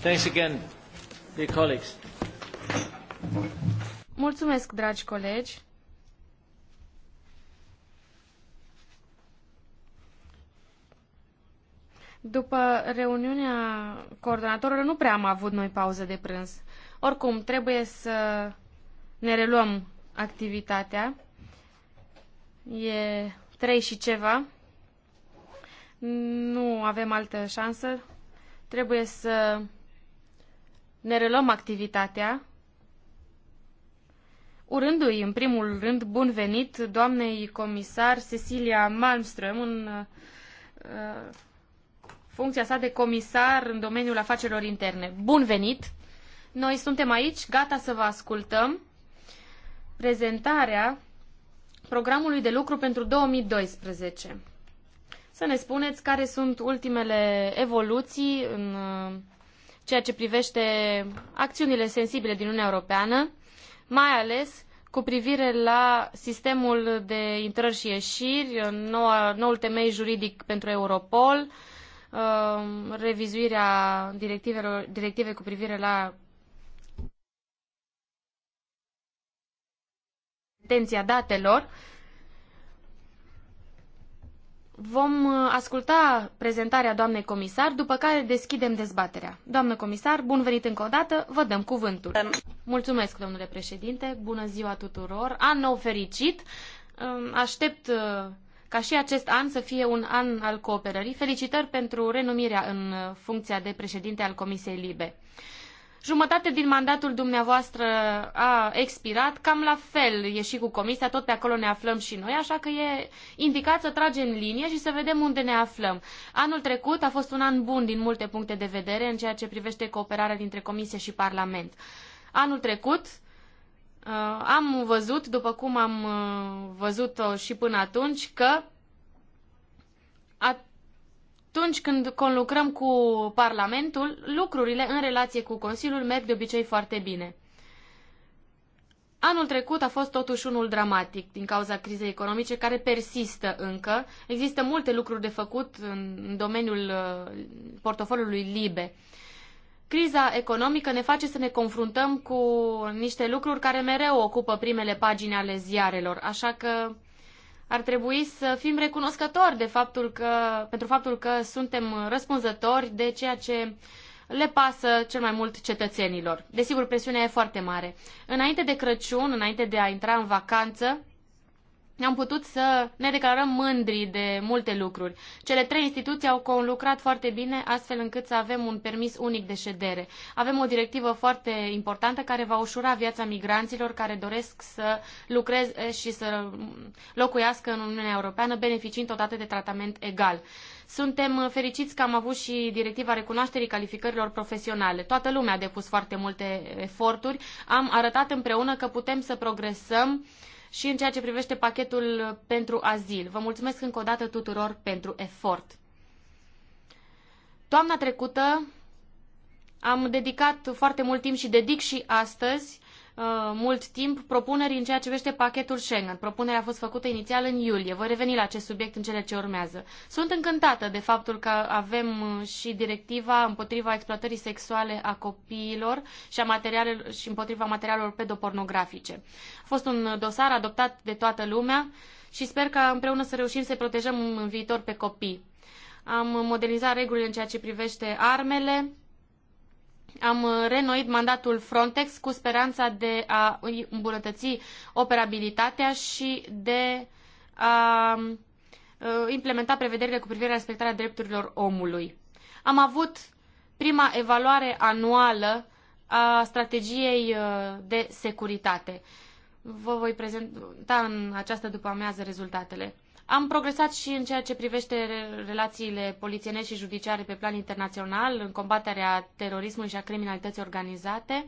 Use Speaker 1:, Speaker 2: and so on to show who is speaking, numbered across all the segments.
Speaker 1: Thanks again, dear colleagues.
Speaker 2: Mulțumesc, dragi colegi. După reuniunea coordonatorilor nu prea am avut noi pauză de prânz. Oricum, trebuie să ne reluăm activitatea. E trei și ceva. Nu avem altă șansă. Trebuie să ne reluăm activitatea, urându-i în primul rând bun venit doamnei comisar Cecilia Malmström în uh, funcția sa de comisar în domeniul afacerilor interne. Bun venit! Noi suntem aici, gata să vă ascultăm prezentarea programului de lucru pentru 2012. Să ne spuneți care sunt ultimele evoluții în uh, ceea ce privește acțiunile sensibile din Uniunea Europeană, mai ales cu privire la sistemul de intrări și ieșiri, noua, noul temei juridic pentru Europol, uh, revizuirea directivei directive cu privire la retenția datelor, Vom uh, asculta prezentarea doamnei comisar, după care deschidem dezbaterea. Doamnă comisar, bun venit încă o dată, vă dăm cuvântul. Mulțumesc, domnule președinte, bună ziua tuturor, an nou fericit. Um, aștept uh, ca și acest an să fie un an al cooperării. Felicitări pentru renumirea în uh, funcția de președinte al Comisiei Libe. Jumătate din mandatul dumneavoastră a expirat, cam la fel e și cu comisia, tot pe acolo ne aflăm și noi, așa că e indicat să tragem linie și să vedem unde ne aflăm. Anul trecut a fost un an bun din multe puncte de vedere în ceea ce privește cooperarea dintre comisie și Parlament. Anul trecut uh, am văzut, după cum am uh, văzut-o și până atunci, că atunci când conlucrăm cu Parlamentul, lucrurile în relație cu Consiliul merg de obicei foarte bine. Anul trecut a fost totuși unul dramatic din cauza crizei economice care persistă încă. Există multe lucruri de făcut în domeniul uh, portofoliului LIBE. Criza economică ne face să ne confruntăm cu niște lucruri care mereu ocupă primele pagini ale ziarelor, așa că ar trebui să fim recunoscători de faptul că, pentru faptul că suntem răspunzători de ceea ce le pasă cel mai mult cetățenilor. Desigur, presiunea e foarte mare. Înainte de Crăciun, înainte de a intra în vacanță, am putut să ne declarăm mândri de multe lucruri. Cele trei instituții au conlucrat foarte bine, astfel încât să avem un permis unic de ședere. Avem o directivă foarte importantă care va ușura viața migranților care doresc să lucreze și să locuiască în Uniunea Europeană, beneficiind totodată de tratament egal. Suntem fericiți că am avut și directiva recunoașterii calificărilor profesionale. Toată lumea a depus foarte multe eforturi. Am arătat împreună că putem să progresăm uh, și în ceea ce privește pachetul pentru azil. Vă mulțumesc încă o dată tuturor pentru efort. Toamna trecută am dedicat foarte mult timp și dedic și astăzi Uh, mult timp propuneri în ceea ce vește pachetul Schengen. Propunerea a fost făcută inițial în iulie. Voi reveni la acest subiect în cele ce urmează. Sunt încântată de faptul că avem uh, și directiva împotriva exploatării sexuale a copiilor și, a materialelor, și împotriva materialelor pedopornografice. A fost un dosar adoptat de toată lumea și sper că împreună să reușim să protejăm în viitor pe copii. Am modernizat regulile în ceea ce privește armele, am uh, renoit mandatul Frontex cu speranța de a îmbunătăți operabilitatea și de a uh, implementa prevederile cu privire la respectarea drepturilor omului. Am avut prima evaluare anuală a strategiei uh, de securitate. Vă voi prezenta în această după amiază rezultatele. Am progresat și în ceea ce privește relațiile polițienești și judiciare pe plan internațional, în combaterea terorismului și a criminalității organizate.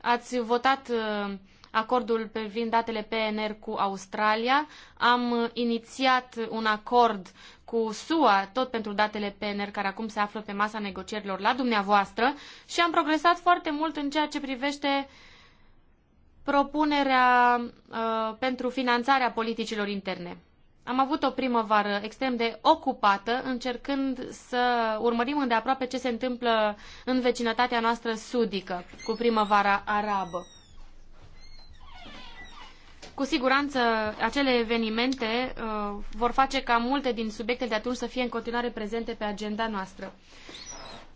Speaker 2: Ați votat uh, acordul privind datele PNR cu Australia. Am inițiat un acord cu SUA, tot pentru datele PNR, care acum se află pe masa negocierilor la dumneavoastră și am progresat foarte mult în ceea ce privește propunerea uh, pentru finanțarea politicilor interne. Am avut o primăvară extrem de ocupată, încercând să urmărim îndeaproape ce se întâmplă în vecinătatea noastră sudică cu primăvara arabă. Cu siguranță, acele evenimente uh, vor face ca multe din subiectele de atunci să fie în continuare prezente pe agenda noastră.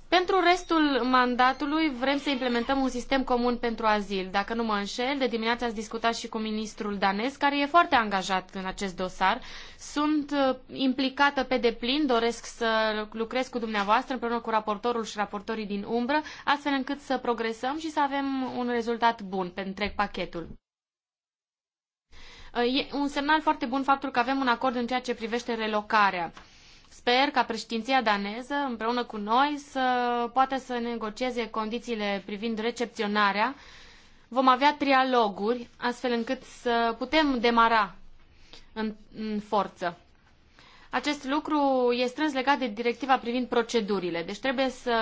Speaker 2: Pentru restul mandatului vrem să implementăm un sistem comun pentru azil. Dacă nu mă înșel, de dimineață ați discutat și cu ministrul danez, care e foarte angajat în acest dosar. Sunt uh, implicată pe deplin, doresc să lucrez cu dumneavoastră împreună cu raportorul și raportorii din umbră, astfel încât să progresăm și să avem un rezultat bun pe întreg pachetul. Uh, e un semnal foarte bun faptul că avem un acord în ceea ce privește relocarea. Sper ca președinția daneză, împreună cu noi, să poată să negocieze condițiile privind recepționarea. Vom avea trialoguri, astfel încât să putem demara în, în forță. Acest lucru e strâns legat de directiva privind procedurile, deci trebuie să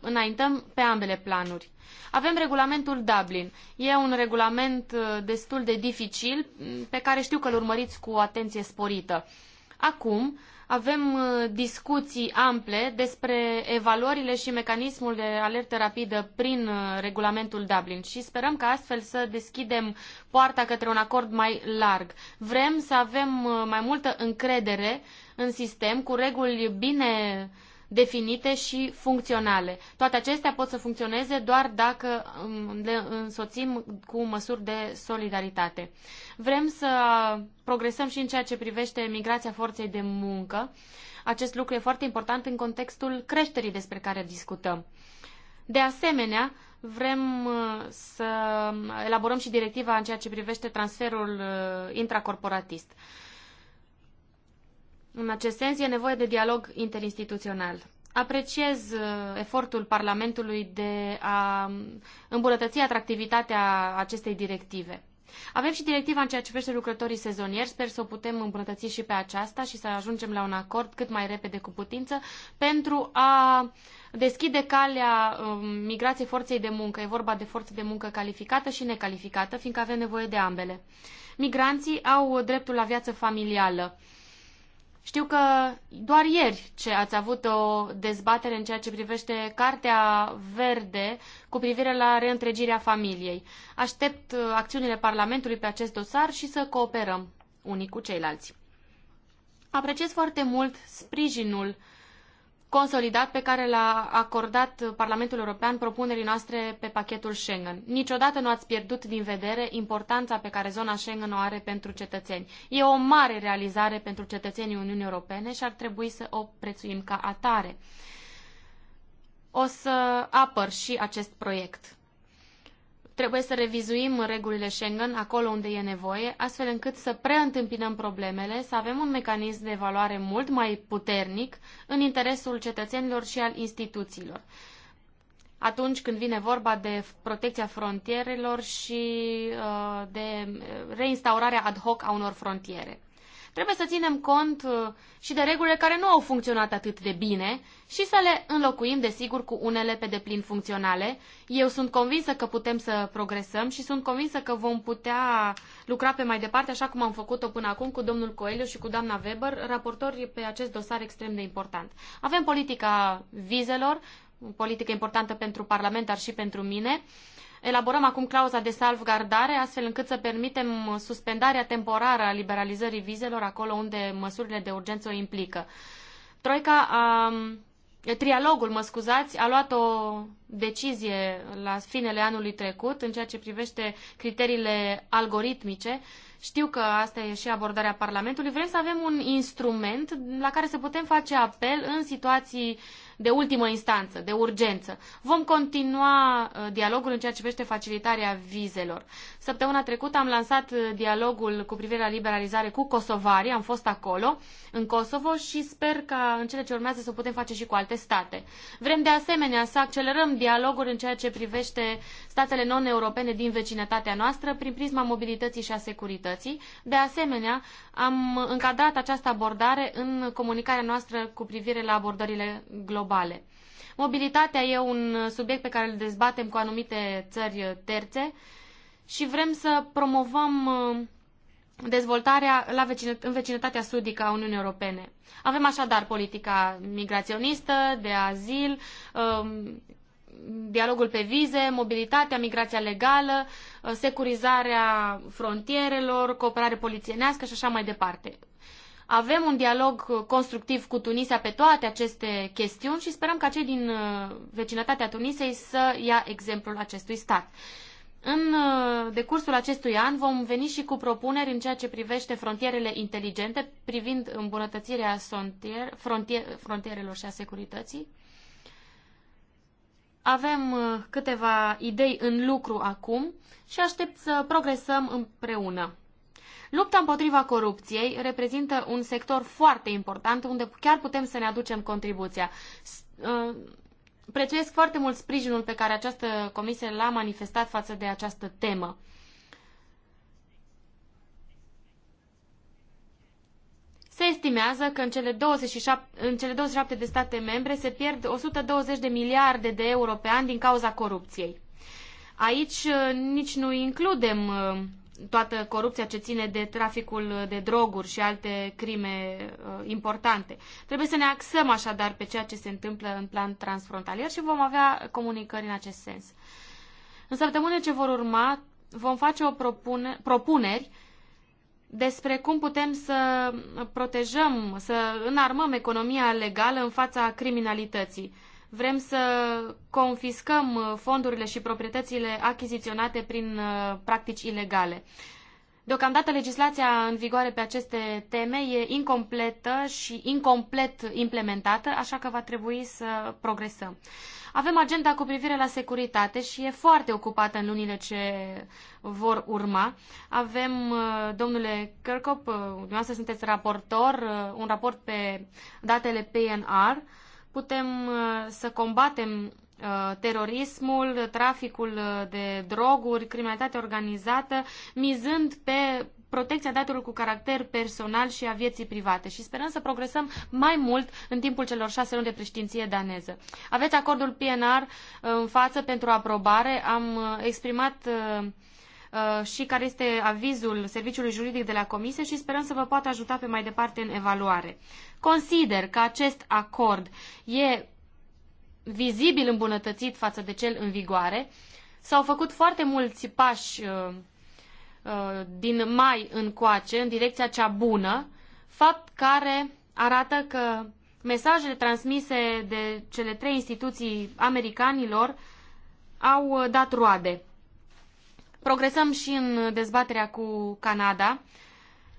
Speaker 2: înaintăm pe ambele planuri. Avem regulamentul Dublin. E un regulament uh, destul de dificil, pe care știu că îl urmăriți cu atenție sporită. Acum avem uh, discuții ample despre evaluările și mecanismul de alertă rapidă prin uh, regulamentul Dublin și sperăm că astfel să deschidem poarta către un acord mai larg. Vrem să avem uh, mai multă încredere în sistem cu reguli bine uh, definite și funcționale. Toate acestea pot să funcționeze doar dacă um, le însoțim cu măsuri de solidaritate. Vrem să progresăm și în ceea ce privește migrația forței de muncă. Acest lucru e foarte important în contextul creșterii despre care discutăm. De asemenea, vrem uh, să elaborăm și directiva în ceea ce privește transferul uh, intracorporatist. În acest sens, e nevoie de dialog interinstituțional. Apreciez uh, efortul Parlamentului de a um, îmbunătăți atractivitatea acestei directive. Avem și directiva în ceea ce privește lucrătorii sezonieri. Sper să o putem îmbunătăți și pe aceasta și să ajungem la un acord cât mai repede cu putință pentru a deschide calea um, migrației forței de muncă. E vorba de forță de muncă calificată și necalificată, fiindcă avem nevoie de ambele. Migranții au dreptul la viață familială știu că doar ieri ce ați avut o dezbatere în ceea ce privește Cartea Verde cu privire la reîntregirea familiei. Aștept uh, acțiunile Parlamentului pe acest dosar și să cooperăm unii cu ceilalți. Apreciez foarte mult sprijinul consolidat pe care l-a acordat Parlamentul European propunerii noastre pe pachetul Schengen. Niciodată nu ați pierdut din vedere importanța pe care zona Schengen o are pentru cetățeni. E o mare realizare pentru cetățenii Uniunii Europene și ar trebui să o prețuim ca atare. O să apăr și acest proiect. Trebuie să revizuim regulile Schengen acolo unde e nevoie, astfel încât să preîntâmpinăm problemele, să avem un mecanism de evaluare mult mai puternic în interesul cetățenilor și al instituțiilor. Atunci când vine vorba de protecția frontierelor și uh, de reinstaurarea ad hoc a unor frontiere trebuie să ținem cont uh, și de regulile care nu au funcționat atât de bine și să le înlocuim, desigur, cu unele pe deplin funcționale. Eu sunt convinsă că putem să progresăm și sunt convinsă că vom putea lucra pe mai departe, așa cum am făcut-o până acum cu domnul Coelho și cu doamna Weber, raportori pe acest dosar extrem de important. Avem politica vizelor, politică importantă pentru Parlament, dar și pentru mine. Uh, Elaborăm acum clauza de salvgardare, astfel încât să permitem suspendarea temporară a liberalizării vizelor acolo unde măsurile de urgență o implică. Troica a Trialogul, mă scuzați, a luat o decizie la finele anului trecut în ceea ce privește criteriile algoritmice. Știu că asta e și abordarea Parlamentului. Vrem să avem un instrument la care să putem face apel în situații de ultimă instanță, de urgență. Vom continua uh, dialogul în ceea ce privește facilitarea vizelor. Săptămâna trecută am lansat uh, dialogul cu privire la liberalizare cu kosovari, am fost acolo, în Kosovo și sper ca în cele ce urmează să putem face și cu alte state. Vrem de asemenea să accelerăm dialogul în ceea ce privește statele non-europene din vecinătatea noastră prin prisma mobilității și a securității. De asemenea, am încadrat această abordare în comunicarea noastră cu privire la abordările globale globale. Mobilitatea e un subiect pe care îl dezbatem cu anumite țări terțe și vrem să promovăm uh, dezvoltarea la vecinăt- în vecinătatea sudică a Uniunii Europene. Avem așadar politica migraționistă, de azil, uh, dialogul pe vize, mobilitatea, migrația legală, uh, securizarea frontierelor, cooperare polițienească și așa mai departe. Avem un dialog constructiv cu Tunisia pe toate aceste chestiuni și sperăm ca cei din uh, vecinătatea Tunisei să ia exemplul acestui stat. În uh, decursul acestui an vom veni și cu propuneri în ceea ce privește frontierele inteligente, privind îmbunătățirea frontier, frontier, frontierelor și a securității. Avem uh, câteva idei în lucru acum și aștept să progresăm împreună. Lupta împotriva corupției reprezintă un sector foarte important unde chiar putem să ne aducem contribuția. Uh, Prețuiesc foarte mult sprijinul pe care această comisie l-a manifestat față de această temă. Se estimează că în cele, 27, în cele 27 de state membre se pierd 120 de miliarde de euro pe an din cauza corupției. Aici uh, nici nu includem uh, toată corupția ce ține de traficul de droguri și alte crime uh, importante. Trebuie să ne axăm așadar pe ceea ce se întâmplă în plan transfrontalier și vom avea comunicări în acest sens. În săptămânile ce vor urma, vom face o propune, propuneri despre cum putem să protejăm, să înarmăm economia legală în fața criminalității. Vrem să confiscăm uh, fondurile și proprietățile achiziționate prin uh, practici ilegale. Deocamdată legislația în vigoare pe aceste teme e incompletă și incomplet implementată, așa că va trebui să progresăm. Avem agenda cu privire la securitate și e foarte ocupată în lunile ce vor urma. Avem, uh, domnule Kirkop, dumneavoastră sunteți raportor, un raport pe datele PNR, putem uh, să combatem uh, terorismul, traficul uh, de droguri, criminalitatea organizată, mizând pe protecția datelor cu caracter personal și a vieții private și sperăm să progresăm mai mult în timpul celor șase luni de președinție daneză. Aveți acordul PNR în față pentru aprobare. Am exprimat Uh, și care este avizul Serviciului Juridic de la Comisie și sperăm să vă poată ajuta pe mai departe în evaluare. Consider că acest acord e vizibil îmbunătățit față de cel în vigoare. S-au făcut foarte mulți pași uh, uh, din mai încoace, în direcția cea bună, fapt care arată că mesajele transmise de cele trei instituții americanilor au dat roade. Progresăm și în dezbaterea cu Canada.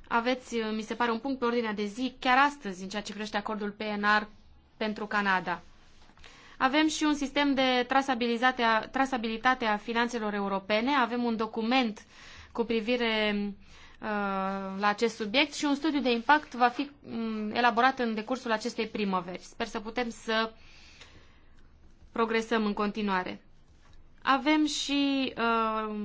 Speaker 2: Aveți, uh, mi se pare, un punct pe ordinea de zi chiar astăzi în ceea ce privește acordul PNR pentru Canada. Avem și un sistem de trasabilitate a, trasabilitate a finanțelor europene. Avem un document cu privire uh, la acest subiect și un studiu de impact va fi um, elaborat în decursul acestei primăveri. Sper să putem să progresăm în continuare. Avem și uh,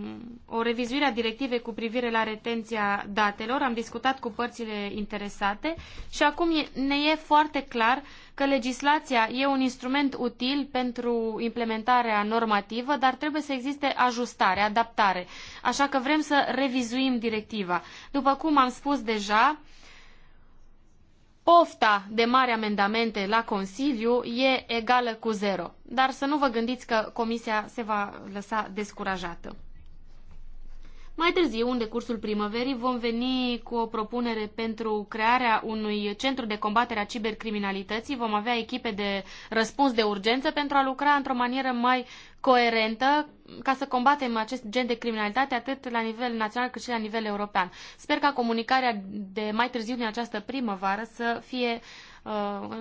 Speaker 2: o revizuire a directivei cu privire la retenția datelor. Am discutat cu părțile interesate și acum ne e foarte clar că legislația e un instrument util pentru implementarea normativă, dar trebuie să existe ajustare, adaptare. Așa că vrem să revizuim directiva. După cum am spus deja, pofta de mari amendamente la Consiliu e egală cu zero. Dar să nu vă gândiți că Comisia se va lăsa descurajată. Mai târziu, în decursul primăverii, vom veni cu o propunere pentru crearea unui centru de combatere a cibercriminalității. Vom avea echipe de răspuns de urgență pentru a lucra într-o manieră mai coerentă ca să combatem acest gen de criminalitate atât la nivel național cât și la nivel european. Sper ca comunicarea de mai târziu din această primăvară să fie uh,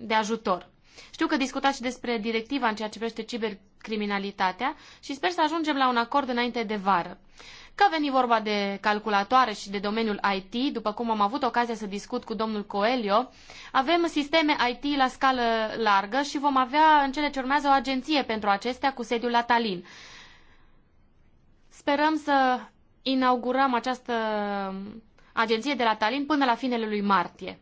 Speaker 2: de ajutor. Știu că discutați și despre directiva în ceea ce privește cibercriminalitatea și sper să ajungem la un acord înainte de vară. Că veni vorba de calculatoare și de domeniul IT, după cum am avut ocazia să discut cu domnul Coelio, avem sisteme IT la scală largă și vom avea în cele ce urmează o agenție pentru acestea cu sediul la Tallinn. Sperăm să inaugurăm această agenție de la Tallinn până la finele lui martie.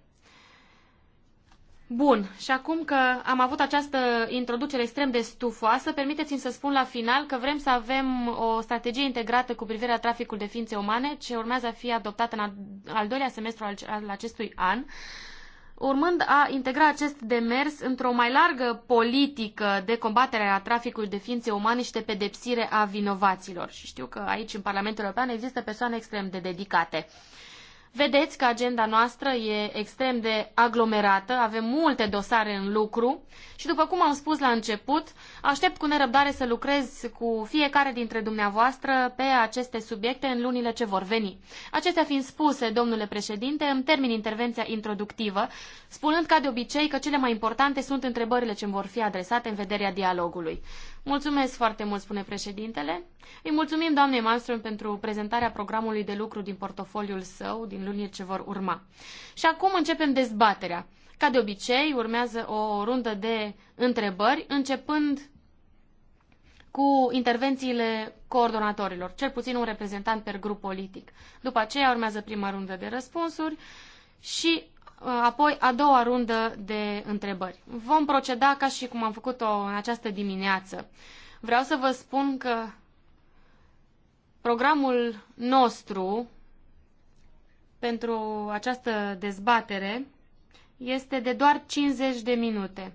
Speaker 2: Bun, și acum că am avut această introducere extrem de stufoasă, permiteți-mi să spun la final că vrem să avem o strategie integrată cu privire la traficul de ființe umane, ce urmează a fi adoptată în al doilea semestru al acestui an, urmând a integra acest demers într-o mai largă politică de combatere a traficului de ființe umane și de pedepsire a vinovaților. Și știu că aici, în Parlamentul European, există persoane extrem de dedicate. Vedeți că agenda noastră e extrem de aglomerată, avem multe dosare în lucru și, după cum am spus la început, aștept cu nerăbdare să lucrez cu fiecare dintre dumneavoastră pe aceste subiecte în lunile ce vor veni. Acestea fiind spuse, domnule președinte, îmi termin intervenția introductivă, spunând ca de obicei că cele mai importante sunt întrebările ce vor fi adresate în vederea dialogului. Mulțumesc foarte mult, spune președintele. Îi mulțumim doamnei Malmström pentru prezentarea programului de lucru din portofoliul său din lunile ce vor urma. Și acum începem dezbaterea. Ca de obicei, urmează o rundă de întrebări, începând cu intervențiile coordonatorilor, cel puțin un reprezentant per grup politic. După aceea urmează prima rundă de răspunsuri și apoi a doua rundă de întrebări. Vom proceda ca și cum am făcut-o în această dimineață. Vreau să vă spun că programul nostru pentru această dezbatere este de doar 50 de minute.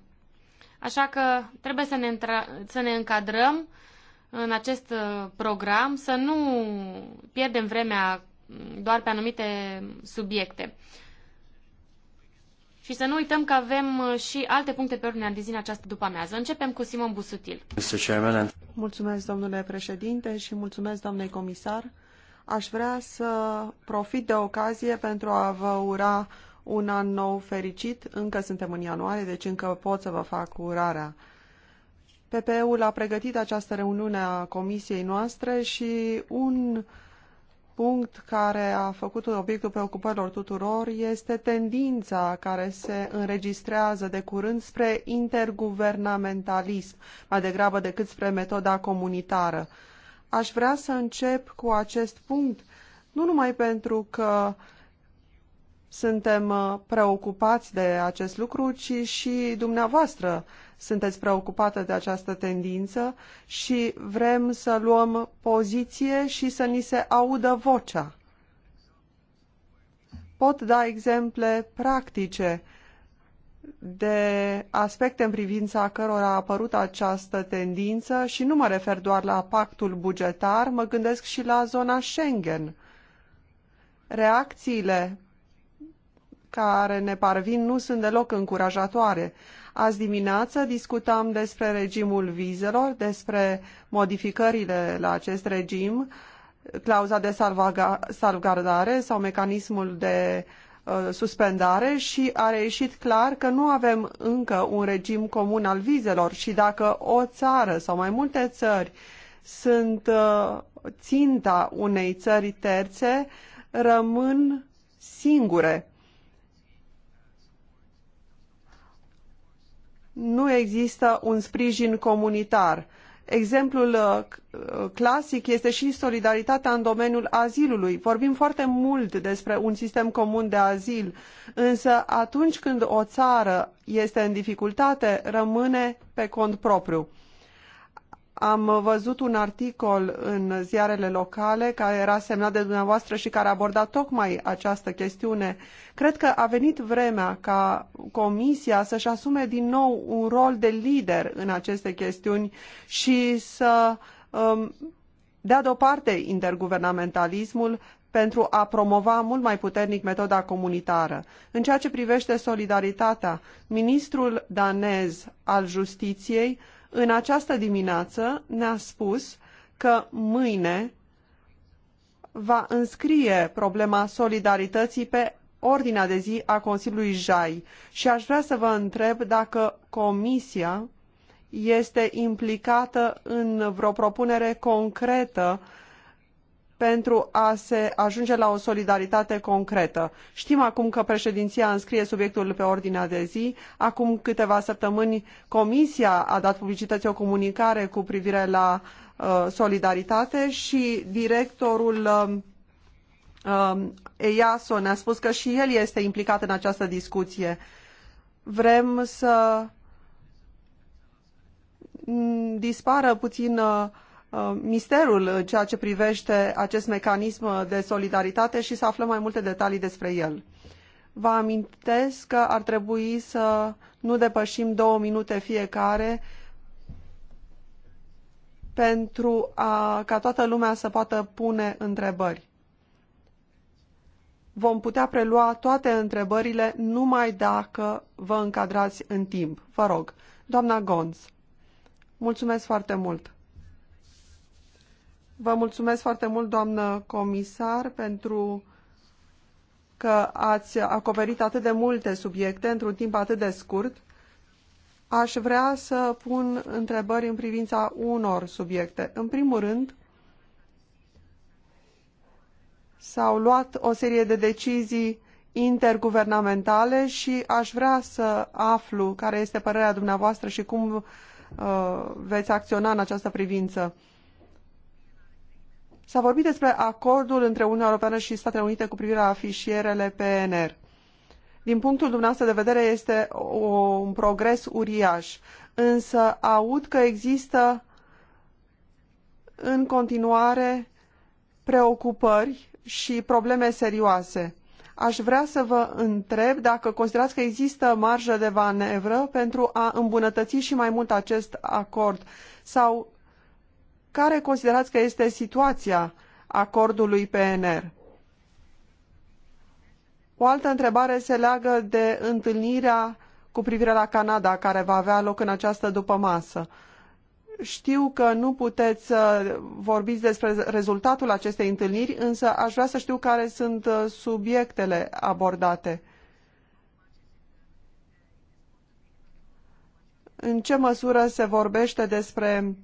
Speaker 2: Așa că trebuie să ne, să ne încadrăm în acest uh, program, să nu pierdem vremea mm, doar pe anumite subiecte. Și să nu uităm că avem uh, și alte puncte pe ordinea de zi în această după-amiază. Începem cu Simon Busutil.
Speaker 3: Mulțumesc, domnule președinte, și mulțumesc, domnule comisar. Aș vrea să profit de ocazie pentru a vă ura un an nou fericit. Încă suntem în ianuarie, deci încă pot să vă fac urarea. PPE-ul a pregătit această reuniune a comisiei noastre și un uh, punct care a făcut obiectul preocupărilor tuturor este tendința care se înregistrează de curând spre interguvernamentalism, mai degrabă decât spre metoda comunitară. Aș vrea să încep cu acest punct, nu numai pentru că suntem uh, preocupați de acest lucru, ci și dumneavoastră sunteți preocupată de această tendință și vrem să luăm poziție și să ni se audă vocea. Pot da exemple practice de aspecte în privința cărora a apărut această tendință și nu mă refer doar la pactul bugetar, mă gândesc și la zona Schengen. Reacțiile care ne parvin nu sunt deloc încurajatoare. Azi dimineață discutam despre regimul vizelor, despre modificările la acest regim, clauza de salvgardare sau mecanismul de uh, suspendare și a reieșit clar că nu avem încă un regim comun al vizelor și dacă o țară sau mai multe țări sunt uh, ținta unei țări terțe, rămân singure. nu există un sprijin comunitar. Exemplul uh, uh, clasic este și solidaritatea în domeniul azilului. Vorbim foarte mult despre un sistem comun de azil, însă atunci când o țară este în dificultate, rămâne pe cont propriu. Am văzut un articol în ziarele locale care era semnat de dumneavoastră și care aborda tocmai această chestiune. Cred că a venit vremea ca Comisia să-și asume din nou un rol de lider în aceste chestiuni și să um, dea deoparte interguvernamentalismul pentru a promova mult mai puternic metoda comunitară. În ceea ce privește solidaritatea, ministrul danez al justiției în această dimineață ne-a spus că mâine va înscrie problema solidarității pe ordinea de zi a Consiliului JAI și aș vrea să vă întreb dacă Comisia este implicată în vreo propunere concretă pentru a se ajunge la o solidaritate concretă. Știm acum că președinția înscrie subiectul pe ordinea de zi. Acum câteva săptămâni Comisia a dat publicității o comunicare cu privire la uh, solidaritate și directorul uh, EIASO ne-a spus că și el este implicat în această discuție. Vrem să dispară puțin uh, Uh, misterul uh, ceea ce privește acest mecanism de solidaritate și să aflăm mai multe detalii despre el. Vă amintesc că ar trebui să nu depășim două minute fiecare pentru a, ca toată lumea să poată pune întrebări. Vom putea prelua toate întrebările numai dacă vă încadrați în timp. Vă rog, doamna Gonz. Mulțumesc foarte mult! Vă mulțumesc foarte mult, doamnă comisar, pentru că ați acoperit atât de multe subiecte într-un timp atât de scurt. Aș vrea să pun întrebări în privința unor subiecte. În primul rând, s-au luat o serie de decizii interguvernamentale și aș vrea să aflu care este părerea dumneavoastră și cum uh, veți acționa în această privință. S-a vorbit despre acordul între Uniunea Europeană și Statele Unite cu privire la fișierele PNR. Din punctul dumneavoastră de vedere este un progres uriaș, însă aud că există în continuare preocupări și probleme serioase. Aș vrea să vă întreb dacă considerați că există marjă de manevră pentru a îmbunătăți și mai mult acest acord sau care considerați că este situația acordului PNR? O altă întrebare se leagă de întâlnirea cu privire la Canada, care va avea loc în această dupămasă. Știu că nu puteți să uh, vorbiți despre rezultatul acestei întâlniri, însă aș vrea să știu care sunt uh, subiectele abordate. În ce măsură se vorbește despre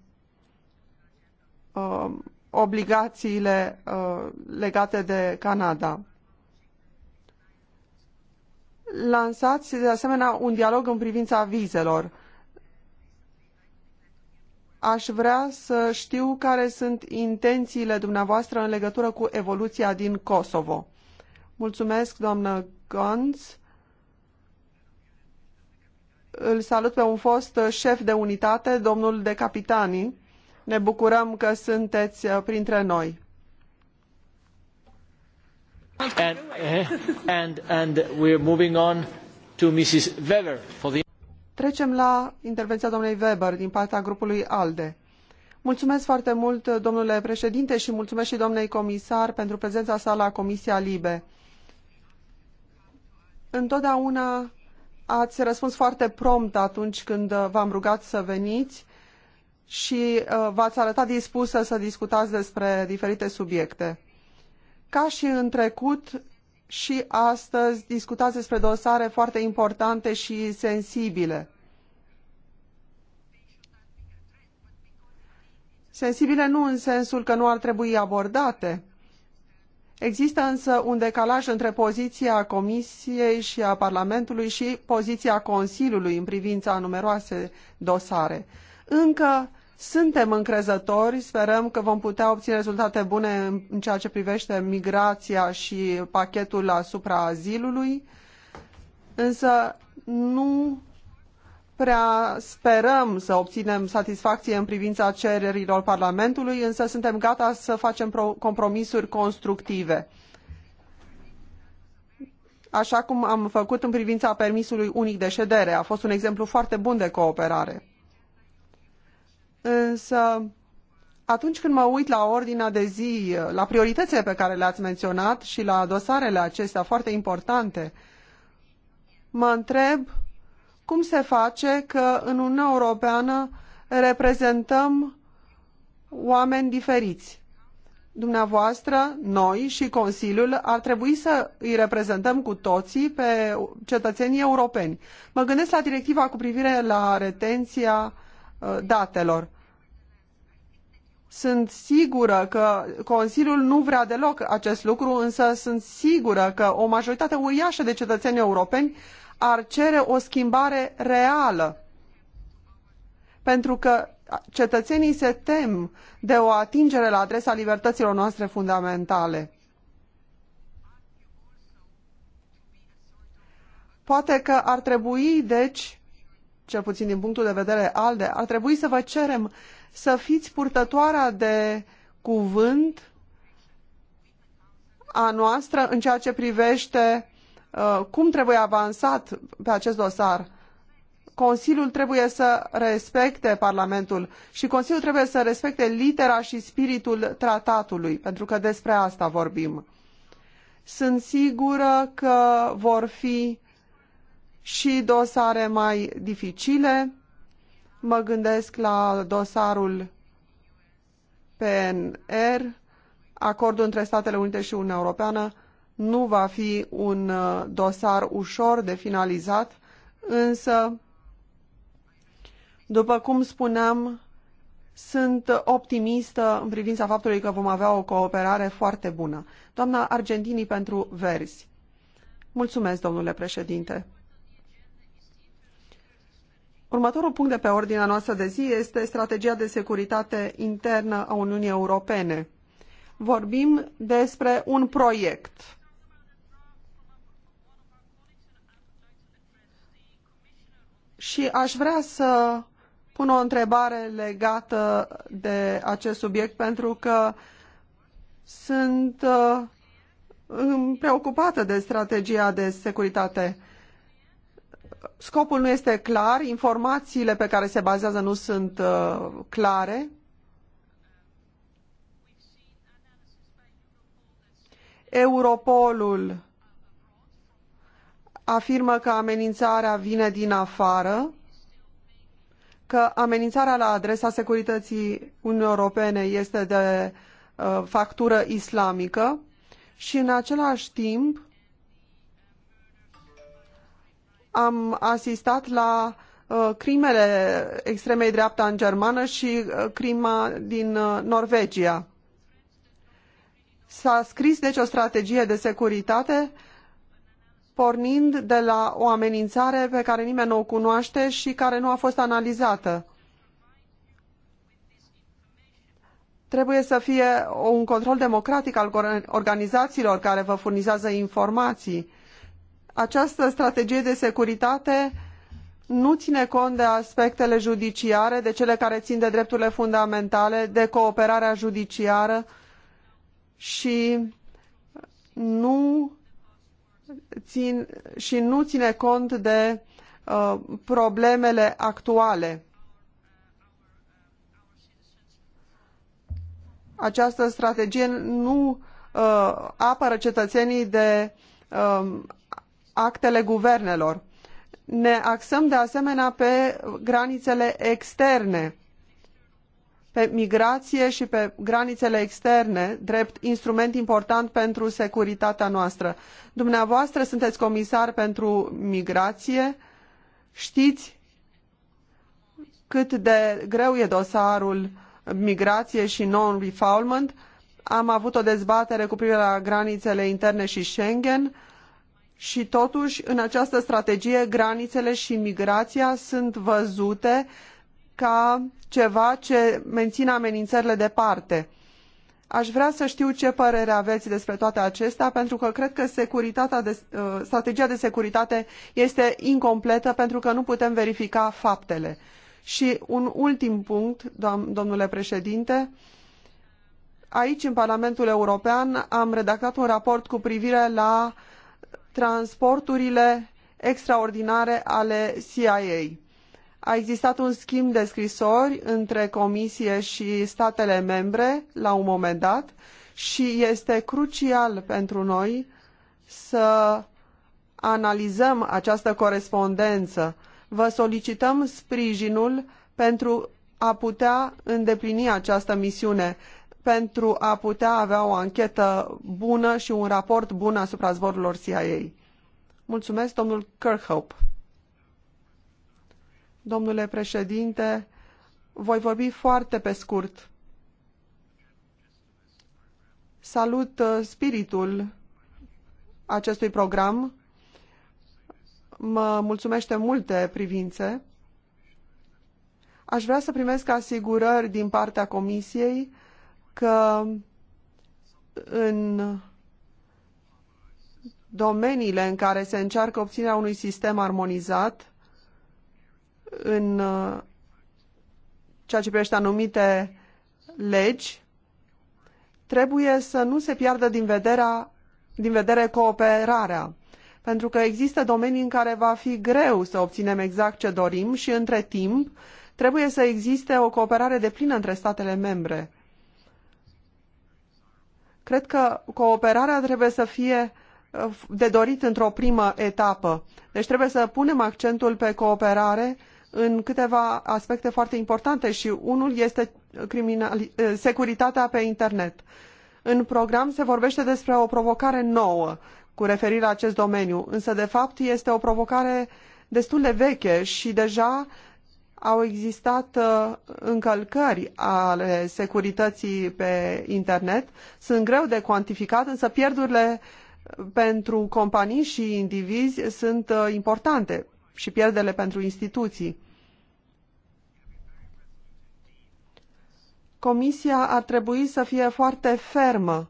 Speaker 3: uh, obligațiile uh, legate de Canada. Lansați, de asemenea, un dialog în privința vizelor. Aș vrea să știu care sunt intențiile dumneavoastră în legătură cu evoluția din Kosovo. Mulțumesc, doamnă Gantz. Îl salut pe un fost șef de unitate, domnul de capitanii. Ne bucurăm că sunteți uh, printre noi.
Speaker 2: And, eh, and, and we're moving on
Speaker 1: to Mrs. Weber for the...
Speaker 3: Trecem la intervenția domnului Weber din partea grupului ALDE. Mulțumesc foarte mult, domnule președinte, și mulțumesc și domnei comisar pentru prezența sa la Comisia Libe. Întotdeauna ați răspuns foarte prompt atunci când v-am rugat să veniți și uh, v-ați arătat dispusă să discutați despre diferite subiecte. Ca și în trecut, și astăzi discutați despre dosare foarte importante și sensibile. Sensibile nu în sensul că nu ar trebui abordate. Există însă un decalaj între poziția Comisiei și a Parlamentului și poziția Consiliului în privința numeroase dosare. Încă suntem încrezători, sperăm că vom putea obține rezultate bune în ceea ce privește migrația și pachetul asupra azilului, însă nu prea sperăm să obținem satisfacție în privința cererilor Parlamentului, însă suntem gata să facem compromisuri constructive. Așa cum am făcut în privința permisului unic de ședere, a fost un exemplu foarte bun de cooperare însă atunci când mă uit la ordinea de zi, la prioritățile pe care le-ați menționat și la dosarele acestea foarte importante, mă întreb cum se face că în Uniunea Europeană reprezentăm oameni diferiți. Dumneavoastră, noi și Consiliul ar trebui să îi reprezentăm cu toții pe cetățenii europeni. Mă gândesc la directiva cu privire la retenția uh, datelor sunt sigură că Consiliul nu vrea deloc acest lucru, însă sunt sigură că o majoritate uriașă de cetățeni europeni ar cere o schimbare reală. Pentru că cetățenii se tem de o atingere la adresa libertăților noastre fundamentale. Poate că ar trebui, deci, cel puțin din punctul de vedere ALDE, ar trebui să vă cerem să fiți purtătoarea de cuvânt a noastră în ceea ce privește uh, cum trebuie avansat pe acest dosar. Consiliul trebuie să respecte Parlamentul și Consiliul trebuie să respecte litera și spiritul tratatului, pentru că despre asta vorbim. Sunt sigură că vor fi și dosare mai dificile Mă gândesc la dosarul PNR, acordul între Statele Unite și Uniunea Europeană nu va fi un uh, dosar ușor de finalizat, însă, după cum spuneam, sunt optimistă în privința faptului că vom avea o cooperare foarte bună. Doamna Argentinii pentru Verzi. Mulțumesc, domnule președinte. Următorul punct de pe ordinea noastră de zi este strategia de securitate internă a Uniunii Europene. Vorbim despre un proiect. Și aș vrea să pun o întrebare legată de acest subiect pentru că sunt uh, preocupată de strategia de securitate Scopul nu este clar, informațiile pe care se bazează nu sunt uh, clare. Europolul afirmă că amenințarea vine din afară, că amenințarea la adresa securității Uniunii Europene este de uh, factură islamică și în același timp am asistat la uh, crimele extremei dreapta în germană și uh, crima din uh, Norvegia. S-a scris deci o strategie de securitate pornind de la o amenințare pe care nimeni nu o cunoaște și care nu a fost analizată. Trebuie să fie un control democratic al organizațiilor care vă furnizează informații această strategie de securitate nu ține cont de aspectele judiciare, de cele care țin de drepturile fundamentale, de cooperarea judiciară și nu țin, și nu ține cont de uh, problemele actuale. Această strategie nu uh, apără cetățenii de um, actele guvernelor. Ne axăm de asemenea pe granițele externe, pe migrație și pe granițele externe, drept instrument important pentru securitatea noastră. Dumneavoastră sunteți comisar pentru migrație, știți cât de greu e dosarul migrație și non-refoulement. Am avut o dezbatere cu privire la granițele interne și Schengen și totuși, în această strategie, granițele și migrația sunt văzute ca ceva ce menține amenințările departe. Aș vrea să știu ce părere aveți despre toate acestea, pentru că cred că de, uh, strategia de securitate este incompletă, pentru că nu putem verifica faptele. Și un ultim punct, domnule președinte, aici, în Parlamentul European, am redactat un raport cu privire la uh, transporturile extraordinare ale CIA. A existat un schimb de scrisori între Comisie și statele membre la un moment dat și este crucial pentru noi să analizăm această corespondență. Vă solicităm sprijinul pentru a putea îndeplini această misiune pentru a putea avea o anchetă bună și un raport bun asupra zborurilor CIA. Mulțumesc, domnul Kirkhope. Domnule președinte, voi vorbi foarte pe scurt. Salut uh, spiritul acestui program. Mă mulțumește multe privințe. Aș vrea să primesc asigurări din partea Comisiei că în domeniile în care se încearcă obținerea unui sistem armonizat, în ceea ce privește anumite legi, trebuie să nu se piardă din, vederea, din vedere cooperarea. Pentru că există domenii în care va fi greu să obținem exact ce dorim și, între timp, trebuie să existe o cooperare de plină între statele membre. Cred că cooperarea trebuie să fie uh, de dorit într-o primă etapă. Deci trebuie să punem accentul pe cooperare în câteva aspecte foarte importante și unul este uh, securitatea pe internet. În program se vorbește despre o provocare nouă cu referire la acest domeniu, însă de fapt este o provocare destul de veche și deja uh, au existat uh, încălcări ale securității pe internet. Sunt greu de cuantificat, însă pierdurile uh, pentru companii și indivizi sunt uh, importante și pierderile pentru instituții. Comisia ar trebui să fie foarte fermă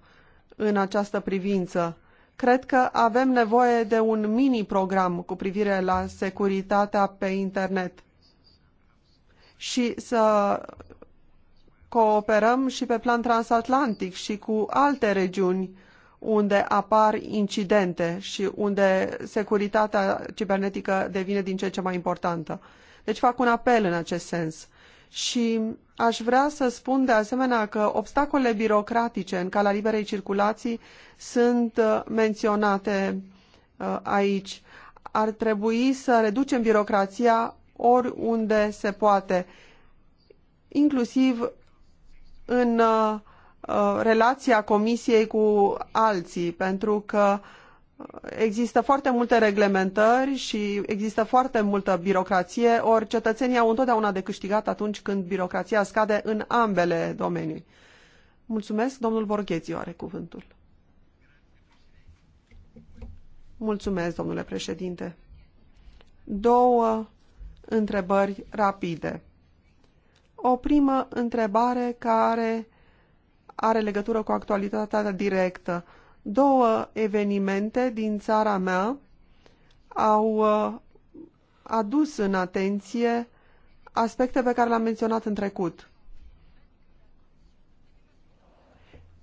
Speaker 3: în această privință. Cred că avem nevoie de un mini-program cu privire la securitatea pe internet și să cooperăm și pe plan transatlantic și cu alte regiuni unde apar incidente și unde securitatea cibernetică devine din ce ce mai importantă. Deci fac un apel în acest sens. Și aș vrea să spun de asemenea că obstacolele birocratice în calea liberei circulații sunt uh, menționate uh, aici. Ar trebui să reducem birocrația oriunde se poate, inclusiv în uh, uh, relația comisiei cu alții, pentru că există foarte multe reglementări și există foarte multă birocrație, ori cetățenii au întotdeauna de câștigat atunci când birocrația scade în ambele domenii. Mulțumesc, domnul Borghețiu are cuvântul. Mulțumesc, domnule președinte. Două întrebări rapide. O primă întrebare care are legătură cu actualitatea directă. Două evenimente din țara mea au uh, adus în atenție aspecte pe care le-am menționat în trecut.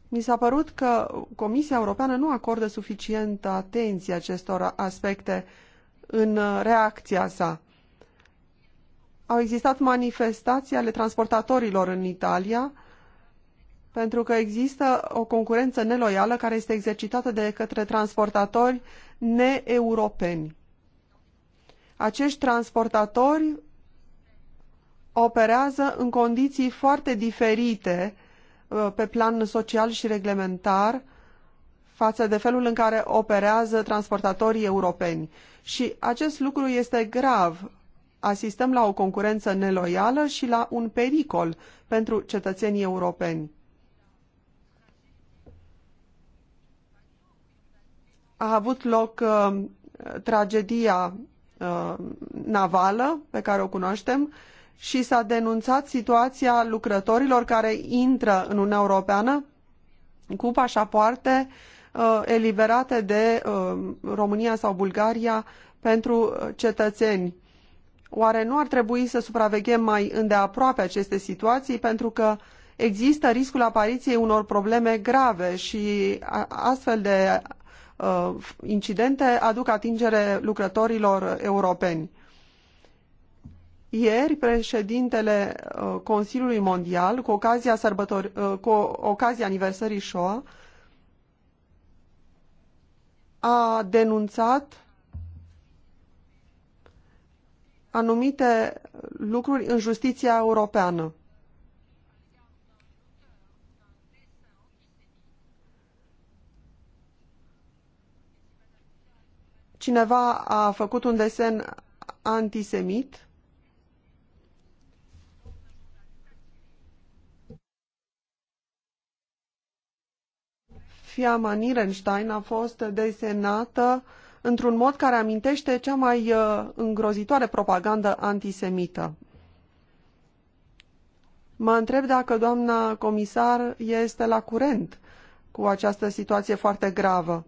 Speaker 3: Mi s-a părut că Comisia Europeană nu acordă suficientă atenție acestor aspecte în uh, reacția sa au existat manifestații ale transportatorilor în Italia pentru că există o concurență neloială care este exercitată de către transportatori neeuropeni. Acești transportatori operează în condiții foarte diferite uh, pe plan social și reglementar față de felul în care operează transportatorii europeni. Și acest lucru este grav asistăm la o concurență neloială și la un pericol pentru cetățenii europeni. A avut loc uh, tragedia uh, navală pe care o cunoaștem și s-a denunțat situația lucrătorilor care intră în Uniunea Europeană cu pașapoarte uh, eliberate de uh, România sau Bulgaria pentru uh, cetățeni. Oare nu ar trebui să supraveghem mai îndeaproape aceste situații pentru că există riscul apariției unor probleme grave și astfel de uh, incidente aduc atingere lucrătorilor europeni. Ieri, președintele uh, Consiliului Mondial, cu ocazia, sărbători, uh, cu ocazia aniversării Shoah, a denunțat anumite lucruri în justiția europeană. Cineva a făcut un desen antisemit Fiamma Nirenstein a fost desenată într-un mod care amintește cea mai uh, îngrozitoare propagandă antisemită. Mă întreb dacă doamna comisar este la curent cu această situație foarte gravă.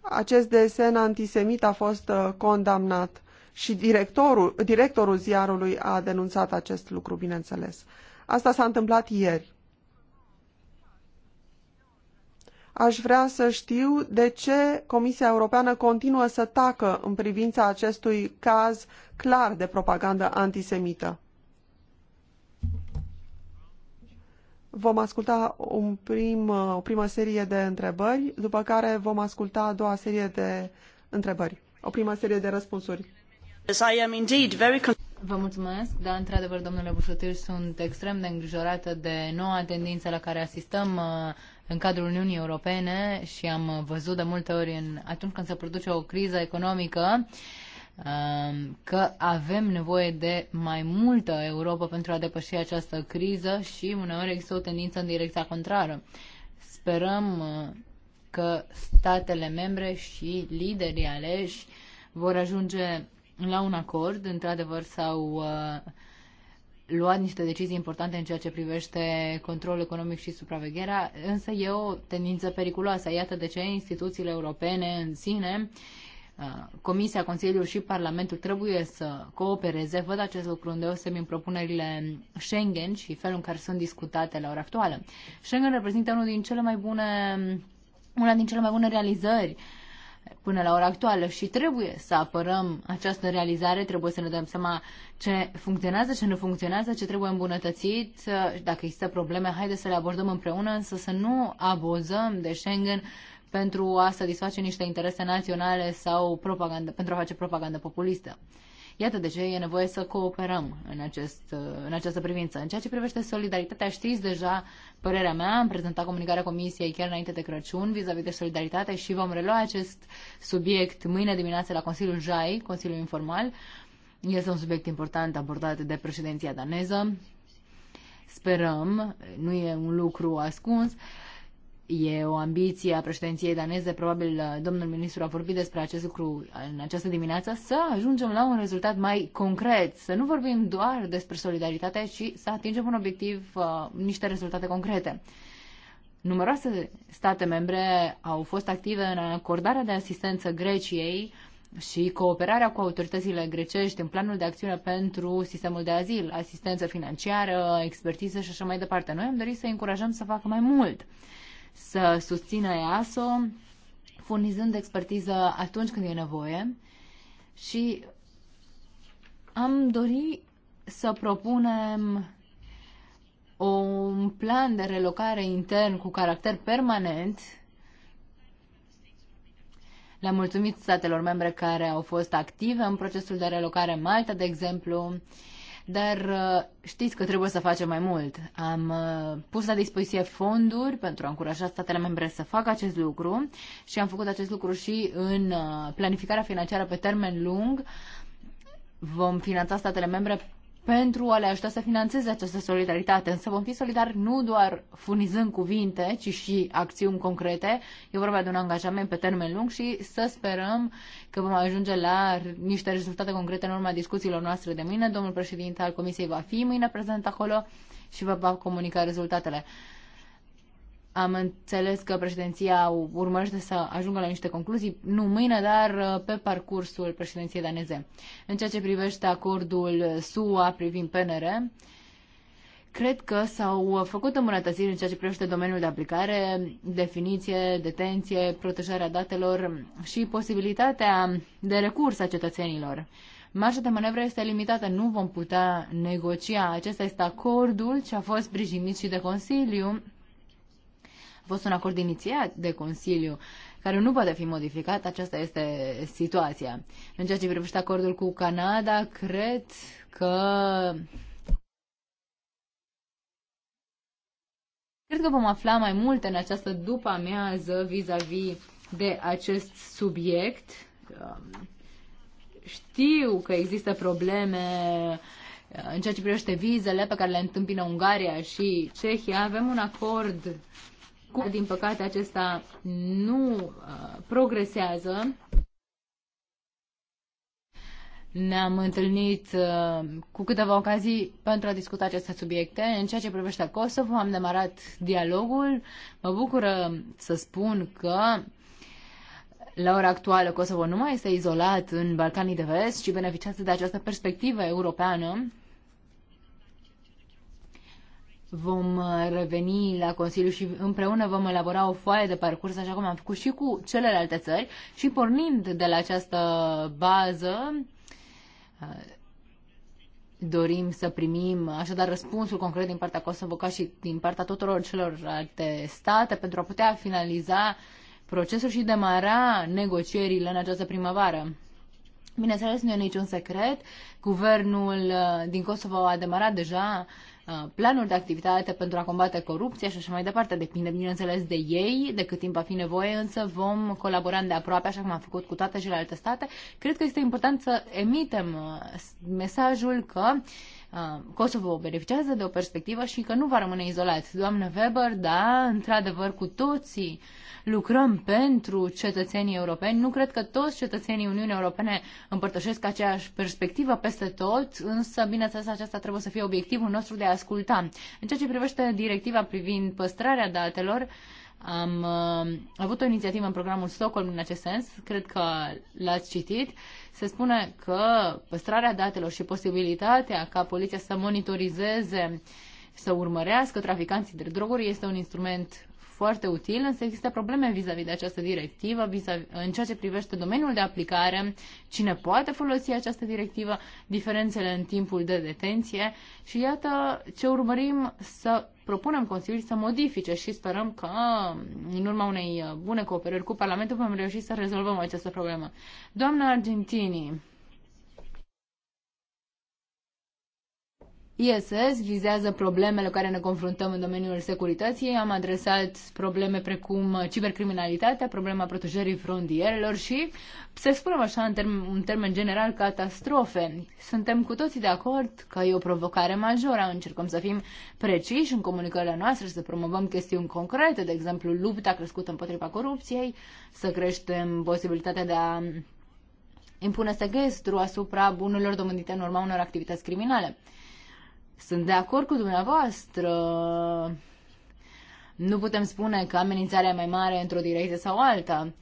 Speaker 3: Acest desen antisemit a fost uh, condamnat și directorul, directorul ziarului a denunțat acest lucru, bineînțeles. Asta s-a întâmplat ieri. Aș vrea să știu de ce Comisia Europeană continuă să tacă în privința acestui caz clar de propagandă antisemită. Vom asculta un prim, o primă serie de întrebări, după care vom asculta a doua serie de întrebări, o primă serie de răspunsuri.
Speaker 1: Vă mulțumesc, dar într-adevăr, domnule Bușutil, sunt extrem de îngrijorată de noua tendință la care asistăm uh, în cadrul Uniunii Europene și am văzut de multe ori în, atunci când se produce o criză economică um, că avem nevoie de mai multă Europa pentru a depăși această criză și uneori există o tendință în direcția contrară. Sperăm uh, că statele membre și liderii aleși vor ajunge la un acord, într-adevăr, sau uh, luat niște decizii importante în ceea ce privește controlul economic și supravegherea, însă e o tendință periculoasă. Iată de ce instituțiile europene în sine, uh, Comisia, Consiliul și Parlamentul trebuie să coopereze. Văd acest lucru îndeosebi în propunerile Schengen și felul în care sunt discutate la ora actuală. Schengen reprezintă unul din cele mai bune, una din cele mai bune realizări uh, până la ora actuală și trebuie să apărăm această realizare, trebuie să ne dăm seama ce funcționează, ce nu funcționează, ce trebuie îmbunătățit, dacă există probleme, haide să le abordăm împreună, însă să nu abuzăm de Schengen pentru a satisface niște interese naționale sau propagandă, pentru a face propagandă populistă. Iată de ce e nevoie să cooperăm în, acest, în această privință. În ceea ce privește solidaritatea, știți deja părerea mea, am prezentat comunicarea Comisiei chiar înainte de Crăciun vis-a-vis -vis de solidaritate și vom relua acest subiect mâine dimineață la Consiliul JAI, Consiliul Informal. Este un subiect important abordat de președinția daneză. Sperăm, nu e un lucru ascuns, uh, E o ambiție a președinției daneze, probabil uh, domnul ministru a vorbit despre acest lucru în această dimineață, să ajungem la un rezultat mai concret, să nu vorbim doar despre solidaritate, ci să atingem un obiectiv, uh, niște rezultate concrete. Numeroase state membre au fost active în acordarea de asistență Greciei și cooperarea cu autoritățile grecești în planul de acțiune pentru sistemul de azil, asistență financiară, expertiză și așa mai departe. Noi am dorit să încurajăm să facă mai mult să susțină EASO, furnizând expertiză atunci când e nevoie și am dori să propunem un plan de relocare intern cu caracter permanent. Le-am mulțumit statelor membre care au fost active în procesul de relocare. Malta, de exemplu, dar uh, știți că trebuie să facem mai mult. Am uh, pus la dispoziție fonduri pentru a încuraja statele membre să facă acest lucru și am făcut acest lucru și în uh, planificarea financiară pe termen lung. Vom finanța statele membre pentru a le ajuta să financeze această solidaritate. Însă vom fi solidari nu doar furnizând cuvinte, ci și acțiuni concrete. E vorba de un angajament pe termen lung și să sperăm că vom ajunge la niște rezultate concrete în urma discuțiilor noastre de mâine. Domnul președinte al Comisiei va fi mâine prezent acolo și vă va comunica rezultatele. Am înțeles că președinția urmărește să ajungă la niște concluzii, nu mâine, dar uh, pe parcursul președinției daneze. În ceea ce privește acordul SUA privind PNR, cred că s-au uh, făcut îmbunătățiri în ceea ce privește domeniul de aplicare, definiție, detenție, protejarea datelor și posibilitatea de recurs a cetățenilor. Marșa de manevră este limitată, nu vom putea negocia. Acesta este acordul ce a fost sprijinit și de Consiliu a fost un acord inițiat de Consiliu care nu poate fi modificat, aceasta este situația. În ceea ce privește acordul cu Canada, cred că Cred că vom afla mai multe în această după-amiază vis-a-vis de acest subiect. Um, știu că există probleme uh, în ceea ce privește vizele pe care le întâmpină Ungaria și Cehia. Avem un acord din păcate, acesta nu uh, progresează. Ne-am întâlnit uh, cu câteva ocazii pentru a discuta aceste subiecte. În ceea ce privește Kosovo, am demarat dialogul. Mă bucură să spun că la ora actuală Kosovo nu mai este izolat în Balcanii de Vest, ci beneficiază de această perspectivă europeană Vom uh, reveni la Consiliu și împreună vom elabora o foaie de parcurs, așa cum am făcut și cu celelalte țări. Și pornind de la această bază, uh, dorim să primim așadar răspunsul concret din partea Kosovo ca și din partea tuturor celorlalte state pentru a putea finaliza procesul și demara negocierile în această primăvară. Bineînțeles, nu e niciun secret. Guvernul uh, din Kosovo a demarat deja Uh, planuri de activitate pentru a combate corupția și așa mai departe. Depinde, bineînțeles, de ei, de cât timp va fi nevoie, însă vom colabora de aproape, așa cum am făcut cu toate celelalte state. Cred că este important să emitem uh, mesajul că uh, Kosovo beneficiază de o perspectivă și că nu va rămâne izolat. Doamne Weber, da, într-adevăr, cu toții uh, lucrăm pentru cetățenii europeni. Nu cred că toți cetățenii Uniunii Europene împărtășesc aceeași perspectivă peste tot, însă, bineînțeles, aceasta trebuie să fie obiectivul nostru de a asculta. În ceea ce privește directiva privind păstrarea datelor, am uh, avut o inițiativă în programul Stockholm în acest sens, cred că l-ați citit. Se spune că păstrarea datelor și posibilitatea ca poliția să monitorizeze, să urmărească traficanții de droguri este un instrument foarte util, însă există probleme vis-a-vis -vis de această directivă, vis -vis, în ceea ce privește domeniul de aplicare, cine poate folosi această directivă, diferențele în timpul de detenție și iată ce urmărim să propunem Consiliului să modifice și sperăm că în urma unei bune cooperări cu Parlamentul vom reuși să rezolvăm această problemă. Doamna Argentinii, ISS vizează problemele care ne confruntăm în domeniul securității. Am adresat probleme precum uh, cibercriminalitatea, problema protejării frontierelor și, să spunem așa în, term- în termen general, catastrofe. Suntem cu toții de acord că e o provocare majoră. Încercăm să fim preciși în comunicările noastre, să promovăm chestiuni concrete, de exemplu, lupta crescută împotriva corupției, să creștem posibilitatea de a impune sequestru asupra bunurilor domândite în urma unor activități criminale. Sunt de acord cu dumneavoastră. Nu putem spune că amenințarea e mai mare într-o direcție sau alta.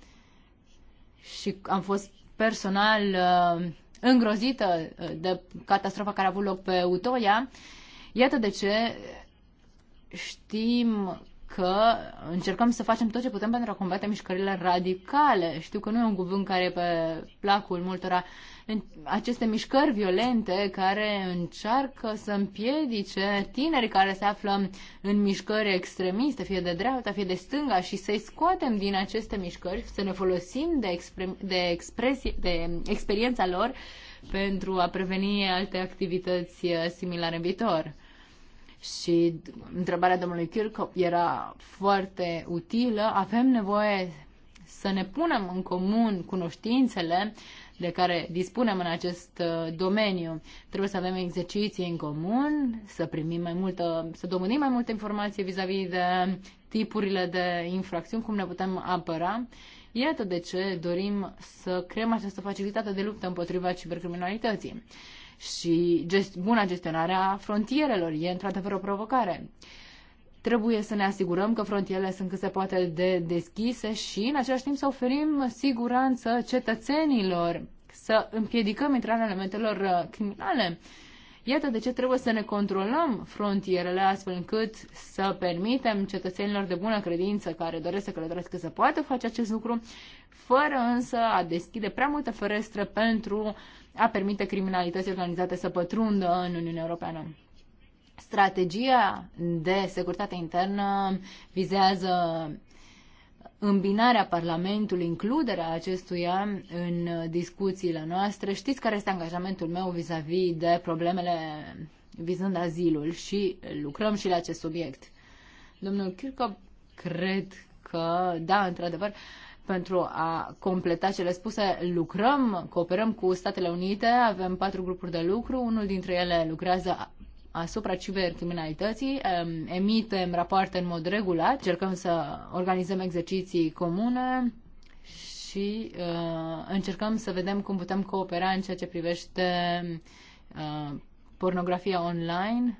Speaker 1: Și am fost personal uh, îngrozită uh, de catastrofa care a avut loc pe Utoia. Iată de ce știm că încercăm să facem tot ce putem pentru a combate mișcările radicale. Știu că nu e un cuvânt care e pe placul multora aceste mișcări violente care încearcă să împiedice tinerii care se află în mișcări extremiste, fie de dreapta, fie de stânga, și să-i scoatem din aceste mișcări, să ne folosim de, expre- de, expresi de experiența lor pentru a preveni alte activități uh, similare în viitor. Și întrebarea domnului Kirchhoff era foarte utilă. Avem nevoie să ne punem în comun cunoștințele de care dispunem în acest uh, domeniu. Trebuie să avem exerciții în comun, să primim mai multă, să domânim mai multe informații vis-a-vis -vis de tipurile de infracțiuni, cum ne putem apăra. Iată de ce dorim să creăm această facilitate de luptă împotriva cibercriminalității. Și gest- buna gestionare a frontierelor e într-adevăr o provocare. Trebuie să ne asigurăm că frontierele sunt cât se poate de deschise și, în același timp, să oferim siguranță cetățenilor, să împiedicăm intrarea elementelor uh, criminale. Iată de ce trebuie să ne controlăm frontierele astfel încât să permitem cetățenilor de bună credință care doresc să călătorească să poată face acest lucru, fără însă a deschide prea multe ferestre pentru a permite criminalității organizate să pătrundă în Uniunea Europeană. Strategia de securitate internă vizează îmbinarea Parlamentului, includerea acestuia în discuțiile noastre. Știți care este angajamentul meu vis-a-vis -vis de problemele vizând azilul și lucrăm și la acest subiect. Domnul Kirchhoff, cred că, da, într-adevăr, pentru a completa cele spuse, lucrăm, cooperăm cu Statele Unite, avem patru grupuri de lucru, unul dintre ele lucrează asupra cibercriminalității, um, emitem rapoarte în mod regulat, încercăm să organizăm exerciții comune și uh, încercăm să vedem cum putem coopera în ceea ce privește uh, pornografia online.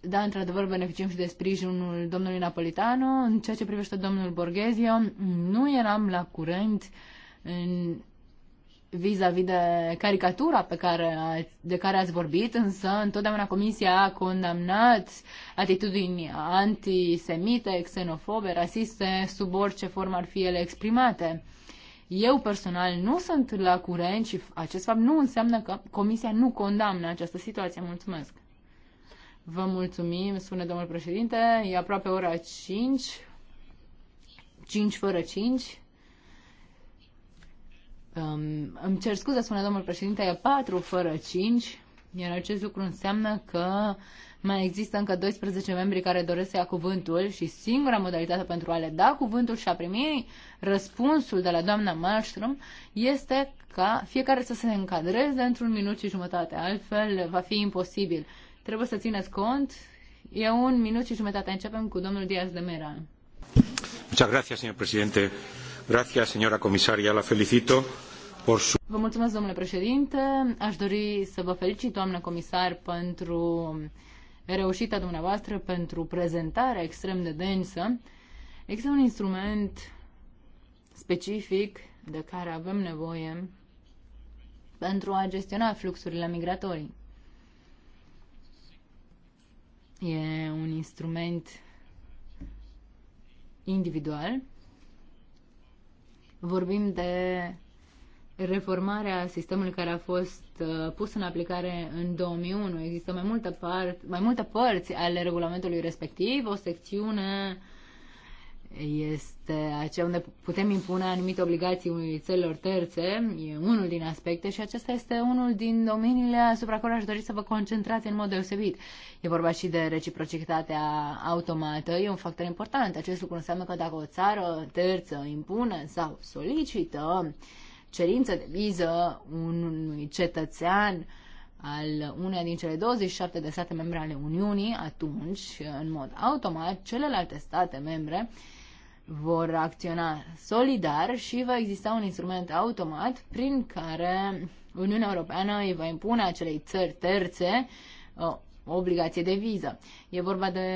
Speaker 1: Da, într-adevăr, beneficiem și de sprijinul domnului Napolitano. În ceea ce privește domnul Borghezio, nu eram la curent în vis-a-vis -vis de caricatura pe care ați, de care ați vorbit, însă întotdeauna Comisia a condamnat atitudini antisemite, xenofobe, rasiste, sub orice formă ar fi ele exprimate. Eu personal nu sunt la curent și acest fapt nu înseamnă că Comisia nu condamnă această situație. Mulțumesc! Vă mulțumim, spune domnul președinte. E aproape ora 5, 5 fără 5. Um, îmi cer scuze, spune domnul președinte, e 4 fără 5, iar acest lucru înseamnă că mai există încă 12 membri care doresc să ia cuvântul și singura modalitate pentru a le da cuvântul și a primi răspunsul de la doamna Malmström este ca fiecare să se încadreze într-un minut și jumătate, altfel va fi imposibil. Trebuie să țineți cont, e un minut și jumătate. Începem cu domnul Diaz de Mera. Muchas gracias, señor presidente. Gracias, señora comisaria. La felicito por su... Vă mulțumesc, domnule președinte. Aș dori să vă felicit, doamnă comisar, pentru reușita dumneavoastră, pentru prezentarea extrem de densă. Există un instrument specific de care avem nevoie pentru a gestiona fluxurile migratorii. E un instrument individual Vorbim de reformarea sistemului care a fost uh, pus în aplicare în 2001. Există mai multe, part, mai multe părți ale regulamentului respectiv, o secțiune uh, este aceea unde putem impune anumite obligații unui țărilor terțe, e unul din aspecte și acesta este unul din domeniile asupra care aș dori să vă concentrați în mod deosebit. E vorba și de reciprocitatea automată, e un factor important. Acest lucru înseamnă că dacă o țară terță impune sau solicită cerință de viză unui cetățean al uneia din cele 27 de state membre ale Uniunii, atunci, în mod automat, celelalte state membre vor acționa solidar și va exista un instrument automat prin care Uniunea Europeană îi va impune acelei țări terțe o obligație de viză. E vorba de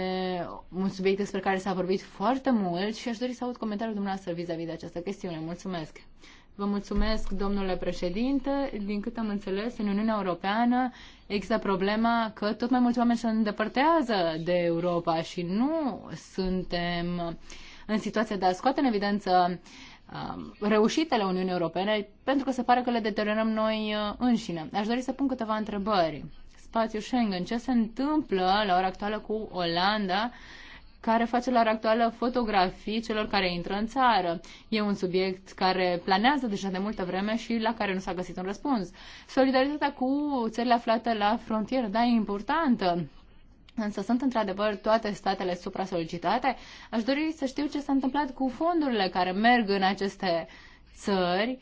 Speaker 1: un subiect despre care s-a vorbit foarte mult și aș dori să aud comentariul dumneavoastră vis-a-vis de această chestiune. Mulțumesc! Vă mulțumesc, domnule președinte. Din cât am înțeles, în Uniunea Europeană există problema că tot mai mulți oameni se îndepărtează de Europa și nu suntem uh, în situația de a scoate în evidență um, reușitele Uniunii Europene, pentru că se pare că le deteriorăm noi uh, înșine. Aș dori să pun câteva întrebări. Spațiul Schengen, ce se întâmplă la ora actuală cu Olanda, care face la ora actuală fotografii celor care intră în țară. E un subiect care planează deja de multă vreme și la care nu s-a găsit un răspuns. Solidaritatea cu țările aflate la frontieră, da, e importantă. Însă sunt într-adevăr toate statele supra-solicitate. Aș dori să știu ce s-a întâmplat cu fondurile care merg în aceste țări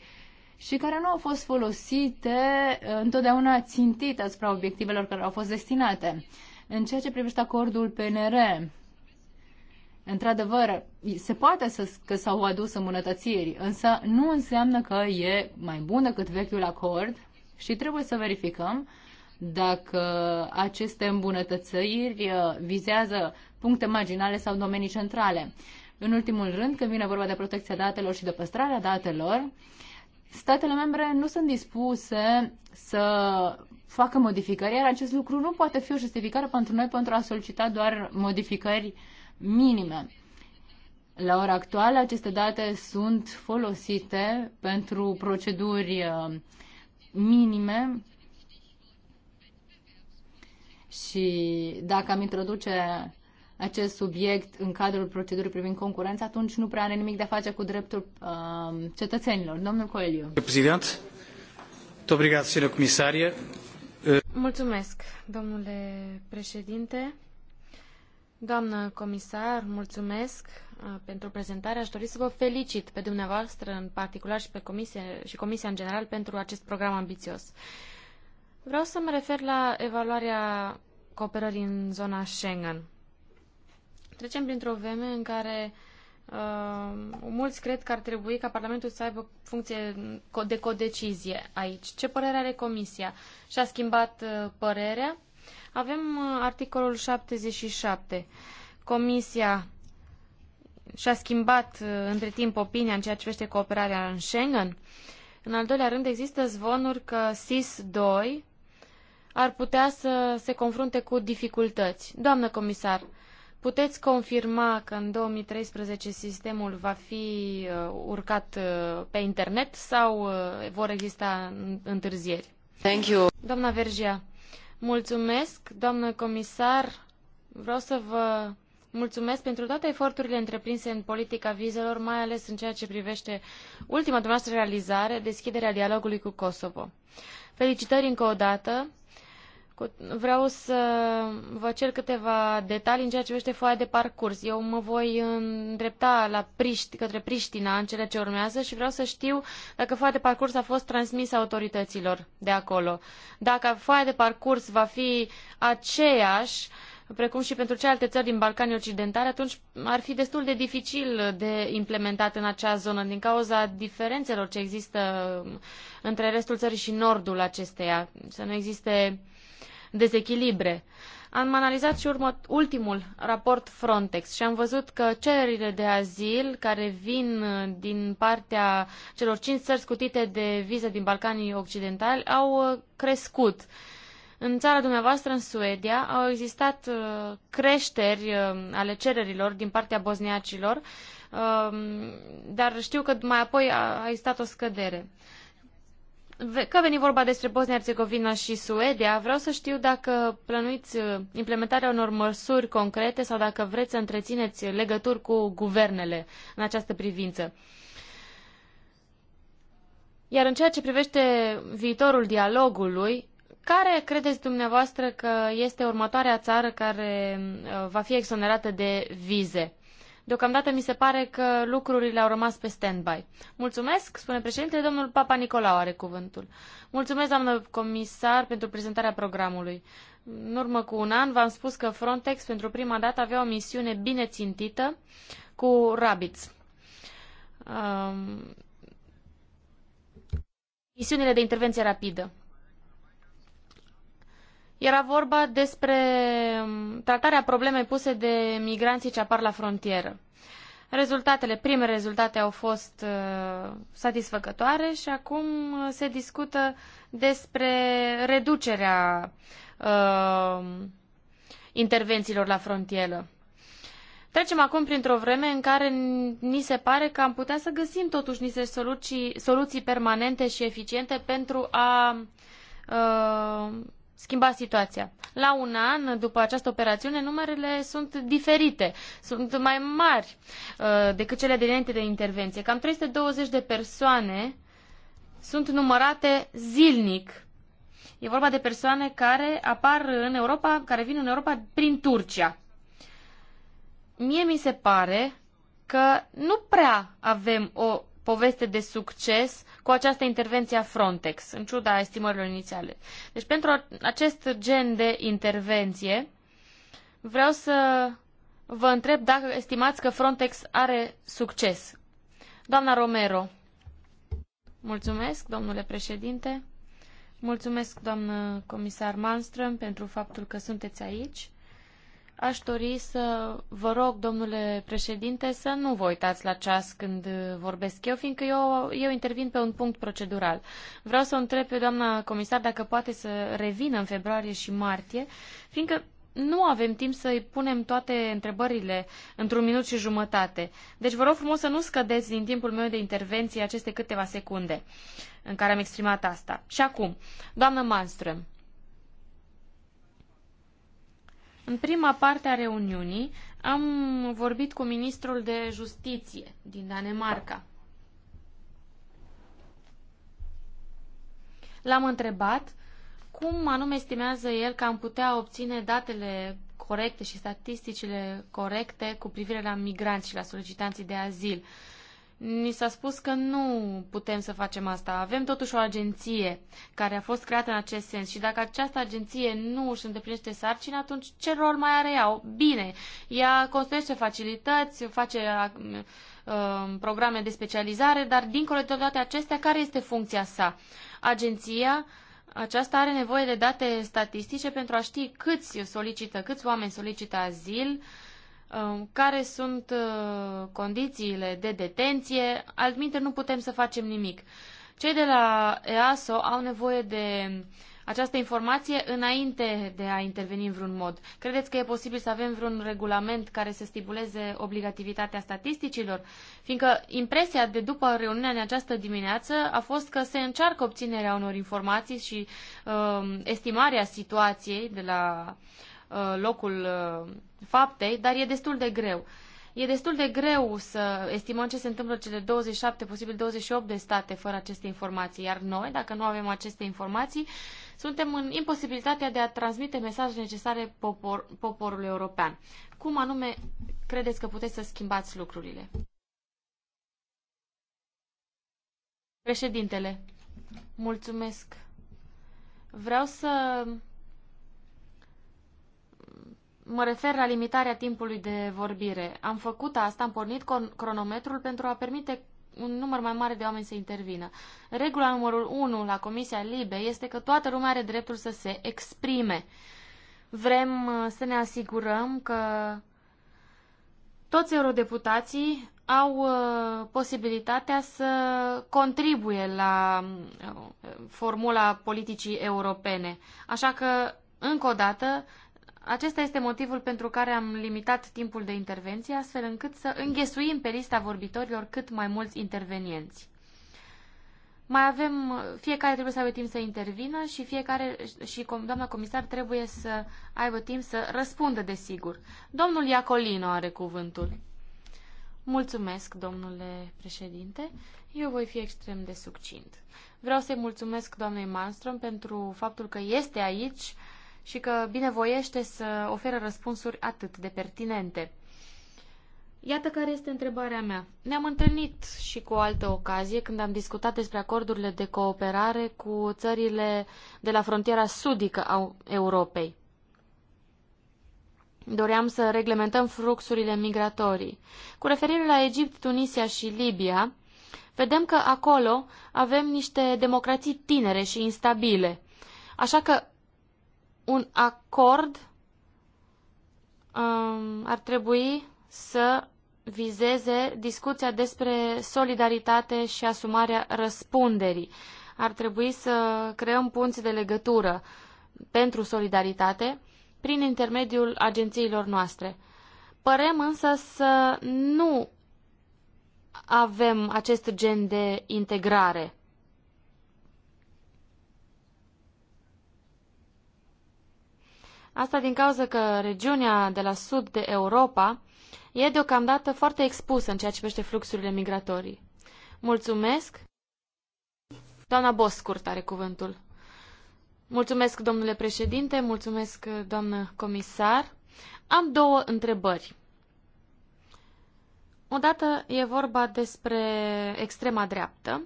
Speaker 1: și care nu au fost folosite uh, întotdeauna țintit asupra obiectivelor care au fost destinate. În ceea ce privește acordul PNR, într-adevăr, se poate să, că s-au adus îmbunătățiri, însă nu înseamnă că e mai bun decât vechiul acord și trebuie să verificăm dacă aceste îmbunătățiri uh, vizează puncte marginale sau domenii centrale. În ultimul rând, când vine vorba de protecția datelor și de păstrarea datelor, statele membre nu sunt dispuse să facă modificări, iar acest lucru nu poate fi o justificare pentru noi pentru a solicita doar modificări minime. La ora actuală, aceste date sunt folosite pentru proceduri uh, minime și dacă am introduce acest subiect în cadrul procedurii privind concurența, atunci nu prea are nimic de a face cu dreptul uh, cetățenilor. Domnul Coeliu. Președinte, obrigat, comisarie.
Speaker 2: Mulțumesc, domnule președinte. Doamnă comisar, mulțumesc uh, pentru prezentare. Aș dori să vă felicit pe dumneavoastră în particular și pe comisie și comisia în general pentru acest program ambițios. Uh, Vreau să mă refer la evaluarea cooperării în zona Schengen. Trecem printr-o vreme în care uh, mulți cred că ar trebui ca Parlamentul să aibă funcție de codecizie aici. Ce părere are Comisia? Și-a schimbat uh, părerea? Avem uh, articolul 77. Comisia și-a schimbat uh, între timp opinia în ceea ce privește cooperarea în Schengen? În al doilea rând, există zvonuri că SIS-2 ar putea să se confrunte cu dificultăți. Doamnă comisar, puteți confirma că în 2013 sistemul va fi uh, urcat uh, pe internet sau uh, vor exista întârzieri? Thank you. Doamna Vergia, mulțumesc. Doamnă comisar, vreau să vă mulțumesc pentru toate eforturile întreprinse în politica vizelor, mai ales în ceea ce privește ultima dumneavoastră realizare, deschiderea dialogului cu Kosovo. Felicitări încă o dată cu, vreau să vă cer câteva detalii în ceea ce privește foaia de parcurs. Eu mă voi îndrepta la Priști, către Priștina în cele ce urmează și vreau să știu dacă foaia de parcurs a fost transmisă autorităților de acolo. Dacă foaia de parcurs va fi aceeași, precum și pentru celelalte țări din Balcanii Occidentale, atunci ar fi destul de dificil de implementat în acea zonă din cauza diferențelor ce există între restul țării și nordul acesteia. Să nu existe uh, dezechilibre. Am analizat și urmă, ultimul raport Frontex și am văzut că cererile de azil care vin uh, din partea celor cinci țări scutite de viză din Balcanii Occidentali au uh, crescut. În țara dumneavoastră, în Suedia, au existat uh, creșteri ale cererilor din partea bosniacilor, dar știu că mai apoi a existat o scădere. Că veni vorba despre Bosnia-Herzegovina și Suedia, vreau să știu dacă plănuiți uh, implementarea unor măsuri concrete sau dacă vreți să întrețineți legături cu guvernele în această privință. Iar în ceea ce privește viitorul dialogului, care credeți dumneavoastră că este următoarea țară care uh, va fi exonerată de vize? Deocamdată mi se pare că lucrurile au rămas pe stand-by. Mulțumesc, spune președintele, domnul Papa Nicolau are cuvântul. Mulțumesc, doamnă comisar, pentru prezentarea programului. În urmă cu un an v-am spus că Frontex pentru prima dată avea o misiune bine țintită cu Rabbits. Um, misiunile de intervenție rapidă. Era vorba despre um, tratarea problemei puse de migranții ce apar la frontieră. Rezultatele, primele rezultate au fost uh, satisfăcătoare și acum uh, se discută despre reducerea uh, intervențiilor la frontieră. Trecem acum printr-o vreme în care ni se pare că am putea să găsim totuși niște soluții, soluții permanente și eficiente pentru a uh, schimba situația. La un an după această operațiune, numerele sunt diferite, sunt mai mari uh, decât cele de înainte de intervenție. Cam 320 de persoane sunt numărate zilnic. E vorba de persoane care apar în Europa, care vin în Europa prin Turcia. Mie mi se pare că nu prea avem o poveste de succes cu această intervenție a Frontex, în ciuda estimărilor inițiale. Deci pentru acest gen de intervenție vreau să vă întreb dacă estimați că Frontex are succes. Doamna Romero. Mulțumesc, domnule președinte. Mulțumesc, doamnă comisar Malmström, pentru faptul că sunteți aici. Aș dori să vă rog, domnule președinte, să nu vă uitați la ceas când vorbesc eu, fiindcă eu, eu intervin pe un punct procedural. Vreau să o întreb pe doamna comisar dacă poate să revină în februarie și martie, fiindcă nu avem timp să-i punem toate întrebările într-un minut și jumătate. Deci vă rog frumos să nu scădeți din timpul meu de intervenție aceste câteva secunde în care am exprimat asta. Și acum, doamnă Malmström, În prima parte a reuniunii am vorbit cu ministrul de justiție din Danemarca. L-am întrebat cum anume estimează el că am putea obține datele corecte și statisticile corecte cu privire la migranți și la solicitanții de azil. Uh, Ni s-a spus că nu putem să facem asta. Avem totuși o agenție care a fost creată în acest sens și dacă această agenție nu își îndeplinește sarcina, atunci ce rol mai are ea? Bine, ea construiește facilități, face uh, programe de specializare, dar dincolo de toate acestea, care este funcția sa? Agenția aceasta are nevoie de date statistice pentru a ști câți solicită, câți oameni solicită azil, uh, Um, care sunt uh, condițiile de detenție, altminte nu putem să facem nimic. Cei de la EASO au nevoie de această informație înainte de a interveni în vreun mod. Credeți că e posibil să avem vreun regulament care să stipuleze obligativitatea statisticilor? Fiindcă impresia de după reuniunea în această dimineață a fost că se încearcă obținerea unor informații și uh, estimarea situației de la uh, Uh, locul uh, faptei, dar e destul de greu. E destul de greu să estimăm ce se întâmplă cele 27, posibil 28 de state fără aceste informații, iar noi, dacă nu avem aceste informații, suntem în imposibilitatea de a transmite mesaje necesare popor, poporului european. Cum anume credeți că puteți să schimbați lucrurile? Președintele, mulțumesc. Vreau să Mă refer la limitarea timpului de vorbire. Am făcut asta, am pornit cronometrul pentru a permite un număr mai mare de oameni să intervină. Regula numărul 1 la Comisia Libe este că toată lumea are dreptul să se exprime. Vrem uh, să ne asigurăm că toți eurodeputații au uh, posibilitatea să contribuie la uh, formula politicii europene. Așa că, încă o dată, acesta este motivul pentru care am limitat timpul de intervenție, astfel încât să înghesuim pe lista vorbitorilor cât mai mulți intervenienți. Mai avem, fiecare trebuie să aibă timp să intervină și fiecare, și doamna comisar trebuie să aibă timp să răspundă, desigur. Domnul Iacolino are cuvântul. Mulțumesc, domnule președinte. Eu voi fi extrem de succint. Vreau să-i mulțumesc doamnei Malmström pentru faptul că este aici, și că binevoiește să oferă răspunsuri atât de pertinente. Iată care este întrebarea mea. Ne-am întâlnit și cu o altă ocazie când am discutat despre acordurile de cooperare cu țările de la frontiera sudică a Europei. Doream să reglementăm fluxurile migratorii. Cu referire la Egipt, Tunisia și Libia, vedem că acolo avem niște democrații tinere și instabile. Așa că un acord um, ar trebui să vizeze discuția despre solidaritate și asumarea răspunderii. Ar trebui să creăm punți de legătură pentru solidaritate prin intermediul agențiilor noastre. Părem însă să nu avem acest gen de integrare. Asta din cauza că regiunea de la sud de Europa e deocamdată foarte expusă în ceea ce privește fluxurile migratorii. Mulțumesc! Doamna Boscurt are cuvântul. Mulțumesc, domnule președinte, mulțumesc, doamnă comisar. Am două întrebări. Odată e vorba despre extrema dreaptă,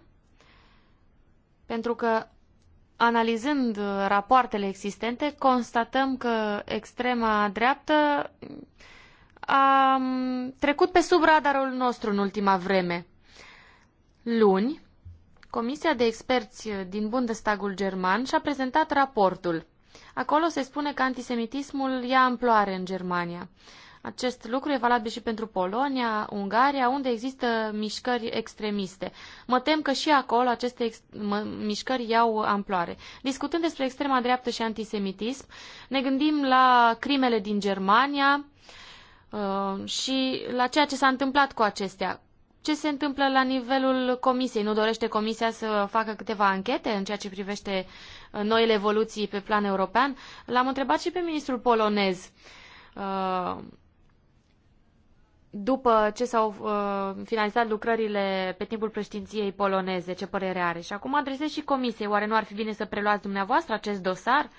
Speaker 2: pentru că analizând uh, rapoartele existente, constatăm că extrema dreaptă a mm, trecut pe sub radarul nostru în ultima vreme. Luni, Comisia de experți uh, din Bundestagul german și-a prezentat raportul. Acolo se spune că antisemitismul ia amploare în Germania. Acest lucru e valabil și pentru Polonia, Ungaria, unde există mișcări extremiste. Mă tem că și acolo aceste mișcări iau amploare. Discutând despre extrema dreaptă și antisemitism, ne gândim la crimele din Germania uh, și la ceea ce s-a întâmplat cu acestea. Ce se întâmplă la nivelul comisiei? Nu dorește comisia să facă câteva anchete în ceea ce privește uh, noile evoluții pe plan european? L-am întrebat și pe ministrul polonez. Uh, după ce s-au uh, finalizat lucrările pe timpul președinției poloneze, ce părere are. Și acum adresez și comisiei, oare nu ar fi bine să preluați dumneavoastră acest dosar?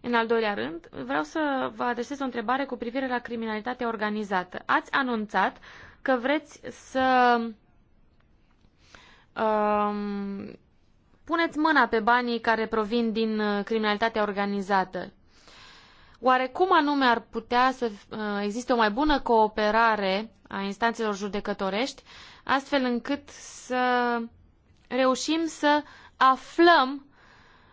Speaker 2: În al doilea rând, vreau să vă adresez o întrebare cu privire la criminalitatea organizată. Ați anunțat că vreți să um, puneți mâna pe banii care provin din uh, criminalitatea organizată. Oare cum anume ar putea să uh, existe o mai bună cooperare a instanțelor judecătorești, astfel încât să reușim să aflăm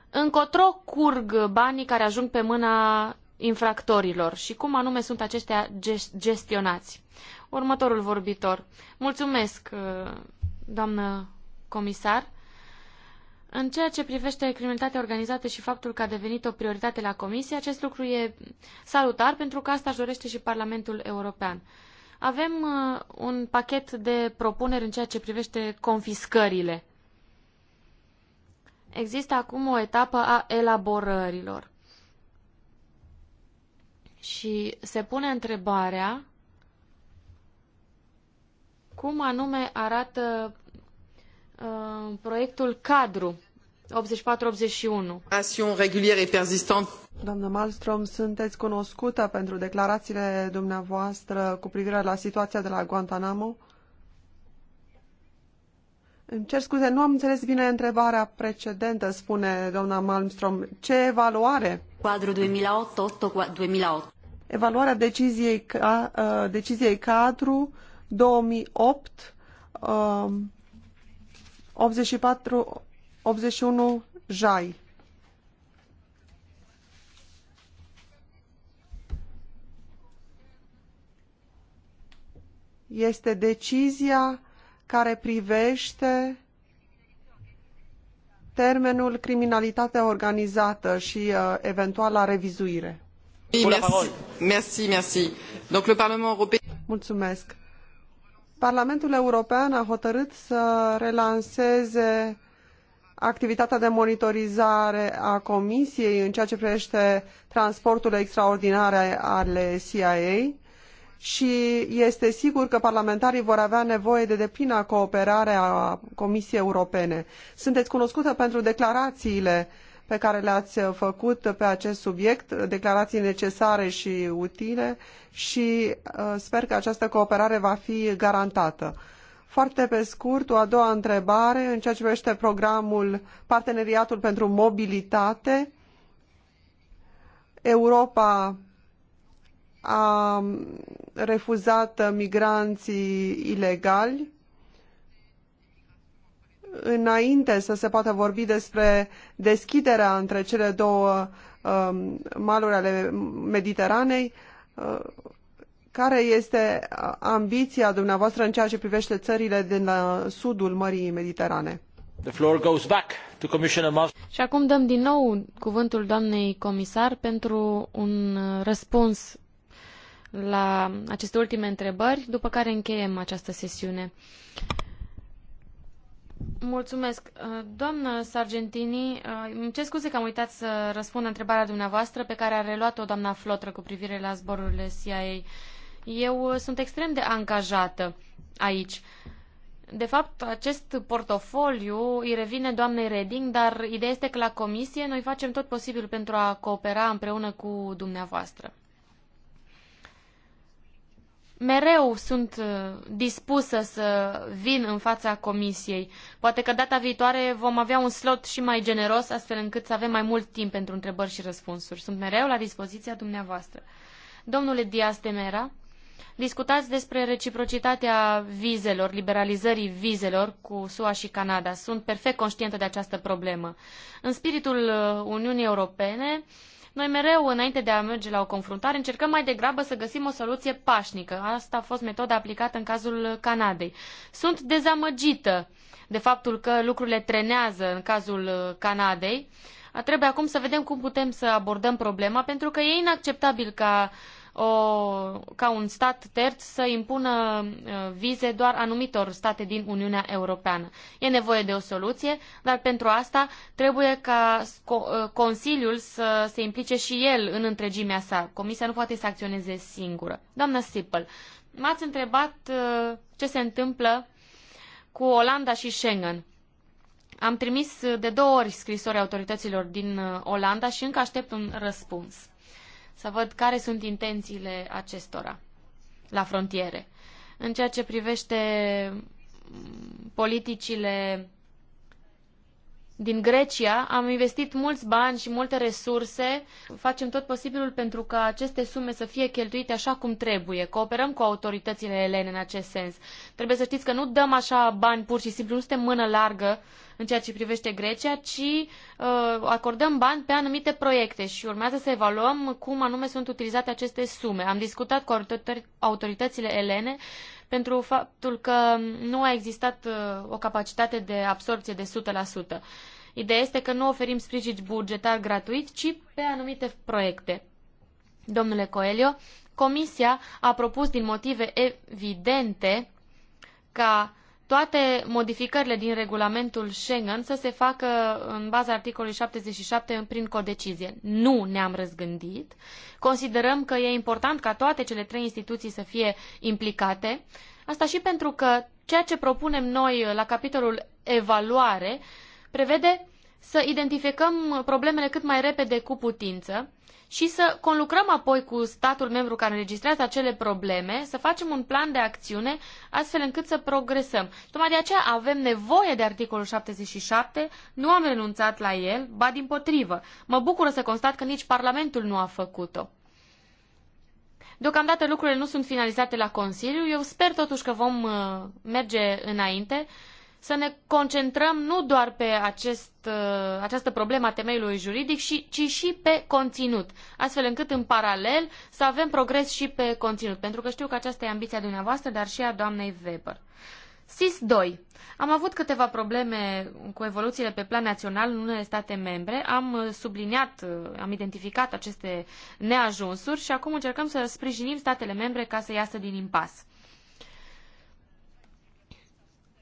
Speaker 2: încotro curg banii care ajung pe mâna infractorilor și cum anume sunt aceștia gestionați. Următorul vorbitor. Mulțumesc, uh, doamnă comisar. În ceea ce privește criminalitatea organizată și faptul că a devenit o prioritate la Comisie, acest lucru e salutar pentru că asta își dorește și Parlamentul European. Avem uh, un pachet de propuneri în ceea ce privește confiscările. Există acum o etapă a elaborărilor. Și se pune întrebarea cum anume arată Uh, proiectul cadru 84-81.
Speaker 3: Regulieră și persistentă. Doamnă Malmström, sunteți cunoscută pentru declarațiile dumneavoastră cu privire la situația de la Guantanamo? Îmi cer scuze, nu am înțeles bine întrebarea precedentă, spune doamna Malmström. Ce evaluare? Quadru 2008-2008. Evaluarea deciziei, uh, deciziei cadru 2008 um, 84, 81 Jai. Este decizia care privește termenul criminalitatea organizată și uh, eventuala revizuire. Mulțumesc. Parlamentul European a hotărât să relanseze activitatea de monitorizare a Comisiei în ceea ce privește transportul extraordinare ale CIA și este sigur că parlamentarii vor avea nevoie de deplina cooperare a Comisiei Europene. Sunteți cunoscută pentru declarațiile uh, pe care le-ați făcut pe acest subiect, declarații necesare și utile și uh, sper că această cooperare va fi garantată. Foarte pe scurt, o a doua întrebare în ceea ce privește programul Parteneriatul pentru Mobilitate. Europa a um, refuzat migranții ilegali înainte să se poată vorbi despre deschiderea între cele două um, maluri ale Mediteranei, uh, care este ambiția dumneavoastră în ceea ce privește țările din uh, sudul Mării Mediterane?
Speaker 1: The floor goes back to Commissioner Mas-
Speaker 3: Și acum dăm din
Speaker 2: nou cuvântul doamnei comisar pentru un răspuns la aceste ultime întrebări, după care încheiem această sesiune. Mulțumesc. Uh, doamnă Sargentini, uh, îmi cer scuze că am uitat să răspund la întrebarea dumneavoastră pe care a reluat-o doamna Flotră cu privire la zborurile CIA. Eu uh, sunt extrem de angajată aici. De fapt, acest portofoliu îi revine doamnei Reding, dar ideea este că la comisie noi facem tot posibil pentru a coopera împreună cu dumneavoastră mereu sunt uh, dispusă să vin în fața comisiei. Poate că data viitoare vom avea un slot și mai generos, astfel încât să avem mai mult timp pentru întrebări și răspunsuri. Sunt mereu la dispoziția dumneavoastră. Domnule Dias de Mera, discutați despre reciprocitatea vizelor, liberalizării vizelor cu SUA și Canada. Sunt perfect conștientă de această problemă. În spiritul uh, Uniunii Europene, noi mereu, înainte de a merge la o confruntare, încercăm mai degrabă să găsim o soluție pașnică. Asta a fost metoda aplicată în cazul Canadei. Sunt dezamăgită de faptul că lucrurile trenează în cazul uh, Canadei. Trebuie acum să vedem cum putem să abordăm problema, pentru că e inacceptabil ca o, ca un stat terț să impună uh, vize doar anumitor state din Uniunea Europeană. E nevoie de o soluție, dar pentru asta trebuie ca uh, Consiliul să se implice și el în întregimea sa. Comisia nu poate să acționeze singură. Doamnă Sipel, m-ați întrebat uh, ce se întâmplă cu Olanda și Schengen. Am trimis de două ori scrisori autorităților din Olanda și încă aștept un răspuns să văd care sunt intențiile acestora la frontiere. În ceea ce privește politicile din Grecia, am investit mulți bani și multe resurse, facem tot posibilul pentru ca aceste sume să fie cheltuite așa cum trebuie. Cooperăm cu autoritățile elene în acest sens. Trebuie să știți că nu dăm așa bani pur și simplu, nu suntem mână largă în ceea ce privește Grecia, ci uh, acordăm bani pe anumite proiecte și urmează să evaluăm cum anume sunt utilizate aceste sume. Am discutat cu autoritățile elene pentru faptul că nu a existat uh, o capacitate de absorpție de 100%. Ideea este că nu oferim sprijin bugetar gratuit, ci pe anumite proiecte. Domnule Coelio, Comisia a propus din motive evidente ca toate modificările din regulamentul Schengen să se facă în baza articolului 77 prin codecizie. Nu ne-am răzgândit. Considerăm că e important ca toate cele trei instituții să fie implicate. Asta și pentru că ceea ce propunem noi la capitolul evaluare prevede să identificăm problemele cât mai repede cu putință, și să conlucrăm apoi cu statul membru care înregistrează acele probleme, să facem un plan de acțiune astfel încât să progresăm. Tocmai de aceea avem nevoie de articolul 77, nu am renunțat la el, ba din potrivă. Mă bucură să constat că nici Parlamentul nu a făcut-o. Deocamdată lucrurile nu sunt finalizate la Consiliu, eu sper totuși că vom uh, merge înainte să ne concentrăm nu doar pe acest, uh, această problemă a temeiului juridic, ci și pe conținut, astfel încât în paralel să avem progres și pe conținut, pentru că știu că aceasta e ambiția dumneavoastră, dar și a doamnei Weber. SIS-2. Am avut câteva probleme cu evoluțiile pe plan național în unele state membre. Am uh, subliniat, uh, am identificat aceste neajunsuri și acum încercăm să sprijinim statele membre ca să iasă din impas.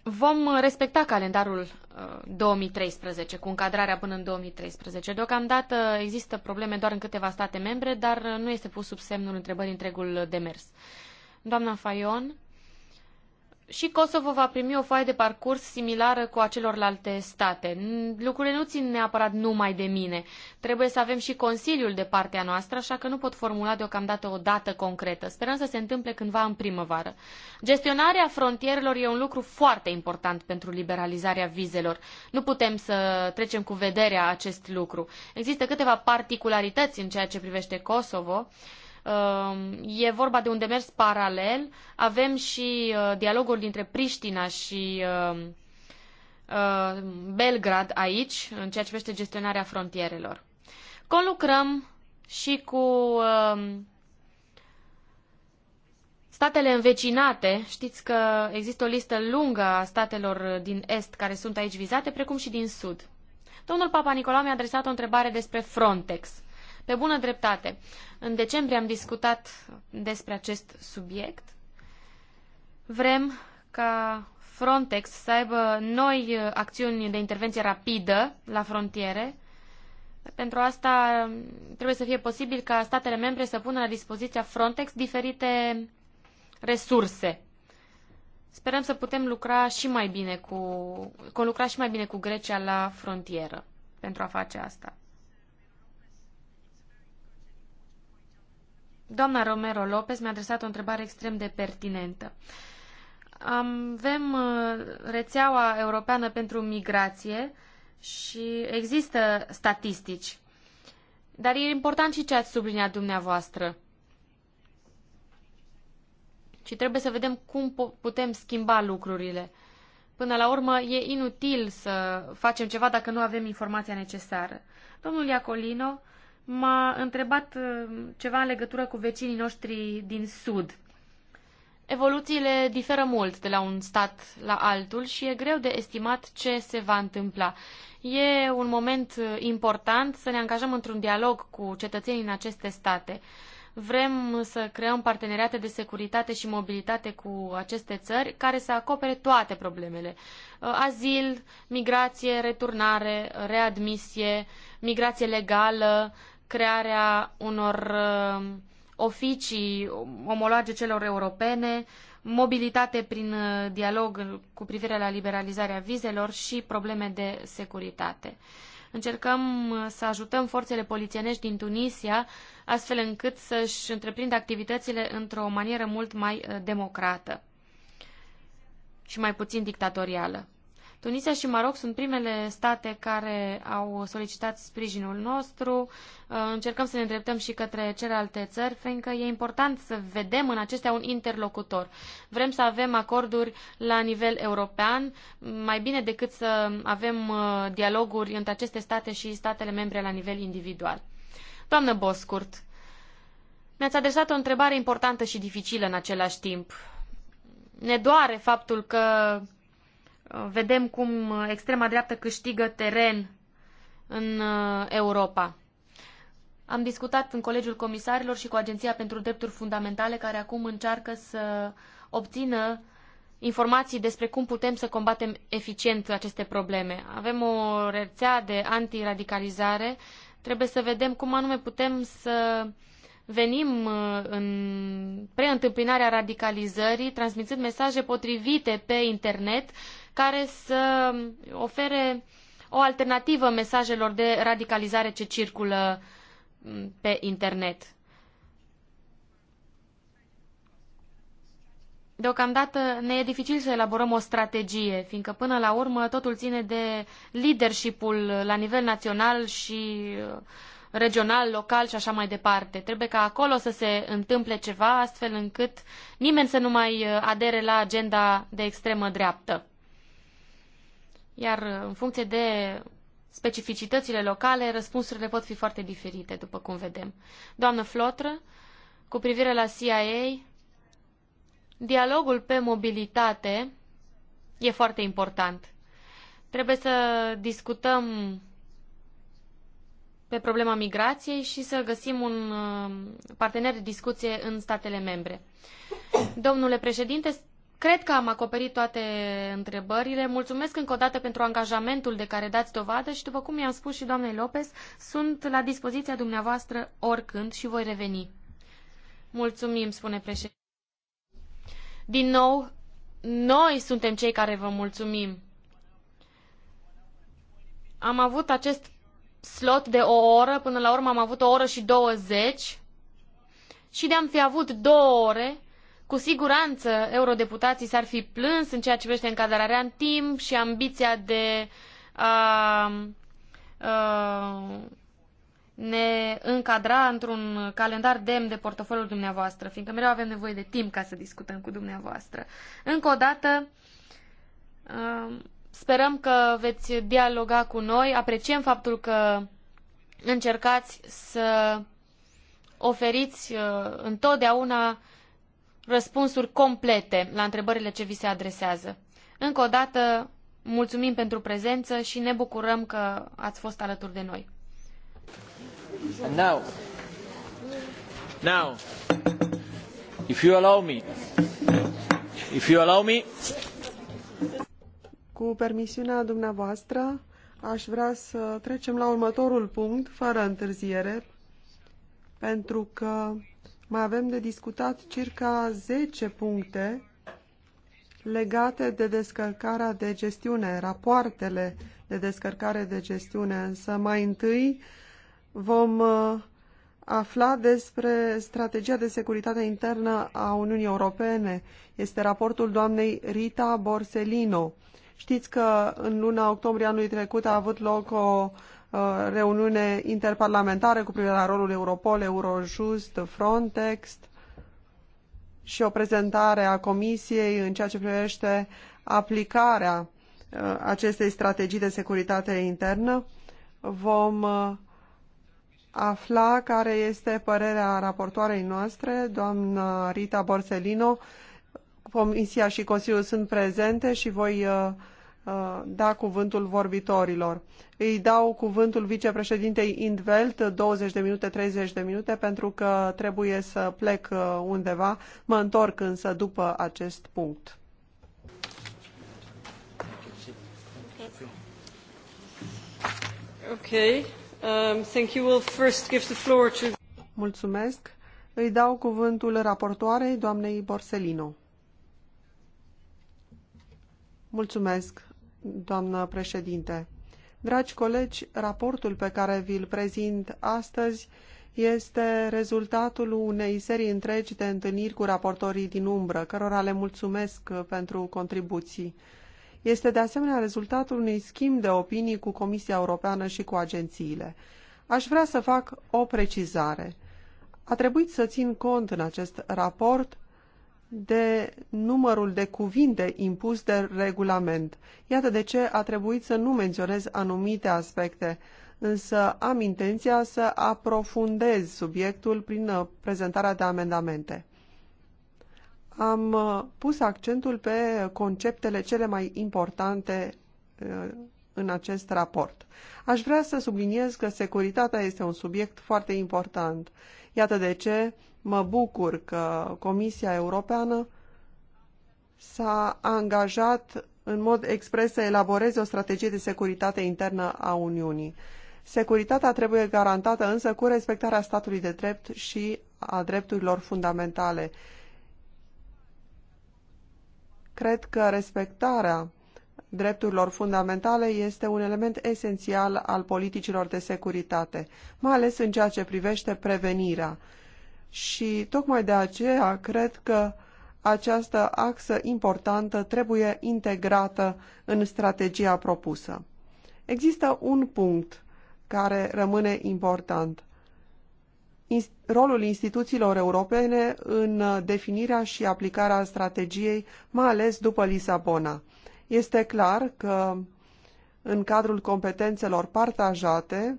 Speaker 2: Vom respecta calendarul 2013, uh, cu încadrarea până în 2013. Deocamdată există probleme doar în câteva state membre, dar nu este pus sub semnul întrebării întregul demers. Doamna Fayon și Kosovo va primi o foaie de parcurs similară cu a celorlalte state. Lucrurile nu țin neapărat numai de mine. Trebuie să avem și Consiliul de partea noastră, așa că nu pot formula deocamdată o dată concretă. Sperăm să se întâmple cândva în primăvară. Gestionarea frontierelor e un lucru foarte important pentru liberalizarea vizelor. Nu putem să trecem cu vederea acest lucru. Există câteva particularități în ceea ce privește Kosovo. Um, e vorba de un demers paralel. Avem și uh, dialogul dintre Priștina și um, uh, Belgrad aici, în ceea ce privește gestionarea frontierelor. Conlucrăm și cu um, statele învecinate. Știți că există o listă lungă a statelor din Est care sunt aici vizate, precum și din Sud. Domnul Papa Nicolau mi-a adresat o întrebare despre Frontex. Pe bună dreptate, în decembrie am discutat despre acest subiect. Vrem ca Frontex să aibă noi uh, acțiuni de intervenție rapidă la frontiere. Pentru asta um, trebuie să fie posibil ca statele membre să pună la dispoziția Frontex diferite resurse. Sperăm să putem lucra și mai bine cu, lucra și mai bine cu Grecia la frontieră pentru a face asta. Doamna Romero Lopez mi-a adresat o întrebare extrem de pertinentă. Avem uh, rețeaua europeană pentru migrație și există statistici. Dar e important și ce ați subliniat dumneavoastră. Și trebuie să vedem cum putem schimba lucrurile. Până la urmă, e inutil să facem ceva dacă nu avem informația necesară. Domnul Iacolino m-a întrebat uh, ceva în legătură cu vecinii noștri din Sud. Evoluțiile diferă mult de la un stat la altul și e greu de estimat ce se va întâmpla. E un moment uh, important să ne angajăm într-un dialog cu cetățenii în aceste state. Vrem să creăm parteneriate de securitate și mobilitate cu aceste țări care să acopere toate problemele. Uh, azil, migrație, returnare, readmisie, migrație legală, crearea unor uh, oficii omologe celor europene, mobilitate prin uh, dialog cu privire la liberalizarea vizelor și probleme de securitate. Încercăm uh, să ajutăm forțele polițienești din Tunisia astfel încât să-și întreprindă activitățile într-o manieră mult mai democrată și mai puțin dictatorială. Tunisia și Maroc sunt primele state care au solicitat sprijinul nostru. Uh, încercăm să ne îndreptăm și către celelalte țări, fiindcă e important să vedem în acestea un interlocutor. Vrem să avem acorduri la nivel european, mai bine decât să avem uh, dialoguri între aceste state și statele membre la nivel individual. Doamnă Boscurt, mi-ați adresat o întrebare importantă și dificilă în același timp. Ne doare faptul că vedem cum extrema dreaptă câștigă teren în uh, Europa. Am discutat în Colegiul Comisarilor și cu Agenția pentru Drepturi Fundamentale, care acum încearcă să obțină informații despre cum putem să combatem eficient aceste probleme. Avem o rețea de antiradicalizare. Trebuie să vedem cum anume putem să venim uh, în preîntâmpinarea radicalizării, transmițând mesaje potrivite pe internet care să ofere o alternativă mesajelor de radicalizare ce circulă mm, pe internet. Deocamdată ne e dificil să elaborăm o strategie, fiindcă până la urmă totul ține de leadership-ul la nivel național și uh, regional, local și așa mai departe. Trebuie ca acolo să se întâmple ceva astfel încât nimeni să nu mai uh, adere la agenda de extremă dreaptă. Iar în funcție de specificitățile locale, răspunsurile pot fi foarte diferite, după cum vedem. Doamnă Flotră, cu privire la CIA, dialogul pe mobilitate e foarte important. Trebuie să discutăm pe problema migrației și să găsim un uh, partener de discuție în statele membre. Domnule președinte, Cred că am acoperit toate întrebările. Mulțumesc încă o dată pentru angajamentul de care dați dovadă și, după cum i-am spus și doamnei Lopez, sunt la dispoziția dumneavoastră oricând și voi reveni. Mulțumim, spune președinte. Din nou, noi suntem cei care vă mulțumim. Am avut acest slot de o oră, până la urmă am avut o oră și 20 și de-am fi avut două ore, cu siguranță, eurodeputații s-ar fi plâns în ceea ce privește încadrarea în timp și ambiția de a, ne încadra într-un calendar demn de portofoliul dumneavoastră, fiindcă mereu avem nevoie de timp ca să discutăm cu dumneavoastră. Încă o dată, sperăm că veți dialoga cu noi, apreciem faptul că încercați să oferiți întotdeauna răspunsuri complete la întrebările ce vi se adresează. Încă o dată, mulțumim pentru prezență și ne bucurăm că ați fost alături de noi. Now, now, if you allow me, if you allow me,
Speaker 3: cu permisiunea dumneavoastră, aș vrea să trecem la următorul punct, fără întârziere, pentru că mai avem de discutat circa 10 puncte legate de descărcarea de gestiune, rapoartele de descărcare de gestiune, însă mai întâi vom uh, afla despre strategia de securitate internă a Uniunii Europene. Este raportul doamnei Rita Borsellino. Știți că în luna octombrie anului trecut a avut loc o Uh, reuniune interparlamentară cu privire la rolul Europol, Eurojust, Frontex și o prezentare a Comisiei în ceea ce privește aplicarea uh, acestei strategii de securitate internă. Vom uh, afla care este părerea raportoarei noastre, doamna Rita Borsellino. Comisia și Consiliul sunt prezente și voi Uh, da cuvântul vorbitorilor. Îi dau cuvântul vicepreședintei Indvelt, 20 de minute, 30 de minute, pentru că trebuie să plec uh, undeva. Mă întorc însă după acest punct. Okay. Um, thank you. We'll first give the floor to... Mulțumesc. Îi dau cuvântul raportoarei, doamnei Borsellino. Mulțumesc doamnă președinte. Dragi colegi, raportul pe care vi-l prezint astăzi este rezultatul unei serii întregi de întâlniri cu raportorii din umbră, cărora le mulțumesc pentru contribuții. Este de asemenea rezultatul unui schimb de opinii cu Comisia Europeană și cu agențiile. Aș vrea să fac o precizare. A trebuit să țin cont în acest raport de numărul de cuvinte impus de regulament. Iată de ce a trebuit să nu menționez anumite aspecte, însă am intenția să aprofundez subiectul prin uh, prezentarea de amendamente. Am uh, pus accentul pe conceptele cele mai importante uh, în acest raport. Aș vrea să subliniez că securitatea este un subiect foarte important. Iată de ce Mă bucur că Comisia Europeană s-a angajat în mod expres să elaboreze o strategie de securitate internă a Uniunii. Securitatea trebuie garantată însă cu respectarea statului de drept și a drepturilor fundamentale. Cred că respectarea drepturilor fundamentale este un element esențial al politicilor de securitate, mai ales în ceea ce privește prevenirea și tocmai de aceea cred că această axă importantă trebuie integrată în strategia propusă. Există un punct care rămâne important. Rolul instituțiilor europene în definirea și aplicarea strategiei, mai ales după Lisabona. Este clar că în cadrul competențelor partajate,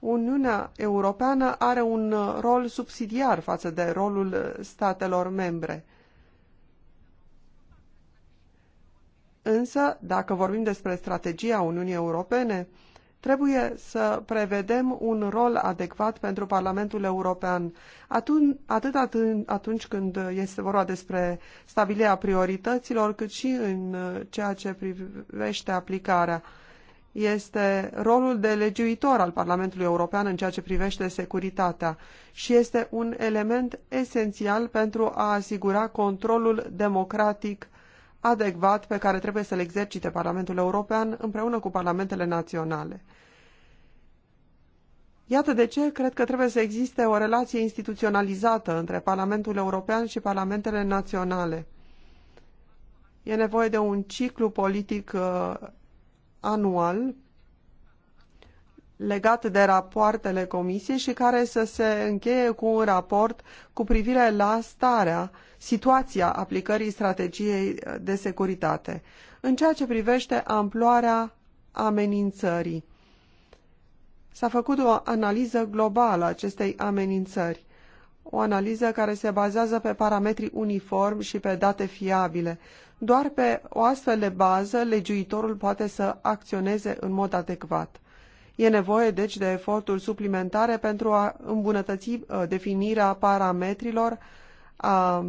Speaker 3: Uniunea Europeană are un uh, rol subsidiar față de rolul uh, statelor membre. Însă, dacă vorbim despre strategia Uniunii Europene, trebuie să prevedem un rol adecvat pentru Parlamentul European, atât atunci când este vorba despre stabilirea priorităților, cât și în uh, ceea ce privește aplicarea este rolul de legiuitor al Parlamentului European în ceea ce privește securitatea și este un element esențial pentru a asigura controlul democratic adecvat pe care trebuie să-l exercite Parlamentul European împreună cu parlamentele naționale. Iată de ce cred că trebuie să existe o relație instituționalizată între Parlamentul European și parlamentele naționale. E nevoie de un ciclu politic uh, anual legat de rapoartele comisiei și care să se încheie cu un raport cu privire la starea, situația aplicării strategiei de securitate. În ceea ce privește amploarea amenințării, s-a făcut o analiză globală a acestei amenințări o analiză care se bazează pe parametri uniform și pe date fiabile. Doar pe o astfel de bază, legiuitorul poate să acționeze în mod adecvat. E nevoie, deci, de eforturi suplimentare pentru a îmbunătăți uh, definirea parametrilor, uh,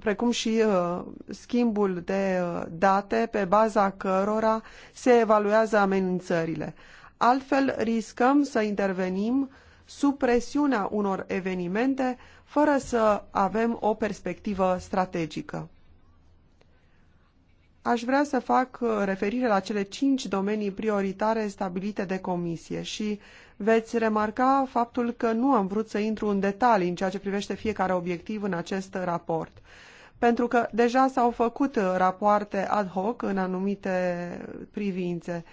Speaker 3: precum și uh, schimbul de uh, date pe baza cărora se evaluează amenințările. Altfel, riscăm să intervenim sub presiunea unor evenimente fără să avem o perspectivă strategică. Aș vrea să fac uh, referire la cele cinci domenii prioritare stabilite de comisie și veți remarca faptul că nu am vrut să intru în detalii în ceea ce privește fiecare obiectiv în acest raport pentru că deja s-au făcut uh, rapoarte ad hoc în anumite privințe.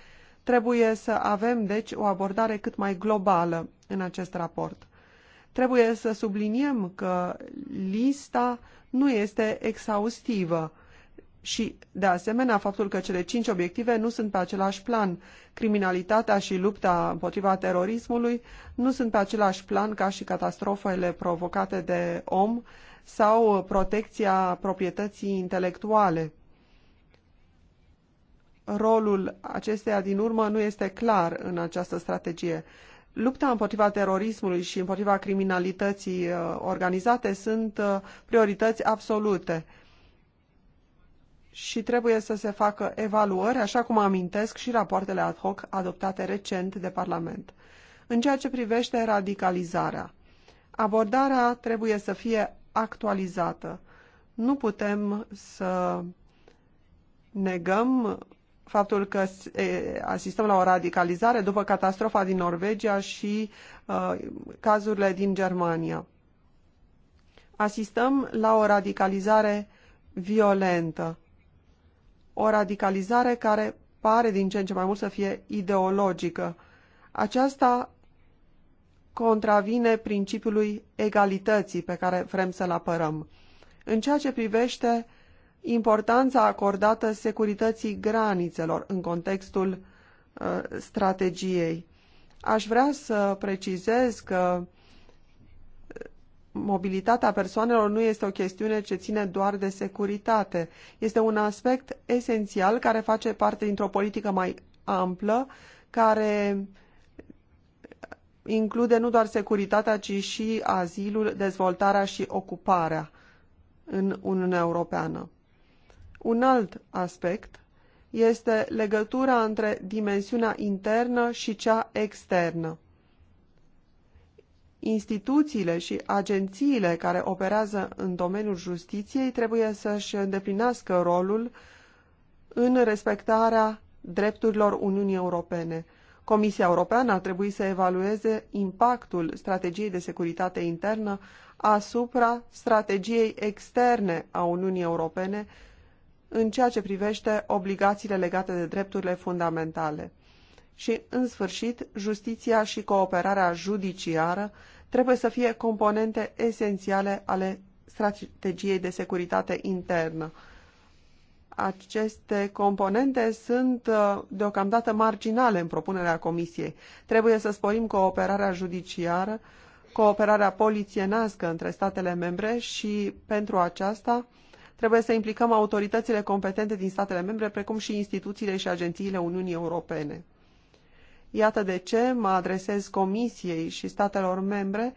Speaker 3: Trebuie să avem, deci, o abordare cât mai globală în acest raport. Trebuie să subliniem că lista nu este exhaustivă și, de asemenea, faptul că cele cinci obiective nu sunt pe același plan. Criminalitatea și lupta împotriva terorismului nu sunt pe același plan ca și catastrofele provocate de om sau protecția proprietății intelectuale. Rolul acesteia din urmă nu este clar în această strategie. Lupta împotriva terorismului și împotriva criminalității uh, organizate sunt uh, priorități absolute și trebuie să se facă evaluări, așa cum amintesc și rapoartele ad hoc adoptate recent de Parlament. În ceea ce privește radicalizarea, abordarea trebuie să fie actualizată. Nu putem să negăm faptul că asistăm la o radicalizare după catastrofa din Norvegia și uh, cazurile din Germania. Asistăm la o radicalizare violentă, o radicalizare care pare din ce în ce mai mult să fie ideologică. Aceasta contravine principiului egalității pe care vrem să-l apărăm. În ceea ce privește importanța acordată securității granițelor în contextul uh, strategiei. Aș vrea să precizez că uh, mobilitatea persoanelor nu este o chestiune ce ține doar de securitate. Este un aspect esențial care face parte dintr-o politică mai amplă, care uh, include nu doar securitatea, ci și azilul, dezvoltarea și ocuparea în Uniunea Europeană. Un alt aspect este legătura între dimensiunea internă și cea externă. Instituțiile și agențiile care operează în domeniul justiției trebuie să-și îndeplinească rolul în respectarea drepturilor Uniunii Europene. Comisia Europeană ar trebui să evalueze impactul strategiei de securitate internă asupra strategiei externe a Uniunii Europene în ceea ce privește obligațiile legate de drepturile fundamentale. Și, în sfârșit, justiția și cooperarea judiciară trebuie să fie componente esențiale ale strategiei de securitate internă. Aceste componente sunt uh, deocamdată marginale în propunerea Comisiei. Trebuie să sporim cooperarea judiciară, cooperarea polițienească între statele membre și, pentru aceasta, Trebuie să implicăm autoritățile competente din statele membre, precum și instituțiile și agențiile Uniunii Europene. Iată de ce mă adresez Comisiei și statelor membre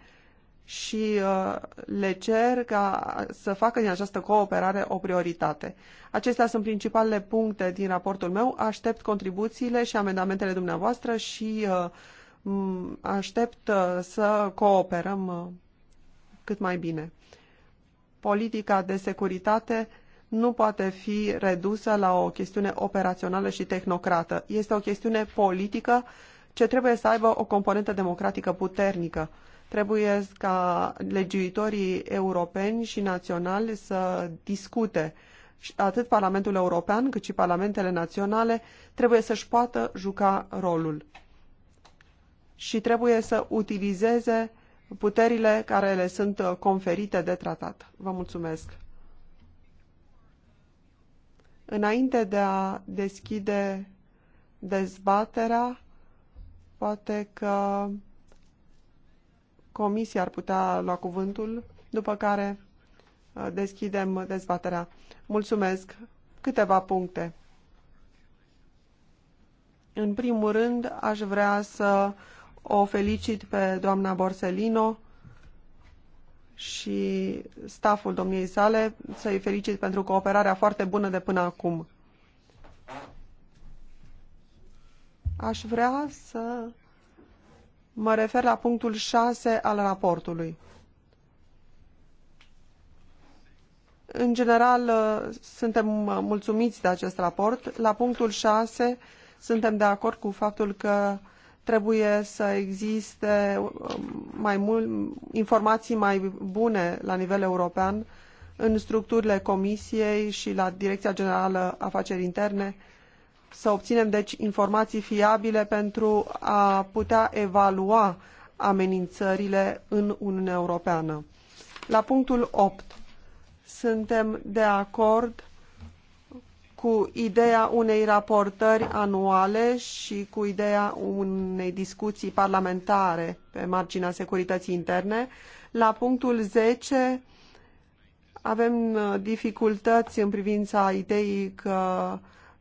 Speaker 3: și uh, le cer ca să facă din această cooperare o prioritate. Acestea sunt principalele puncte din raportul meu. Aștept contribuțiile și amendamentele dumneavoastră și uh, aștept uh, să cooperăm cât mai bine politica de securitate nu poate fi redusă la o chestiune operațională și tehnocrată. Este o chestiune politică ce trebuie să aibă o componentă democratică puternică. Trebuie ca legiuitorii europeni și naționali să discute. Atât Parlamentul European cât și Parlamentele naționale trebuie să-și poată juca rolul și trebuie să utilizeze puterile care le sunt uh, conferite de tratat. Vă mulțumesc! Înainte de a deschide dezbaterea, poate că comisia ar putea lua cuvântul, după care uh, deschidem dezbaterea. Mulțumesc! Câteva puncte. În primul rând, aș vrea să o felicit pe doamna Borsellino și staful domniei sale, să-i felicit pentru cooperarea foarte bună de până acum. Aș vrea să mă refer la punctul 6 al raportului. În general, suntem mulțumiți de acest raport. La punctul 6 suntem de acord cu faptul că Trebuie să existe um, mai mult, informații mai bune la nivel european în structurile Comisiei și la Direcția Generală Afaceri Interne, să obținem deci informații fiabile pentru a putea evalua amenințările în Uniunea Europeană. La punctul 8, suntem de acord cu ideea unei raportări anuale și cu ideea unei discuții parlamentare pe marginea securității interne. La punctul 10 avem uh, dificultăți în privința ideii că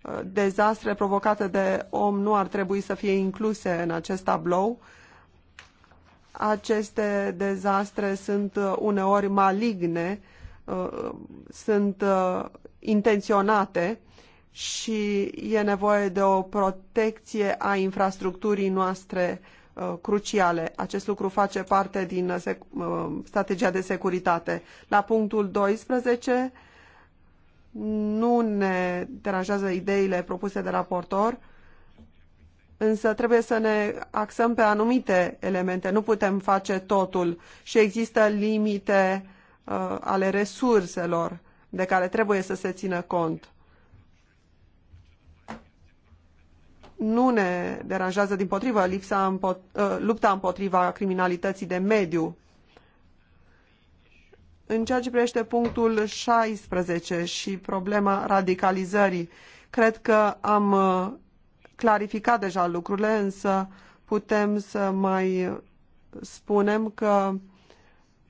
Speaker 3: uh, dezastre provocate de om nu ar trebui să fie incluse în acest tablou. Aceste dezastre sunt uh, uneori maligne, sunt intenționate și e nevoie de o protecție a infrastructurii noastre uh, cruciale. Acest lucru face parte din uh, uh, strategia de securitate. La punctul 12 nu ne deranjează ideile propuse de raportor, însă trebuie să ne axăm pe anumite elemente. Nu putem face totul și există limite uh, ale resurselor de care trebuie să se țină cont. Nu ne deranjează din potrivă lipsa împot ă, lupta împotriva criminalității de mediu. În ceea ce privește punctul 16 și problema radicalizării, cred că am ă, clarificat deja lucrurile, însă putem să mai spunem că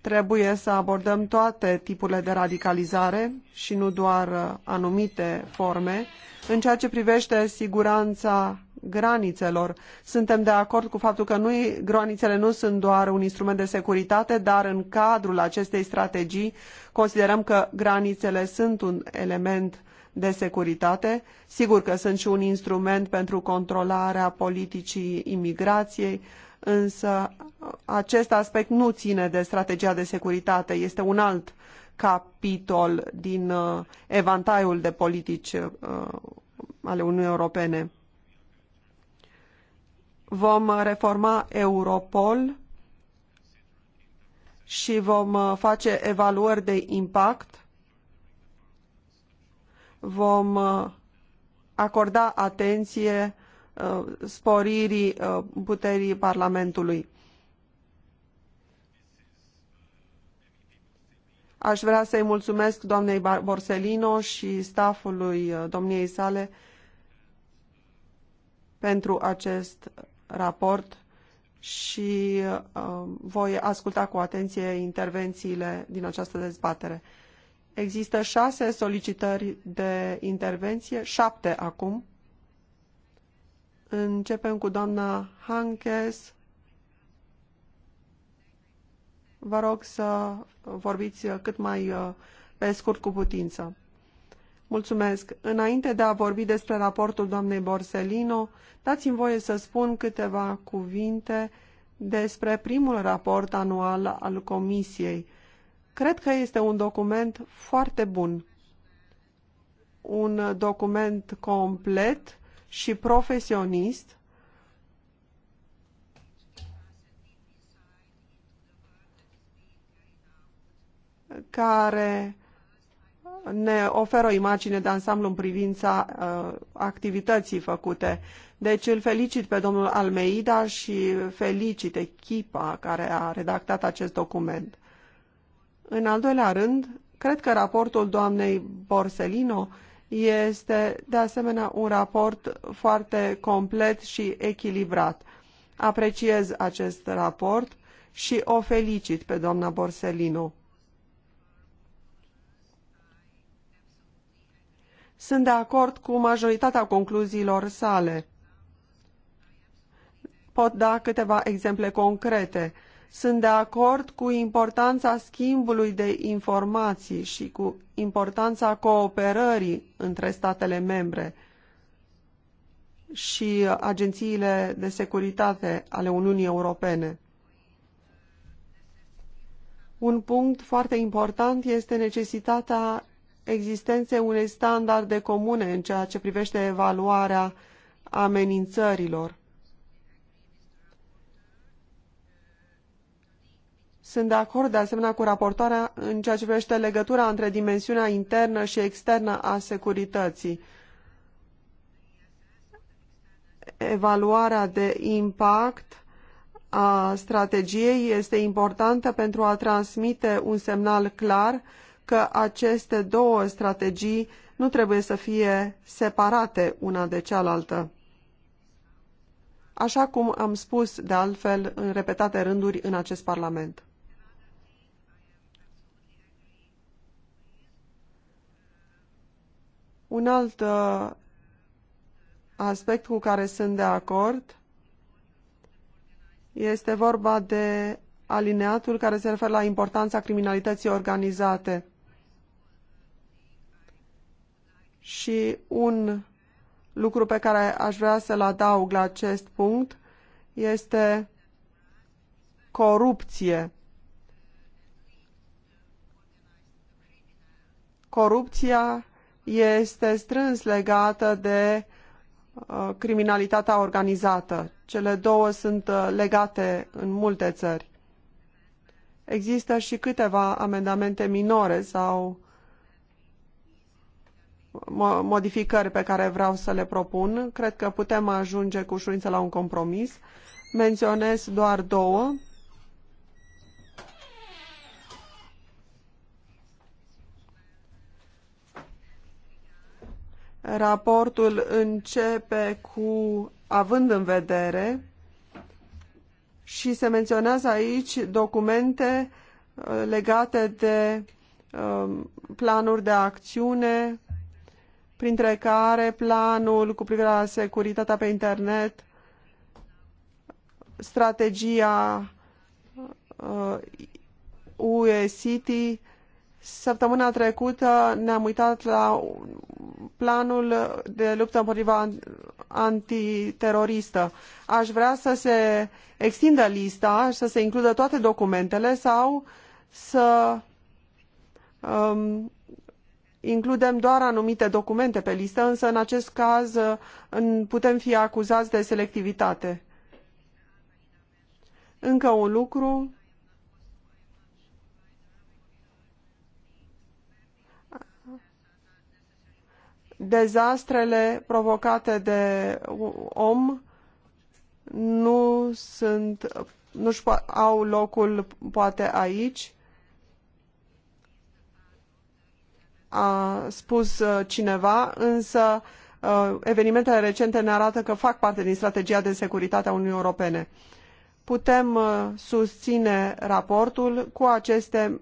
Speaker 3: Trebuie să abordăm toate tipurile de radicalizare și nu doar uh, anumite forme. În ceea ce privește siguranța granițelor, suntem de acord cu faptul că nu, granițele nu sunt doar un instrument de securitate, dar în cadrul acestei strategii considerăm că granițele sunt un element de securitate. Sigur că sunt și un instrument pentru controlarea politicii imigrației, însă acest aspect nu ține de strategia de securitate, este un alt capitol din uh, evantaiul de politici uh, ale Uniunii Europene. Vom reforma Europol și vom uh, face evaluări de impact. Vom acorda atenție sporirii puterii Parlamentului. Aș vrea să-i mulțumesc doamnei Borsellino și staffului uh, domniei sale pentru acest raport și uh, voi asculta cu atenție intervențiile din această dezbatere. Există șase solicitări de intervenție, șapte acum. Începem cu doamna Hankes, vă rog să vorbiți cât mai uh, pe scurt cu putință. Mulțumesc. Înainte de a vorbi despre raportul doamnei Borsellino, dați-mi voie să spun câteva cuvinte despre primul raport anual al Comisiei. Cred că este un document foarte bun. Un document complet și profesionist care ne oferă o imagine de ansamblu în privința uh, activității făcute. Deci îl felicit pe domnul Almeida și felicit echipa care a redactat acest document. În al doilea rând, cred că raportul doamnei Borsellino este de asemenea un raport foarte complet și echilibrat. Apreciez acest raport și o felicit pe doamna Borsellino. Sunt de acord cu majoritatea concluziilor sale. Pot da câteva exemple concrete. Sunt de acord cu importanța schimbului de informații și cu importanța cooperării între statele membre și agențiile de securitate ale Uniunii Europene. Un punct foarte important este necesitatea existenței unei standarde comune în ceea ce privește evaluarea amenințărilor. Sunt de acord de asemenea cu raportoarea în ceea ce privește legătura între dimensiunea internă și externă a securității. Evaluarea de impact a strategiei este importantă pentru a transmite un semnal clar că aceste două strategii nu trebuie să fie separate una de cealaltă. Așa cum am spus de altfel în repetate rânduri în acest Parlament. Un alt uh, aspect cu care sunt de acord este vorba de alineatul care se referă la importanța criminalității organizate. Și un lucru pe care aș vrea să-l adaug la acest punct este corupție. Corupția este strâns legată de uh, criminalitatea organizată. Cele două sunt uh, legate în multe țări. Există și câteva amendamente minore sau modificări pe care vreau să le propun. Cred că putem ajunge cu ușurință la un compromis. Menționez doar două. Raportul începe cu având în vedere și se menționează aici documente uh, legate de um, planuri de acțiune, printre care planul cu privire la securitatea pe internet, strategia uh, UE City. Săptămâna trecută ne-am uitat la planul de luptă împotriva antiteroristă. Aș vrea să se extindă lista, să se includă toate documentele sau să um, includem doar anumite documente pe listă, însă în acest caz uh, putem fi acuzați de selectivitate. Încă un lucru. Dezastrele provocate de om nu sunt, nu au locul poate aici, a spus uh, cineva, însă uh, evenimentele recente ne arată că fac parte din strategia de securitate a Uniunii Europene. Putem uh, susține raportul cu aceste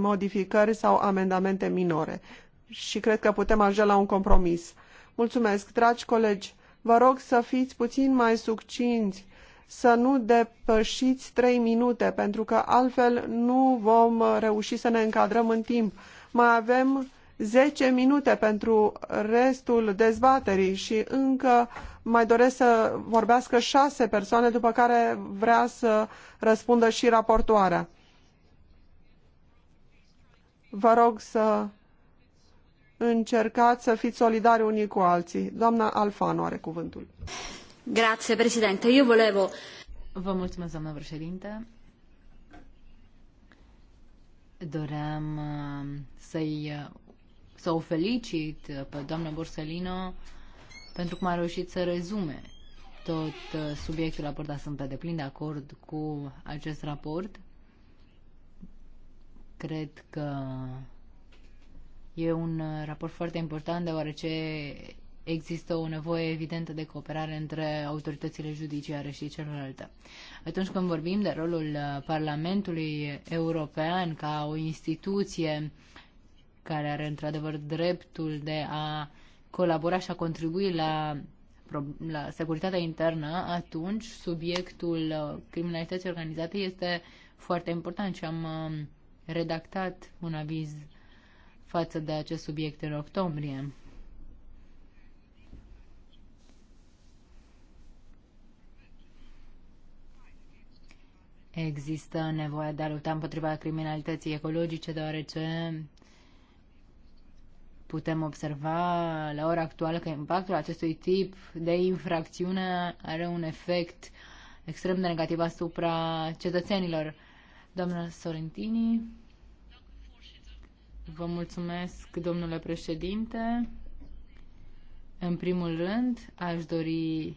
Speaker 3: modificări sau amendamente minore și cred că putem ajunge la un compromis. Mulțumesc, dragi colegi. Vă rog să fiți puțin mai succinți, să nu depășiți trei minute, pentru că altfel nu vom reuși să ne încadrăm în timp. Mai avem 10 minute pentru restul dezbaterii și încă mai doresc să vorbească 6 persoane, după care vrea să răspundă și raportoarea. Vă rog să încercați să fiți solidari unii cu alții. Doamna Alfano are cuvântul.
Speaker 1: Grazie, Presidente. Eu volevo... Vă mulțumesc, doamna președinte. Doream uh, să-i uh, să o felicit pe doamna Borsellino pentru cum a reușit să rezume tot uh, subiectul abordat. Sunt pe deplin de acord cu acest raport. Cred că e un uh, raport foarte important deoarece există o nevoie evidentă de cooperare între autoritățile judiciare și celelalte. Atunci când vorbim de rolul uh, Parlamentului European ca o instituție care are într-adevăr dreptul de a colabora și a contribui la, la securitatea internă, atunci subiectul uh, criminalității organizate este foarte important și am um, redactat un aviz față de acest subiect în octombrie. Există nevoie de a lupta împotriva criminalității ecologice, deoarece Putem observa la ora actuală că impactul acestui tip de infracțiune are un efect extrem de negativ asupra cetățenilor. Doamna Sorrentini, vă mulțumesc, domnule președinte. În primul rând, aș dori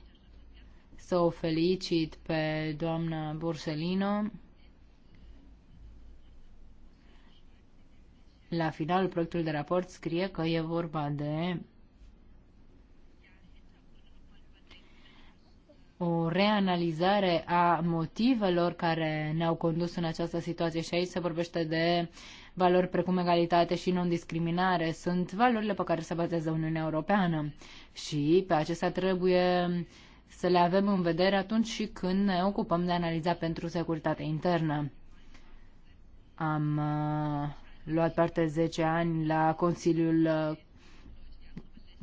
Speaker 1: să o felicit pe doamna Borsellino La final, proiectul de raport scrie că e vorba de o reanalizare a motivelor care ne-au condus în această situație și aici se vorbește de valori precum egalitate și non-discriminare. Sunt valorile pe care se bazează Uniunea Europeană și pe acestea trebuie să le avem în vedere atunci și când ne ocupăm de analiza pentru securitate internă. Am uh, luat parte 10 ani la Consiliul uh,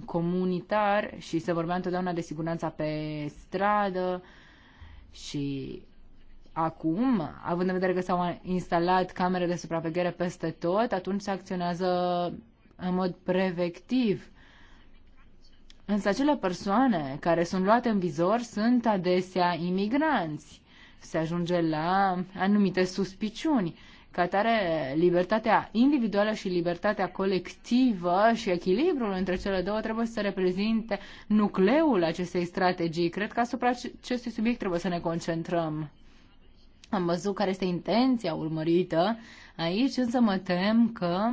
Speaker 1: comunitar și se vorbea întotdeauna de siguranța pe stradă și acum, având în vedere că s-au instalat camere de supraveghere peste tot, atunci se acționează în mod prevectiv. Însă acele persoane care sunt luate în vizor sunt adesea imigranți. Se ajunge la anumite suspiciuni ca atare, libertatea individuală și libertatea colectivă și echilibrul între cele două trebuie să reprezinte nucleul acestei strategii. Cred că asupra acestui subiect trebuie să ne concentrăm. Am văzut care este intenția urmărită aici, însă mă tem că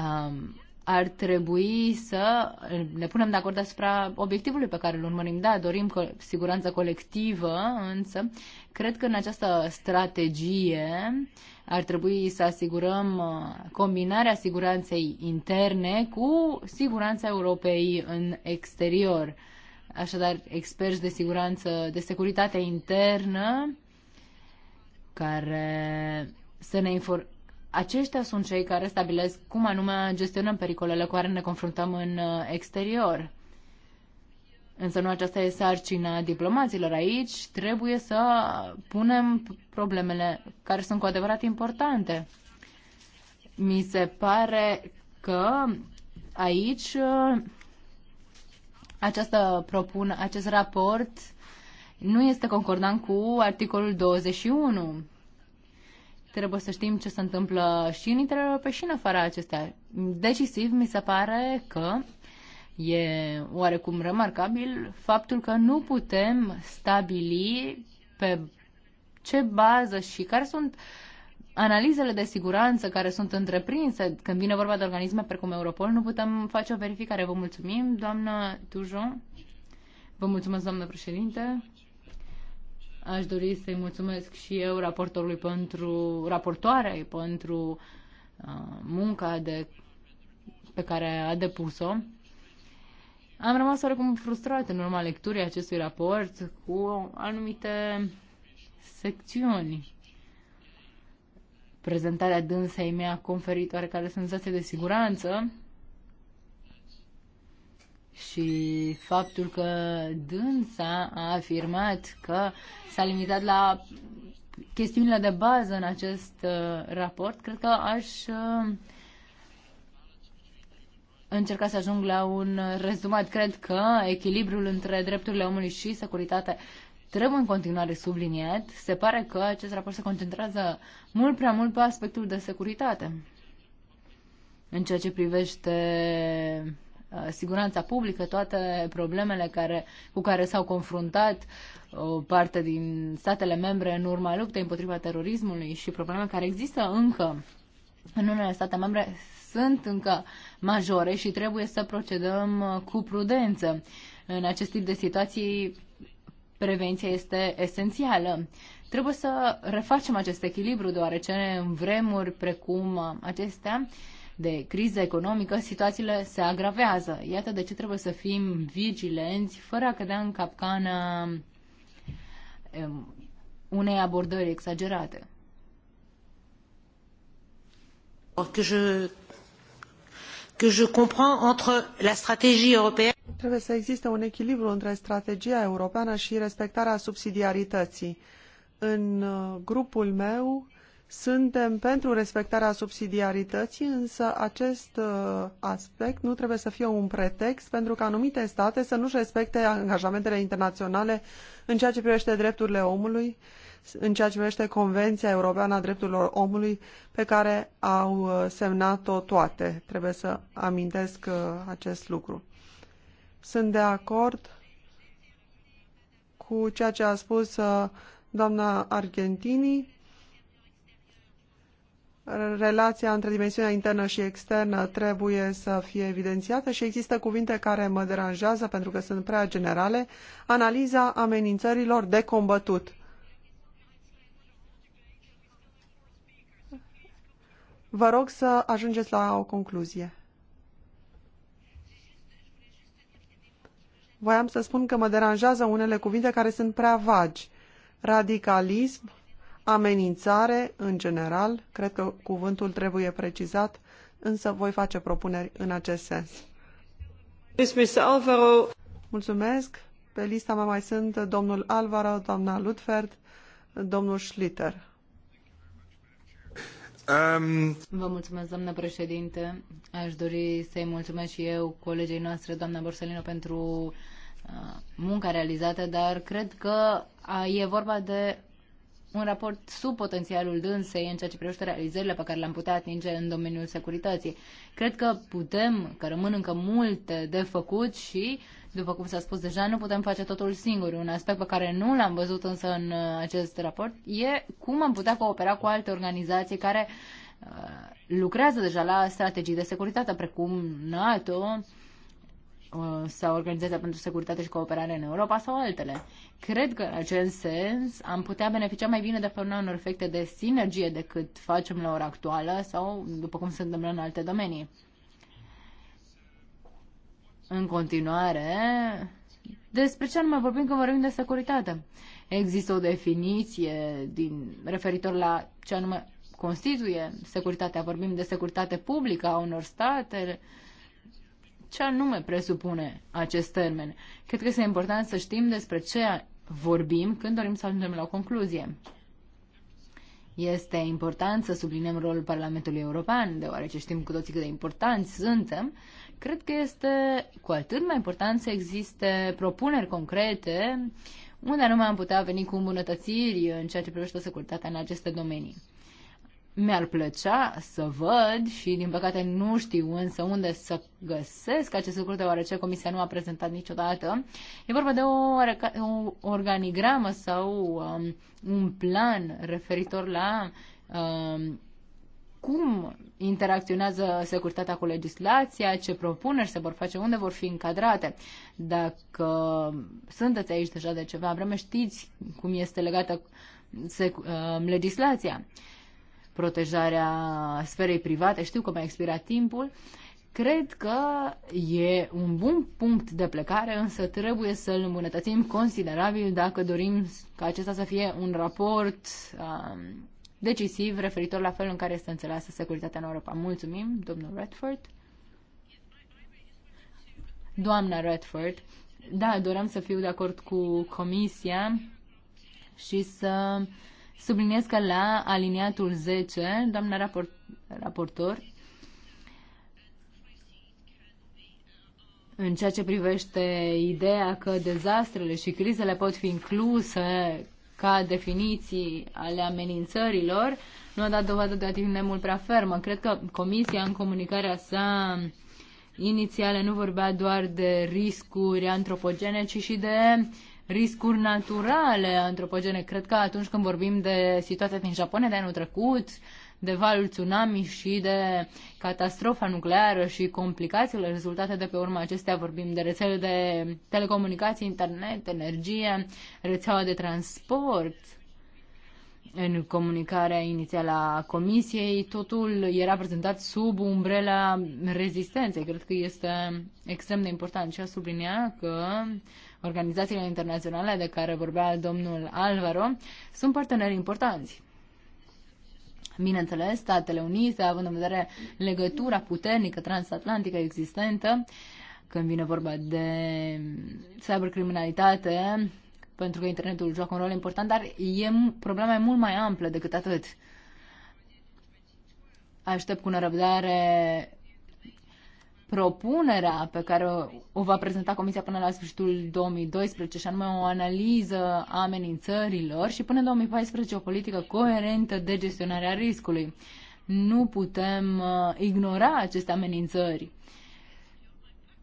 Speaker 1: um, ar trebui să ne punem de acord asupra obiectivului pe care îl urmărim. Da, dorim co- siguranță colectivă, însă cred că în această strategie ar trebui să asigurăm uh, combinarea siguranței interne cu siguranța Europei în exterior. Așadar, experți de siguranță, de securitate internă care să ne informeze aceștia sunt cei care stabilesc cum anume gestionăm pericolele cu care ne confruntăm în uh, exterior. Însă nu aceasta e sarcina diplomaților aici, trebuie să punem problemele care sunt cu adevărat importante. Mi se pare că aici uh, această propun, acest raport nu este concordant cu articolul 21 trebuie să știm ce se întâmplă și în interiorul pe și în afara acestea. Decisiv mi se pare că e oarecum remarcabil faptul că nu putem stabili pe ce bază și care sunt analizele de siguranță care sunt întreprinse când vine vorba de organisme precum Europol, nu putem face o verificare. Vă mulțumim, doamnă Tujon. Vă mulțumesc, doamnă președinte. Aș dori să-i mulțumesc și eu raportorului pentru, raportoarei pentru uh, munca de, pe care a depus-o. Am rămas oarecum frustrat în urma lecturii acestui raport cu anumite secțiuni. Prezentarea dânsei mi-a conferit oarecare senzație de siguranță, și faptul că dânsa a afirmat că s-a limitat la chestiunile de bază în acest uh, raport, cred că aș uh, încerca să ajung la un rezumat. Cred că echilibrul între drepturile omului și securitate trebuie în continuare subliniat. Se pare că acest raport se concentrează mult prea mult pe aspectul de securitate. În ceea ce privește Uh, siguranța publică, toate problemele care, cu care s-au confruntat o parte din statele membre în urma luptei împotriva terorismului și probleme care există încă în unele state membre sunt încă majore și trebuie să procedăm uh, cu prudență. În acest tip de situații, prevenția este esențială. Trebuie să refacem acest echilibru, deoarece în vremuri precum acestea, uh, de criză economică, situațiile se agravează. Iată de ce trebuie să fim vigilenți, fără a cădea în capcana um, unei abordări exagerate. Que je, que
Speaker 3: je comprends entre la stratégie européenne Trebuie să existe un echilibru între strategia europeană și respectarea subsidiarității. În uh, grupul meu suntem pentru respectarea subsidiarității, însă acest uh, aspect nu trebuie să fie un pretext pentru că anumite state să nu-și respecte angajamentele internaționale în ceea ce privește drepturile omului, în ceea ce privește Convenția Europeană a Drepturilor Omului pe care au uh, semnat-o toate. Trebuie să amintesc uh, acest lucru. Sunt de acord cu ceea ce a spus doamna Argentinii relația între dimensiunea internă și externă trebuie să fie evidențiată și există cuvinte care mă deranjează pentru că sunt prea generale, analiza amenințărilor de combătut. Vă rog să ajungeți la o concluzie. Voiam să spun că mă deranjează unele cuvinte care sunt prea vagi. Radicalism, amenințare în general, cred că cuvântul trebuie precizat, însă voi face propuneri în acest sens. Mulțumesc. Pe lista mea mai sunt domnul Alvaro, doamna Lutfert, domnul Schlitter.
Speaker 2: Um...
Speaker 3: Vă mulțumesc, doamnă
Speaker 1: președinte. Aș dori să-i mulțumesc și eu colegei noastre, doamna Borsalino, pentru uh, munca realizată, dar cred că e vorba de un raport sub potențialul dânsei în ceea ce privește realizările pe care le-am putea atinge în domeniul securității. Cred că putem, că rămân încă multe de făcut și, după cum s-a spus deja, nu putem face totul singuri. Un aspect pe care nu l-am văzut însă în uh, acest raport e cum am putea coopera cu alte organizații care uh, lucrează deja la strategii de securitate, precum NATO, Uh, sau Organizația pentru Securitate și Cooperare în Europa sau altele. Cred că în acest sens am putea beneficia mai bine de forma unor efecte de sinergie decât facem la ora actuală sau după cum se întâmplă în alte domenii. În continuare, despre ce anume vorbim când vorbim de securitate? Există o definiție din, referitor la ce anume constituie securitatea. Vorbim de securitate publică a unor state, ce anume presupune acest termen. Cred că este important să știm despre ce vorbim când dorim să ajungem la o concluzie. Este important să subliniem rolul Parlamentului European, deoarece știm cu toții cât de importanți suntem. Cred că este cu atât mai important să existe propuneri concrete unde anume am putea veni cu îmbunătățiri în ceea ce privește securitatea în aceste domenii. Mi-ar plăcea să văd și, din păcate, nu știu însă unde să găsesc acest lucru, deoarece Comisia nu a prezentat niciodată. E vorba de o, o organigramă sau um, un plan referitor la um, cum interacționează securitatea cu legislația, ce propuneri se vor face, unde vor fi încadrate. Dacă sunteți aici deja de ceva vreme, știți cum este legată um, legislația protejarea sferei private. Știu că mi-a expirat timpul. Cred că e un bun punct de plecare, însă trebuie să-l îmbunătățim considerabil dacă dorim ca acesta să fie un raport um, decisiv referitor la felul în care este înțeleasă securitatea în Europa. Mulțumim, domnul Redford. Doamna Redford, da, doream să fiu de acord cu comisia și să uh, Subliniez că la aliniatul 10, doamna raport, raportor, în ceea ce privește ideea că dezastrele și crizele pot fi incluse ca definiții ale amenințărilor, nu a dat dovadă de atitudine mult prea fermă. Cred că Comisia, în comunicarea sa inițială, nu vorbea doar de riscuri antropogene, ci și de riscuri naturale antropogene. Cred că atunci când vorbim de situația din Japonia de anul trecut, de valul tsunami și de catastrofa nucleară și complicațiile rezultate de pe urma acestea. Vorbim de rețele de telecomunicații, internet, energie, rețeaua de transport. În comunicarea inițială a comisiei, totul era prezentat sub umbrela rezistenței. Cred că este extrem de important și a sublinea că uh, Organizațiile internaționale de care vorbea domnul Alvaro sunt parteneri importanți. Bineînțeles, Statele Unite, având în vedere legătura puternică transatlantică existentă, când vine vorba de cybercriminalitate, pentru că internetul joacă un rol important, dar e, problema e mult mai amplă decât atât. Aștept cu nerăbdare propunerea pe care o va prezenta Comisia până la sfârșitul 2012, și anume o analiză a amenințărilor și până în 2014 o politică coerentă de gestionare a riscului. Nu putem uh, ignora aceste amenințări.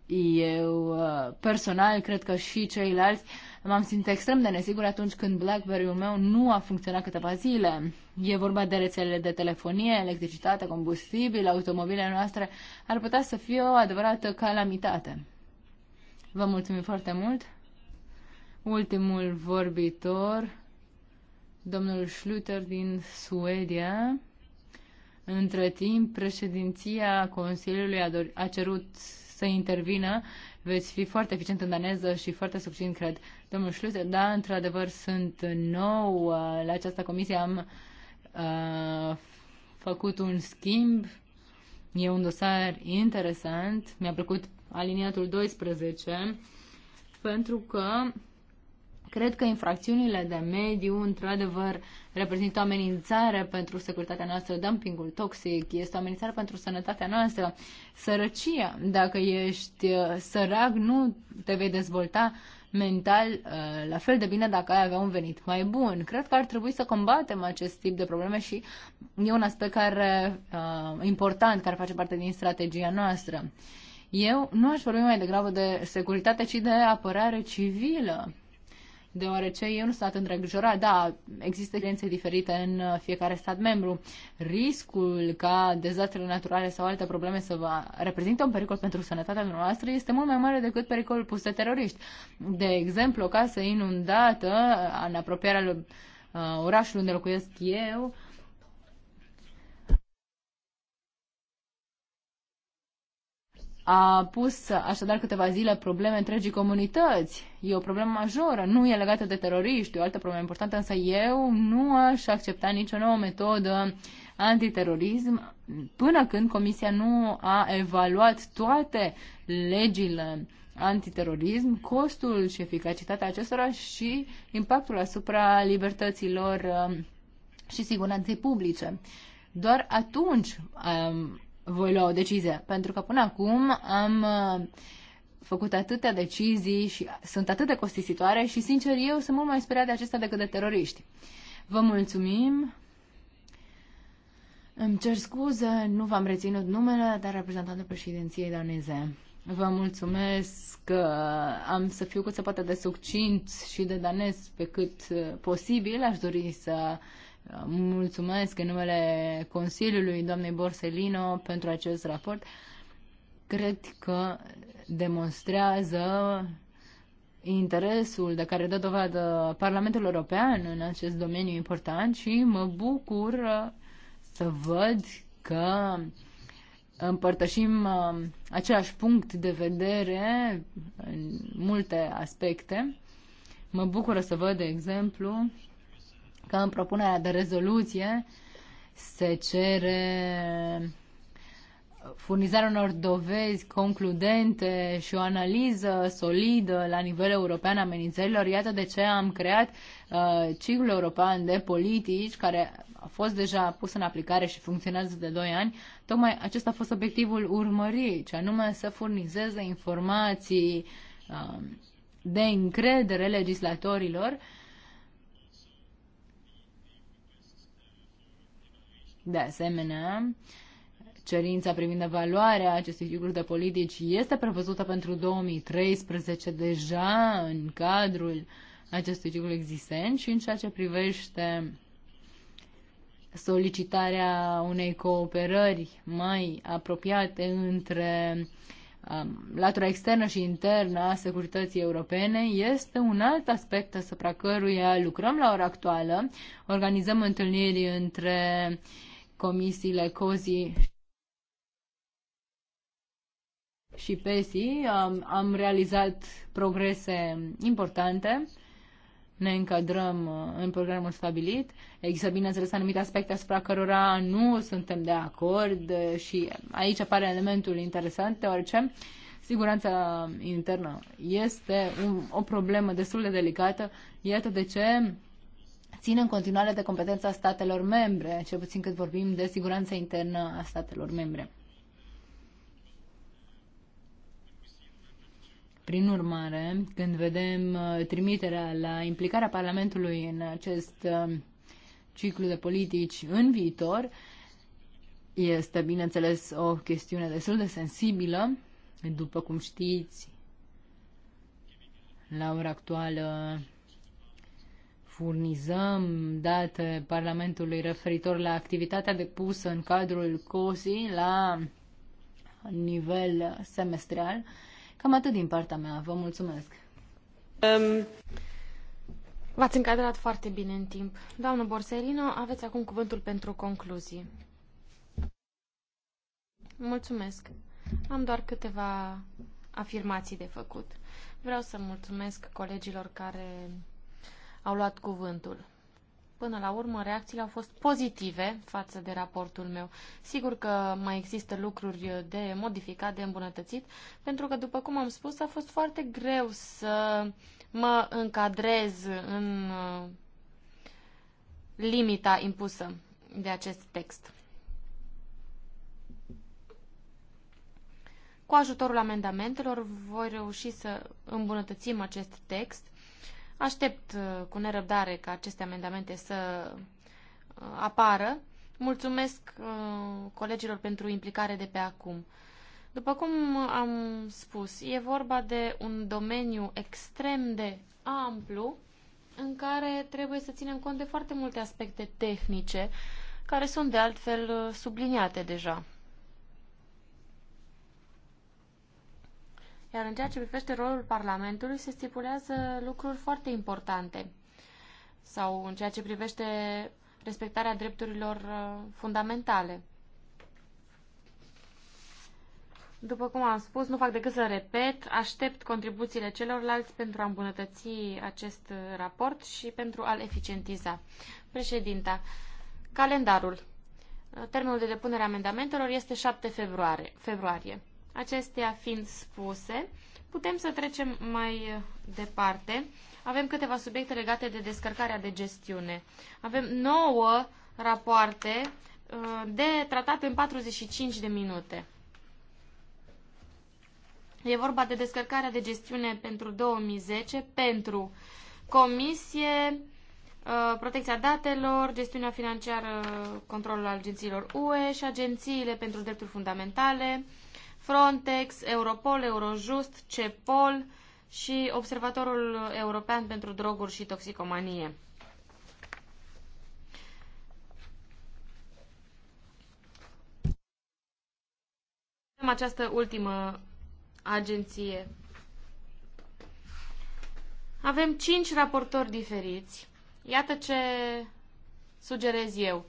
Speaker 1: Eu uh, personal cred că și ceilalți m-am simțit extrem de nesigur atunci când BlackBerry-ul meu nu a funcționat câteva zile. E vorba de rețelele de telefonie, electricitate, combustibil, automobilele noastre. Ar putea să fie o adevărată calamitate. Vă mulțumim foarte mult. Ultimul vorbitor, domnul Schluter din Suedia. Între timp, președinția Consiliului a, a cerut să intervină. Veți fi foarte eficient în daneză și foarte subțin cred. Domnul Șluse, da, într-adevăr, sunt nou uh, la această comisie. Am uh, făcut un schimb. E un dosar interesant. Mi-a plăcut aliniatul 12 pentru că Cred că infracțiunile de mediu, într-adevăr, reprezintă o amenințare pentru securitatea noastră, dumpingul toxic, este o amenințare pentru sănătatea noastră, sărăcia. Dacă ești uh, sărac, nu te vei dezvolta mental uh, la fel de bine dacă ai avea un venit mai bun. Cred că ar trebui să combatem acest tip de probleme și e un aspect care, uh, important care face parte din strategia noastră. Eu nu aș vorbi mai degrabă de securitate, ci de apărare civilă deoarece eu nu sunt îngrijorat. Da, există credințe diferite în uh, fiecare stat membru. Riscul ca dezastrele naturale sau alte probleme să vă reprezintă un pericol pentru sănătatea noastră este mult mai mare decât pericolul pus de teroriști. De exemplu, o casă inundată în apropierea uh, orașului unde locuiesc eu, a pus așadar câteva zile probleme întregii comunități. E o problemă majoră, nu e legată de teroriști, e o altă problemă importantă, însă eu nu aș accepta nicio nouă metodă antiterorism până când Comisia nu a evaluat toate legile antiterorism, costul și eficacitatea acestora și impactul asupra libertăților um, și siguranței publice. Doar atunci um, voi lua o decizie. Pentru că până acum am uh, făcut atâtea decizii și sunt atât de costisitoare și, sincer, eu sunt mult mai speriat de acestea decât de teroriști. Vă mulțumim! Îmi cer scuze, nu v-am reținut numele, dar reprezentantul președinției daneze. Vă mulțumesc că uh, am să fiu cât se poate de succint și de danez pe cât uh, posibil. Aș dori să mulțumesc în numele Consiliului doamnei Borsellino pentru acest raport. Cred că demonstrează interesul de care dă dovadă Parlamentul European în acest domeniu important și mă bucur să văd că împărtășim uh, același punct de vedere în multe aspecte. Mă bucură să văd, de exemplu, că în propunerea de rezoluție se cere furnizarea unor dovezi concludente și o analiză solidă la nivel european a amenințărilor. Iată de ce am creat uh, ciclul european de politici care a fost deja pus în aplicare și funcționează de 2 ani. Tocmai acesta a fost obiectivul urmărit, ce anume să furnizeze informații uh, de încredere legislatorilor uh, De asemenea, cerința privind evaluarea acestui ciclu de politici este prevăzută pentru 2013 deja în cadrul acestui ciclu existent și în ceea ce privește solicitarea unei cooperări mai apropiate între um, latura externă și internă a securității europene este un alt aspect asupra căruia lucrăm la ora actuală. Organizăm întâlniri între uh, comisiile COSI și PESI am, am realizat progrese importante, ne încadrăm uh, în programul stabilit. Există, bineînțeles, anumite aspecte asupra cărora nu suntem de acord uh, și aici apare elementul interesant, deoarece siguranța internă este un, o problemă destul de delicată. Iată de ce țin în continuare de competența statelor membre, cel puțin cât vorbim de siguranța internă a statelor membre. Prin urmare, când vedem uh, trimiterea la implicarea Parlamentului în acest uh, ciclu de politici în viitor, este, bineînțeles, o chestiune destul de sensibilă. După cum știți, la ora actuală furnizăm date Parlamentului referitor la activitatea depusă în cadrul COSI la nivel semestrial. Cam atât din partea mea. Vă mulțumesc.
Speaker 2: Um... V-ați încadrat foarte bine în timp. Doamnă Borsellino, aveți acum cuvântul pentru concluzii. Mulțumesc. Am doar câteva afirmații de făcut. Vreau să mulțumesc colegilor care au luat cuvântul. Până la urmă, reacțiile au fost pozitive față de raportul meu. Sigur că mai există lucruri de modificat, de îmbunătățit, pentru că, după cum am spus, a fost foarte greu să mă încadrez în uh, limita impusă de acest text. Cu ajutorul amendamentelor voi reuși să îmbunătățim acest text Aștept uh, cu nerăbdare ca aceste amendamente să uh, apară. Mulțumesc uh, colegilor pentru implicare de pe acum. După cum am spus, e vorba de un domeniu extrem de amplu în care trebuie să ținem cont de foarte multe aspecte tehnice care sunt de altfel subliniate deja. Iar în ceea ce privește rolul Parlamentului, se stipulează lucruri foarte importante. Sau în ceea ce privește respectarea drepturilor uh, fundamentale. După cum am spus, nu fac decât să repet, aștept contribuțiile celorlalți pentru a îmbunătăți acest uh, raport și pentru a-l eficientiza. Președinta, calendarul. Uh, termenul de depunere a amendamentelor este 7 februarie. februarie. Acestea fiind spuse, putem să trecem mai uh, departe. Avem câteva subiecte legate de descărcarea de gestiune. Avem nouă rapoarte uh, de tratat în 45 de minute. E vorba de descărcarea de gestiune pentru 2010 pentru Comisie, uh, protecția datelor, gestiunea financiară, controlul agențiilor UE și agențiile pentru drepturi fundamentale, Frontex, Europol, Eurojust, CEPOL și Observatorul European pentru Droguri și Toxicomanie. Avem această ultimă agenție. Avem cinci raportori diferiți. Iată ce sugerez eu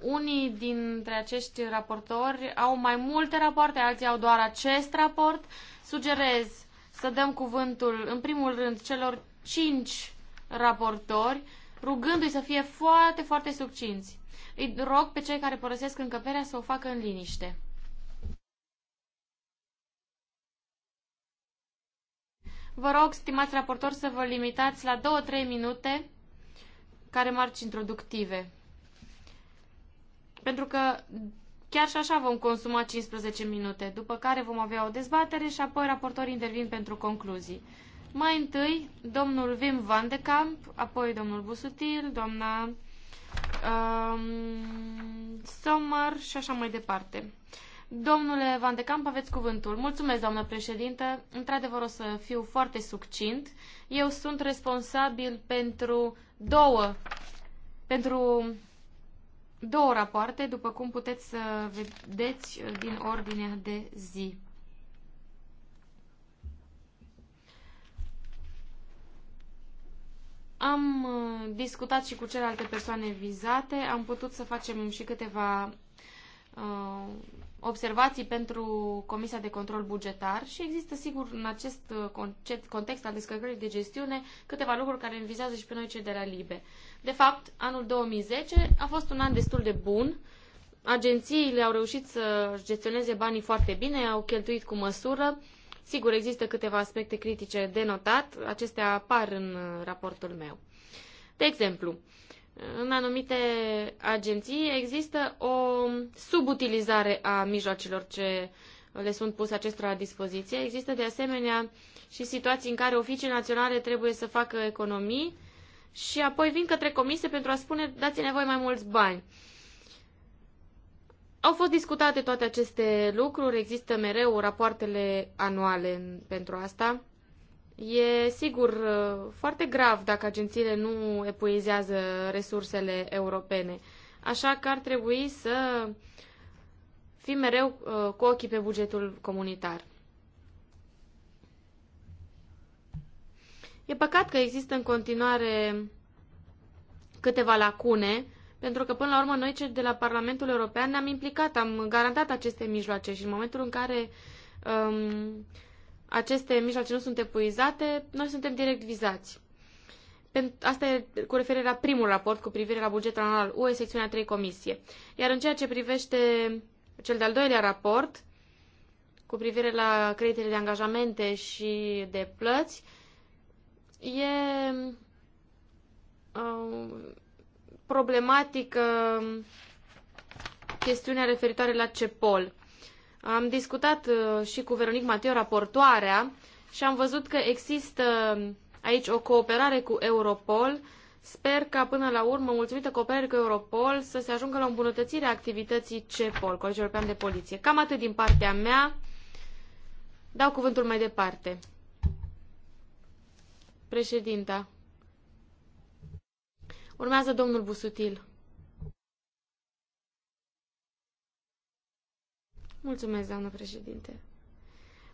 Speaker 2: unii dintre acești raportori au mai multe rapoarte, alții au doar acest raport. Sugerez să dăm cuvântul, în primul rând, celor cinci raportori, rugându-i să fie foarte, foarte succinți. Îi rog pe cei care părăsesc încăperea să o facă în liniște. Vă rog, stimați raportori, să vă limitați la 2-3 minute care marci introductive pentru că chiar și așa vom consuma 15 minute, după care vom avea o dezbatere și apoi raportorii intervin pentru concluzii. Mai întâi, domnul Wim van de Camp, apoi domnul Busutil, doamna um, Sommer și așa mai departe. Domnule Van de Camp, aveți cuvântul. Mulțumesc, doamnă președintă. Într-adevăr, o să fiu foarte succint. Eu sunt responsabil pentru două, pentru două rapoarte, după cum puteți să vedeți uh, din ordinea de zi. Am uh, discutat și cu celelalte persoane vizate, am putut să facem și câteva uh, observații pentru Comisia de Control Bugetar și există sigur în acest uh, context al descărcării de gestiune câteva lucruri care ne vizează și pe noi cei de la LIBE. Uh, de fapt, anul 2010 a fost un an destul de bun. Agențiile au reușit să gestioneze banii foarte bine, au cheltuit cu măsură. Sigur, există câteva aspecte critice de notat, acestea apar în uh, raportul meu. De exemplu, în anumite agenții există o subutilizare a mijloacelor ce le sunt puse acestora la dispoziție. Există de asemenea și situații în care oficii naționale trebuie să facă economii și apoi vin către comisie pentru a spune dați-ne voi mai mulți bani. Au fost discutate toate aceste lucruri, există mereu rapoartele anuale pentru asta. E sigur uh, foarte grav dacă agențiile nu epuizează resursele europene. Așa că ar trebui să fim mereu uh, cu ochii pe bugetul comunitar. E păcat că există în continuare câteva lacune, pentru că până la urmă noi cei de la Parlamentul European ne-am implicat, am garantat aceste mijloace și în momentul în care um, aceste mijloace nu sunt epuizate, noi suntem direct vizați. Asta e cu referire la primul raport cu privire la bugetul anual UE, secțiunea 3 comisie. Iar în ceea ce privește cel de-al doilea raport, cu privire la creditele de angajamente și de plăți, E um, problematică chestiunea referitoare la CEPOL. Am discutat uh, și cu Veronic Mateo raportoarea și am văzut că există aici o cooperare cu Europol. Sper ca până la urmă, mulțumită cooperării cu Europol, să se ajungă la o activității CEPOL, Colegiul European de Poliție. Cam atât din partea mea. Dau cuvântul mai departe. Președinta. Urmează domnul Busutil. Mulțumesc, doamnă președinte.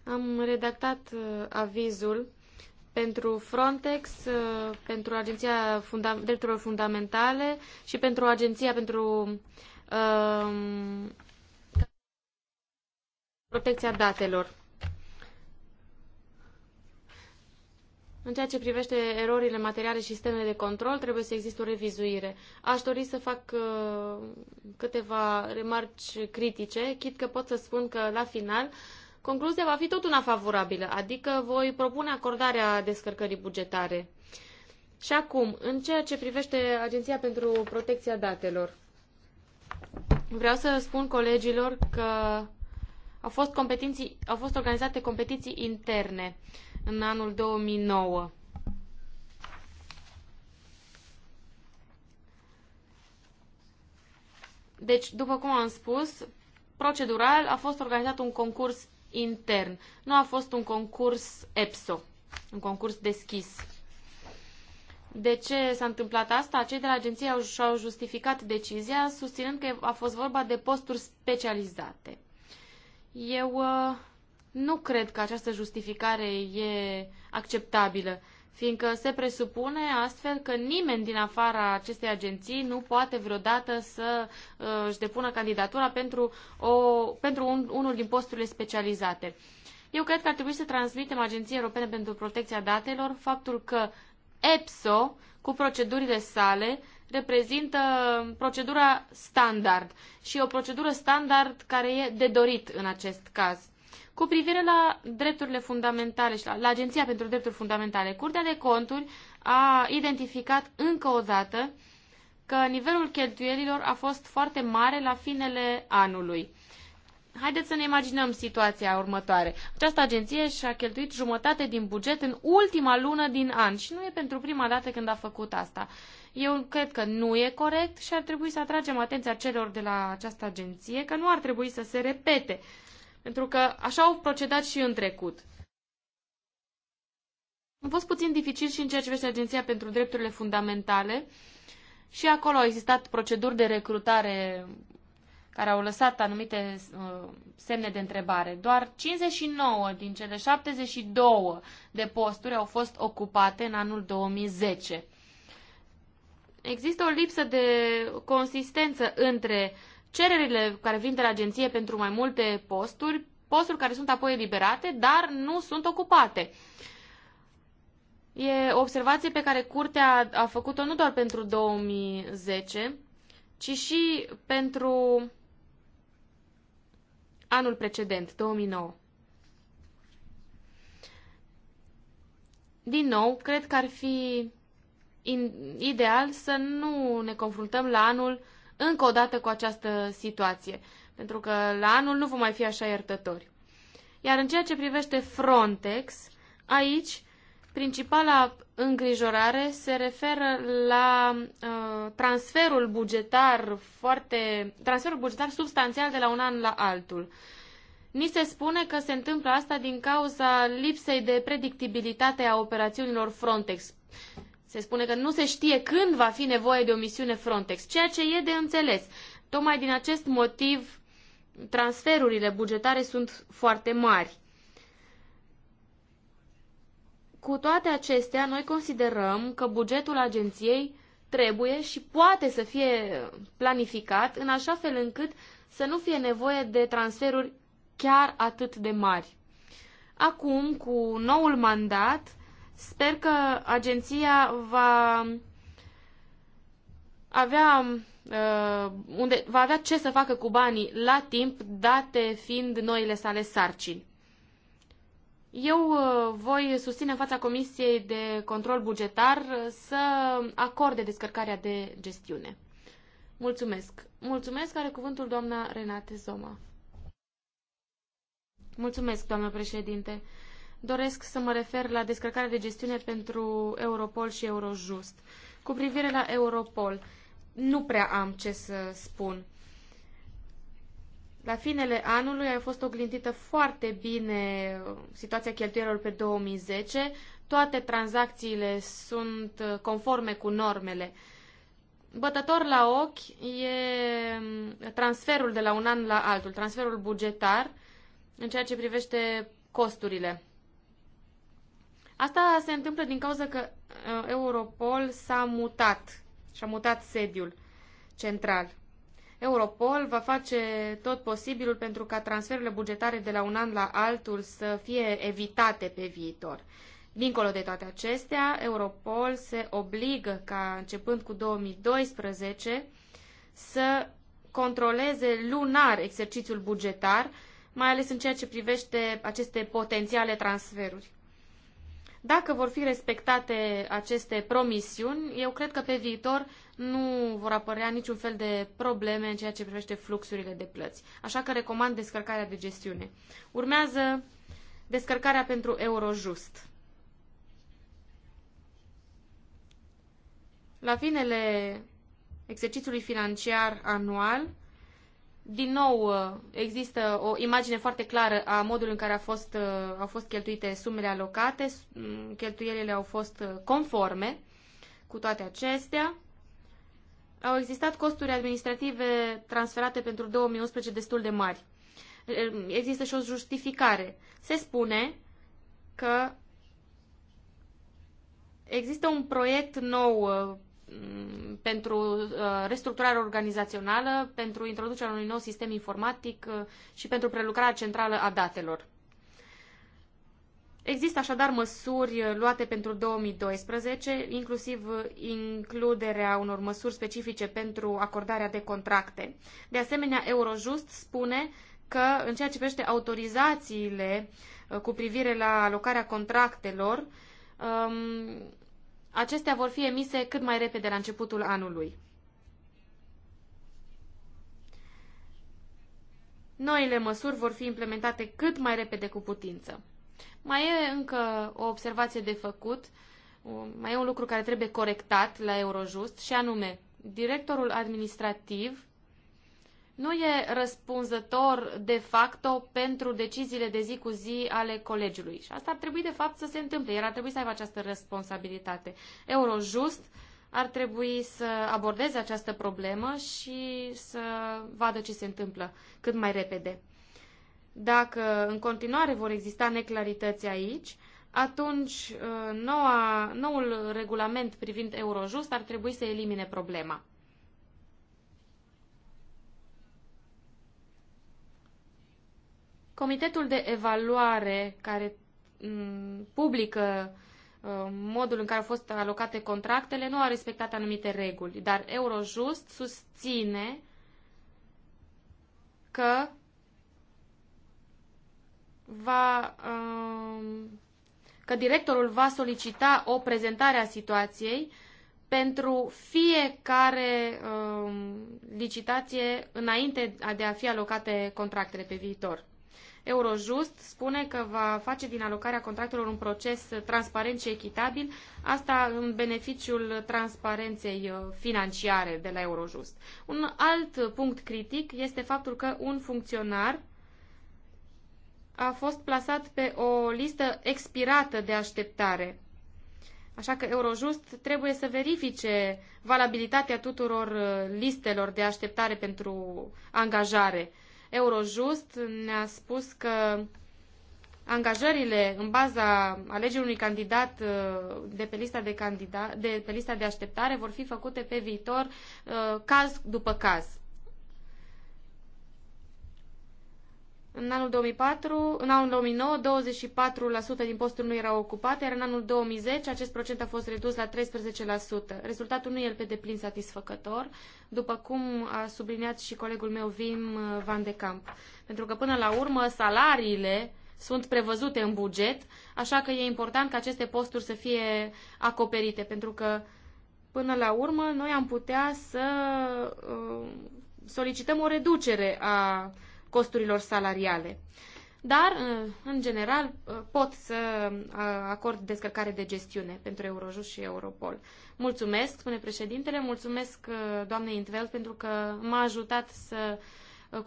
Speaker 2: Am redactat uh, avizul pentru Frontex, uh, pentru Agenția Funda Drepturilor Fundamentale și pentru Agenția pentru um, Protecția Datelor. În ceea ce privește erorile materiale și sistemele de control, trebuie să existe o revizuire. Aș dori să fac uh, câteva remarci critice, chit că pot să spun că, la final, concluzia va fi tot una favorabilă, adică voi propune acordarea descărcării bugetare. Și acum, în ceea ce privește Agenția pentru Protecția Datelor, vreau să spun colegilor că au fost, competiții, au fost organizate competiții interne. Uh, în anul 2009. Deci, după cum am spus, procedural a fost organizat un concurs intern. Nu a fost un concurs EPSO, un concurs deschis. De ce s-a întâmplat asta? Cei de la agenție au, și-au justificat decizia, susținând că a fost vorba de posturi specializate. Eu uh, nu cred că această justificare e acceptabilă, fiindcă se presupune astfel că nimeni din afara acestei agenții nu poate vreodată să uh, își depună candidatura pentru, o, pentru un, unul din posturile specializate. Eu cred că ar trebui să transmitem Agenției Europene pentru Protecția Datelor faptul că EPSO, cu procedurile sale, reprezintă procedura standard și o procedură standard care e de dorit în acest caz. Cu privire la drepturile fundamentale și la, la Agenția pentru Drepturi Fundamentale, Curtea de Conturi a identificat încă o dată că nivelul cheltuielilor a fost foarte mare la finele anului. Haideți să ne imaginăm situația următoare. Această agenție și-a cheltuit jumătate din buget în ultima lună din an și nu e pentru prima dată când a făcut asta. Eu cred că nu e corect și ar trebui să atragem atenția celor de la această agenție că nu ar trebui să se repete pentru că așa au procedat și în trecut. A fost puțin dificil și în ceea ce vește Agenția pentru Drepturile Fundamentale. Și acolo au existat proceduri de recrutare care au lăsat anumite uh, semne de întrebare. Doar 59 din cele 72 de posturi au fost ocupate în anul 2010. Există o lipsă de consistență între cererile care vin de la agenție pentru mai multe posturi, posturi care sunt apoi eliberate, dar nu sunt ocupate. E o observație pe care curtea a făcut-o nu doar pentru 2010, ci și pentru anul precedent, 2009. Din nou, cred că ar fi ideal să nu ne confruntăm la anul încă o dată cu această situație, pentru că la anul nu vom mai fi așa iertători. Iar în ceea ce privește Frontex, aici principala îngrijorare se referă la uh, transferul bugetar foarte transferul bugetar substanțial de la un an la altul. Ni se spune că se întâmplă asta din cauza lipsei de predictibilitate a operațiunilor Frontex. Se spune că nu se știe când va fi nevoie de o misiune Frontex, ceea ce e de înțeles. Tocmai din acest motiv, transferurile bugetare sunt foarte mari. Cu toate acestea, noi considerăm că bugetul agenției trebuie și poate să fie planificat în așa fel încât să nu fie nevoie de transferuri chiar atât de mari. Acum, cu noul mandat, Sper că agenția va avea, uh, unde, va avea ce să facă cu banii la timp, date fiind noile sale sarcini. Eu uh, voi susține în fața Comisiei de Control Bugetar să acorde descărcarea de gestiune. Mulțumesc. Mulțumesc, are cuvântul doamna Renate Zoma. Mulțumesc, doamnă președinte doresc să mă refer la descărcarea de gestiune pentru Europol și Eurojust. Cu privire la Europol, nu prea am ce să spun. La finele anului a fost oglindită foarte bine uh, situația cheltuielor pe 2010. Toate tranzacțiile sunt uh, conforme cu normele. Bătător la ochi e mm, transferul de la un an la altul, transferul bugetar în ceea ce privește costurile. Asta se întâmplă din cauza că uh, Europol s-a mutat și-a mutat sediul central. Europol va face tot posibilul pentru ca transferurile bugetare de la un an la altul să fie evitate pe viitor. Dincolo de toate acestea, Europol se obligă ca, începând cu 2012, să controleze lunar exercițiul bugetar, mai ales în ceea ce privește aceste potențiale transferuri. Dacă vor fi respectate aceste promisiuni, eu cred că pe viitor nu vor apărea niciun fel de probleme în ceea ce privește fluxurile de plăți. Așa că recomand descărcarea de gestiune. Urmează descărcarea pentru Eurojust. La finele exercițiului financiar anual, din nou uh, există o imagine foarte clară a modului în care a fost, uh, au fost cheltuite sumele alocate, mm, cheltuielile au fost uh, conforme cu toate acestea. Au existat costuri administrative transferate pentru 2011 destul de mari. Există și o justificare. Se spune că există un proiect nou Mm, pentru uh, restructurare organizațională, pentru introducerea unui nou sistem informatic uh, și pentru prelucrarea centrală a datelor. Există așadar măsuri uh, luate pentru 2012, inclusiv includerea unor măsuri specifice pentru acordarea de contracte. De asemenea, Eurojust spune că în ceea ce privește autorizațiile cu privire la alocarea contractelor, um, Acestea vor fi emise cât mai repede la începutul anului. Noile măsuri vor fi implementate cât mai repede cu putință. Mai e încă o observație de făcut, mai e un lucru care trebuie corectat la Eurojust și anume, directorul administrativ nu e răspunzător de facto pentru deciziile de zi cu zi ale colegiului. Și asta ar trebui de fapt să se întâmple. El ar trebui să aibă această responsabilitate. Eurojust ar trebui să abordeze această problemă și să vadă ce se întâmplă cât mai repede. Dacă în continuare vor exista neclarități aici, atunci uh, noua, noul regulament privind Eurojust ar trebui să elimine problema. Comitetul de evaluare care mm, publică uh, modul în care au fost alocate contractele nu a respectat anumite reguli, dar Eurojust susține că va, um, că directorul va solicita o prezentare a situației pentru fiecare um, licitație înainte de a fi alocate contractele pe viitor. Eurojust spune că va face din alocarea contractelor un proces transparent și echitabil, asta în beneficiul transparenței uh, financiare de la Eurojust. Un alt punct critic este faptul că un funcționar a fost plasat pe o listă expirată de așteptare. Așa că Eurojust trebuie să verifice valabilitatea tuturor uh, listelor de așteptare pentru angajare. Eurojust ne-a spus că angajările în baza alegerii unui candidat uh, de pe lista de, candida- de, pe lista de așteptare vor fi făcute pe viitor uh, caz după caz. În anul 2004, în anul 2009, 24% din posturi nu erau ocupate, iar în anul 2010 acest procent a fost redus la 13%. Rezultatul nu e pe deplin satisfăcător, după cum a subliniat și colegul meu Vim uh, Van de Camp. Pentru că până la urmă salariile sunt prevăzute în buget, așa că e important ca aceste posturi să fie acoperite, pentru că până la urmă noi am putea să uh, solicităm o reducere a costurilor salariale. Dar, în general, uh, pot să uh, acord descărcare de gestiune pentru Eurojus și Europol. Mulțumesc, spune președintele, mulțumesc uh, doamnei Intveld pentru că m-a ajutat să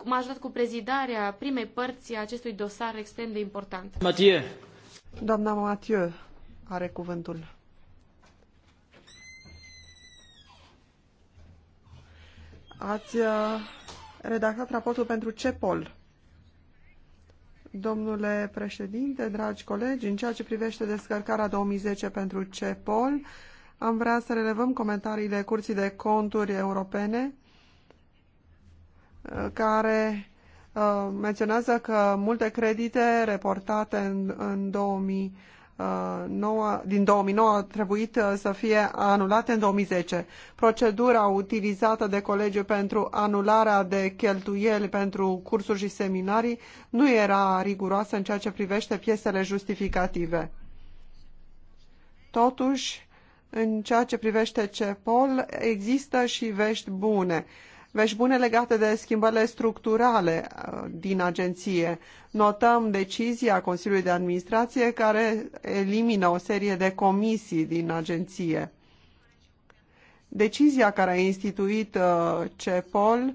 Speaker 2: m-a ajutat cu prezidarea primei părți a acestui dosar extrem de important. Mathieu.
Speaker 3: Doamna Mathieu are cuvântul. Ați redactat raportul pentru CEPOL. Domnule președinte, dragi colegi, în ceea ce privește descărcarea 2010 pentru CEPOL, am vrea să relevăm comentariile Curții de Conturi Europene, care uh, menționează că multe credite reportate în, în 2000 9, uh, din 2009 au trebuit uh, să fie anulate în 2010. Procedura utilizată de colegiu pentru anularea de cheltuieli pentru cursuri și seminarii nu era riguroasă în ceea ce privește piesele justificative. Totuși, în ceea ce privește CEPOL, există și vești bune vești bune legate de schimbările structurale uh, din agenție. Notăm decizia Consiliului de Administrație care elimină o serie de comisii din agenție. Decizia care a instituit uh, CEPOL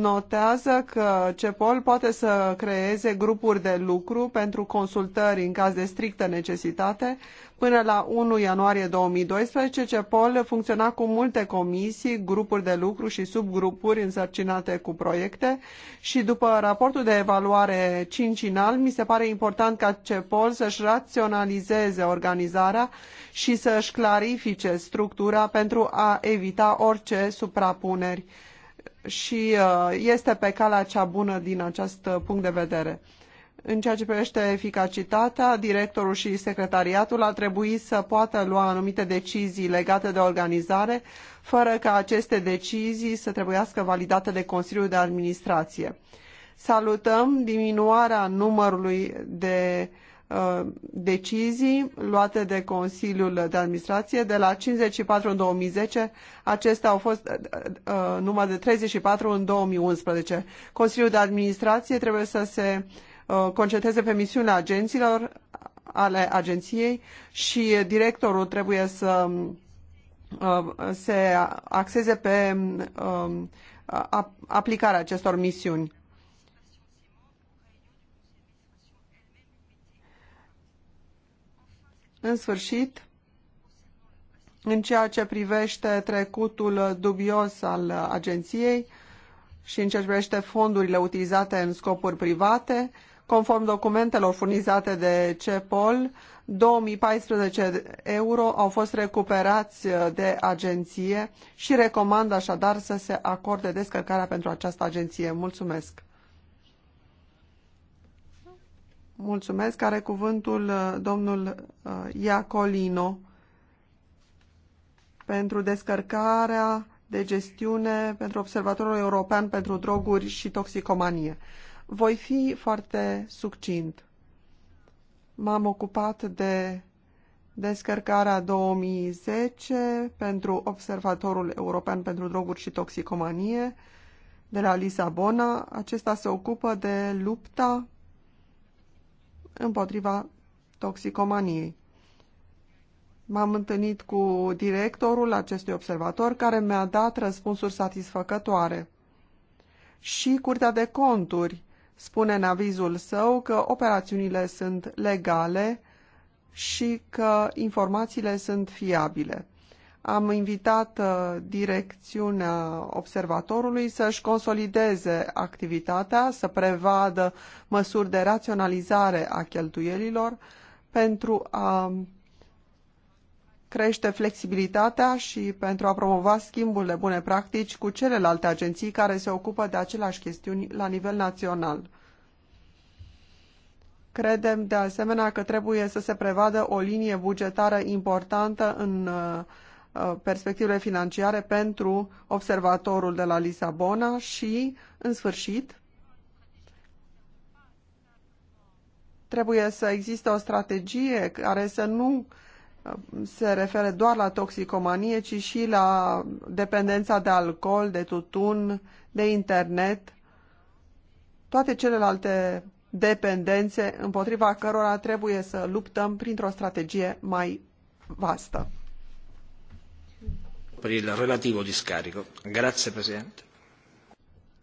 Speaker 3: notează că CEPOL poate să creeze grupuri de lucru pentru consultări în caz de strictă necesitate. Până la 1 ianuarie 2012, CEPOL funcționa cu multe comisii, grupuri de lucru și subgrupuri însărcinate cu proiecte și după raportul de evaluare cincinal, mi se pare important ca CEPOL să-și raționalizeze organizarea și să-și clarifice structura pentru a evita orice suprapuneri și uh, este pe calea cea bună din acest uh, punct de vedere. În ceea ce privește eficacitatea, directorul și secretariatul ar trebui să poată lua anumite decizii legate de organizare, fără ca aceste decizii să trebuiască validate de Consiliul de Administrație. Salutăm diminuarea numărului de Uh, decizii luate de Consiliul de Administrație. De la 54 în 2010, acestea au fost uh, uh, numai de 34 în 2011. Consiliul de Administrație trebuie să se concentreze pe misiunea agenților ale agenției și directorul trebuie să se axeze pe aplicarea acestor misiuni. În sfârșit, în ceea ce privește trecutul dubios al agenției și în ceea ce privește fondurile utilizate în scopuri private, conform documentelor furnizate de CEPOL, 2014 euro au fost recuperați de agenție și recomand așadar să se acorde descărcarea pentru această agenție. Mulțumesc! Mulțumesc. Are cuvântul uh, domnul uh, Iacolino pentru descărcarea de gestiune pentru Observatorul European pentru Droguri și Toxicomanie. Voi fi foarte succint. M-am ocupat de descărcarea 2010 pentru Observatorul European pentru Droguri și Toxicomanie de la Lisabona. Acesta se ocupă de lupta împotriva toxicomaniei. M-am întâlnit cu directorul acestui observator care mi-a dat răspunsuri satisfăcătoare. Și Curtea de Conturi spune în avizul său că operațiunile sunt legale și că informațiile sunt fiabile. Am invitat uh, direcțiunea observatorului să-și consolideze activitatea, să prevadă măsuri de raționalizare a cheltuielilor pentru a crește flexibilitatea și pentru a promova schimbul de bune practici cu celelalte agenții care se ocupă de aceleași chestiuni la nivel național. Credem de asemenea că trebuie să se prevadă o linie bugetară importantă în uh, Uh, perspectivele financiare pentru observatorul de la Lisabona și, în sfârșit, trebuie să existe o strategie care să nu uh, se refere doar la toxicomanie, ci și la dependența de alcool, de tutun, de internet, toate celelalte dependențe împotriva cărora trebuie să luptăm printr-o strategie mai vastă
Speaker 1: discarico. Grazie,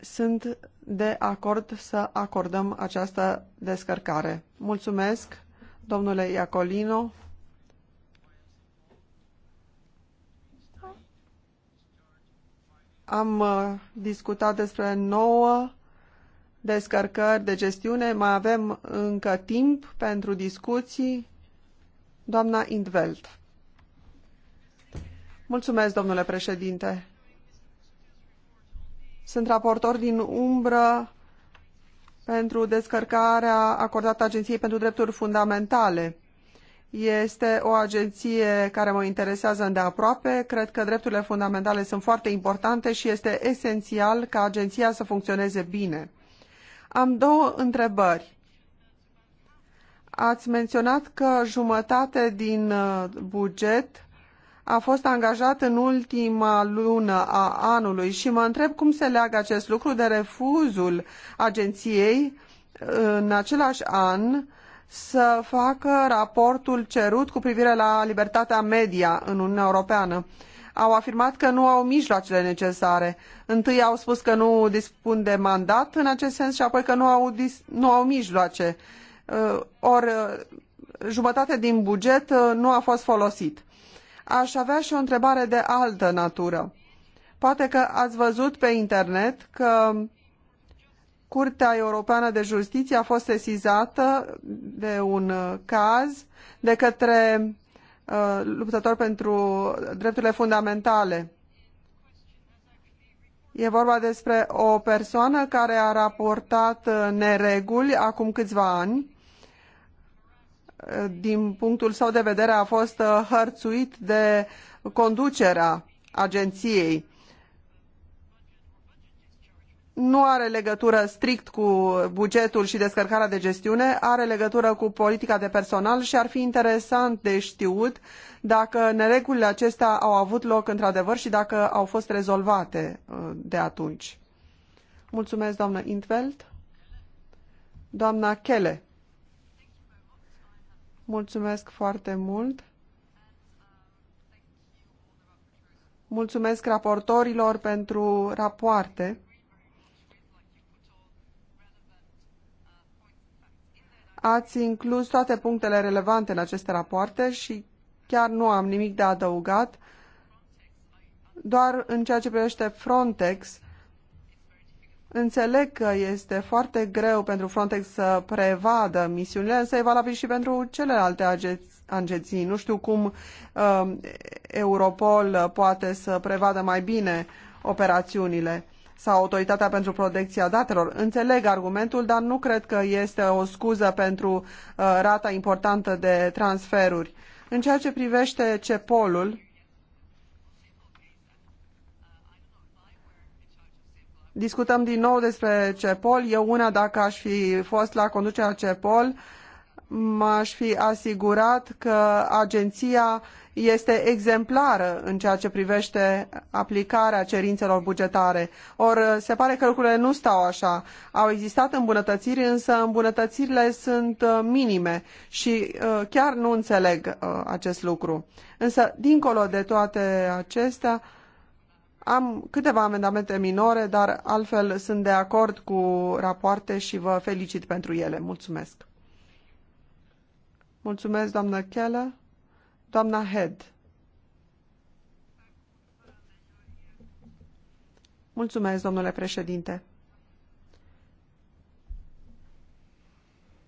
Speaker 3: Sunt de acord să acordăm această descărcare. Mulțumesc, domnule Iacolino. Am uh, discutat despre nouă descărcări de gestiune. Mai avem încă timp pentru discuții. Doamna Indveld. Mulțumesc, domnule președinte. Sunt raportor din umbră pentru descărcarea acordată Agenției pentru Drepturi Fundamentale. Este o agenție care mă interesează îndeaproape. Cred că drepturile fundamentale sunt foarte importante și este esențial ca agenția să funcționeze bine. Am două întrebări. Ați menționat că jumătate din uh, buget a fost angajat în ultima lună a anului și mă întreb cum se leagă acest lucru de refuzul agenției în același an să facă raportul cerut cu privire la libertatea media în Uniunea Europeană. Au afirmat că nu au mijloacele necesare. Întâi au spus că nu dispun de mandat în acest sens și apoi că nu au, nu au mijloace. Uh, ori uh, jumătate din buget uh, nu a fost folosit aș avea și o întrebare de altă natură. Poate că ați văzut pe internet că Curtea Europeană de Justiție a fost sesizată de un uh, caz de către uh, luptători pentru drepturile fundamentale. E vorba despre o persoană care a raportat uh, nereguli acum câțiva ani din punctul său de vedere, a fost uh, hărțuit de conducerea agenției. Nu are legătură strict cu bugetul și descărcarea de gestiune, are legătură cu politica de personal și ar fi interesant de știut dacă neregulile acestea au avut loc într-adevăr și dacă au fost rezolvate uh, de atunci. Mulțumesc, doamnă Intveld. Doamna Kelle. Mulțumesc foarte mult. Mulțumesc raportorilor pentru rapoarte. Ați inclus toate punctele relevante în aceste rapoarte și chiar nu am nimic de adăugat. Doar în ceea ce privește Frontex, Înțeleg că este foarte greu pentru Frontex să prevadă misiunile, însă e valabil și pentru celelalte agenții. Nu știu cum uh, Europol poate să prevadă mai bine operațiunile sau Autoritatea pentru Protecția Datelor. Înțeleg argumentul, dar nu cred că este o scuză pentru uh, rata importantă de transferuri. În ceea ce privește CEPOL-ul, Discutăm din nou despre CEPOL. Eu una, dacă aș fi fost la conducerea CEPOL, m-aș fi asigurat că agenția este exemplară în ceea ce privește aplicarea cerințelor bugetare. Or, se pare că lucrurile nu stau așa. Au existat îmbunătățiri, însă îmbunătățirile sunt uh, minime și uh, chiar nu înțeleg uh, acest lucru. Însă, dincolo de toate acestea, am câteva amendamente minore, dar altfel sunt de acord cu rapoarte și vă felicit pentru ele. Mulțumesc. Mulțumesc, doamnă Keller. Doamna Head. Mulțumesc, domnule președinte.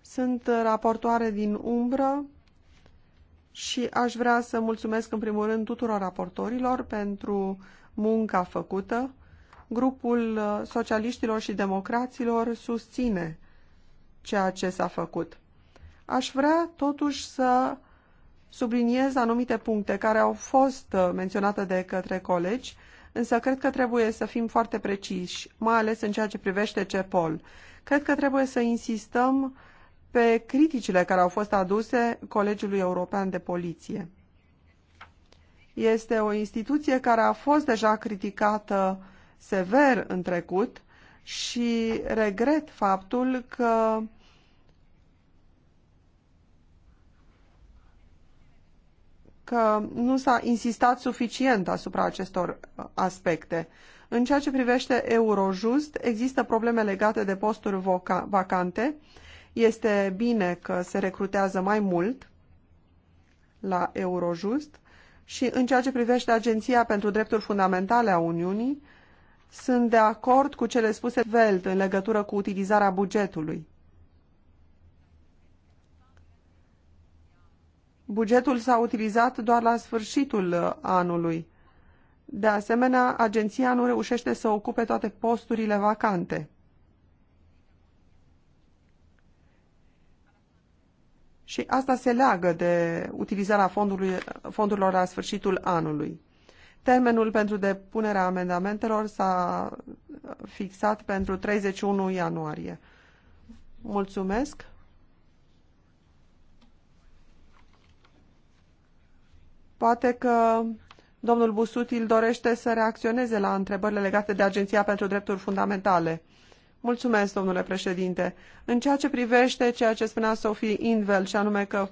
Speaker 3: Sunt raportoare din umbră și aș vrea să mulțumesc în primul rând tuturor raportorilor pentru munca făcută, grupul uh, socialiștilor și democraților susține ceea ce s-a făcut. Aș vrea totuși să subliniez anumite puncte care au fost uh, menționate de către colegi, însă cred că trebuie să fim foarte preciși, mai ales în ceea ce privește CEPOL. Cred că trebuie să insistăm pe criticile care au fost aduse Colegiului European de Poliție. Este o instituție care a fost deja criticată sever în trecut și regret faptul că că nu s-a insistat suficient asupra acestor uh, aspecte. În ceea ce privește Eurojust, există probleme legate de posturi vacante. Este bine că se recrutează mai mult la Eurojust și în ceea ce privește Agenția pentru Drepturi Fundamentale a Uniunii, sunt de acord cu cele spuse Veld în legătură cu utilizarea bugetului. Bugetul s-a utilizat doar la sfârșitul anului. De asemenea, agenția nu reușește să ocupe toate posturile vacante. și asta se leagă de utilizarea fondurilor la sfârșitul anului. Termenul pentru depunerea amendamentelor s-a fixat pentru 31 ianuarie. Mulțumesc! Poate că domnul Busutil dorește să reacționeze la întrebările legate de Agenția pentru Drepturi Fundamentale. Mulțumesc, domnule președinte. În ceea ce privește ceea ce spunea Sophie Invel, și anume că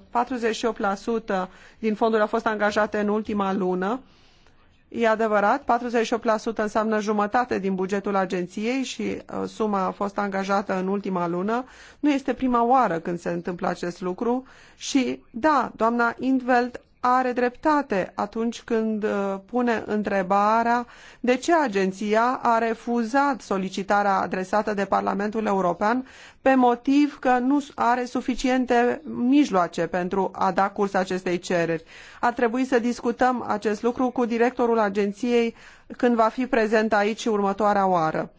Speaker 3: 48% din fonduri au fost angajate în ultima lună, e adevărat, 48% înseamnă jumătate din bugetul agenției și uh, suma a fost angajată în ultima lună. Nu este prima oară când se întâmplă acest lucru și, da, doamna Invel are dreptate atunci când uh, pune întrebarea de ce agenția a refuzat solicitarea adresată de Parlamentul European pe motiv că nu are suficiente mijloace pentru a da curs acestei cereri. A trebuit să discutăm acest lucru cu directorul agenției când va fi prezent aici următoarea oară.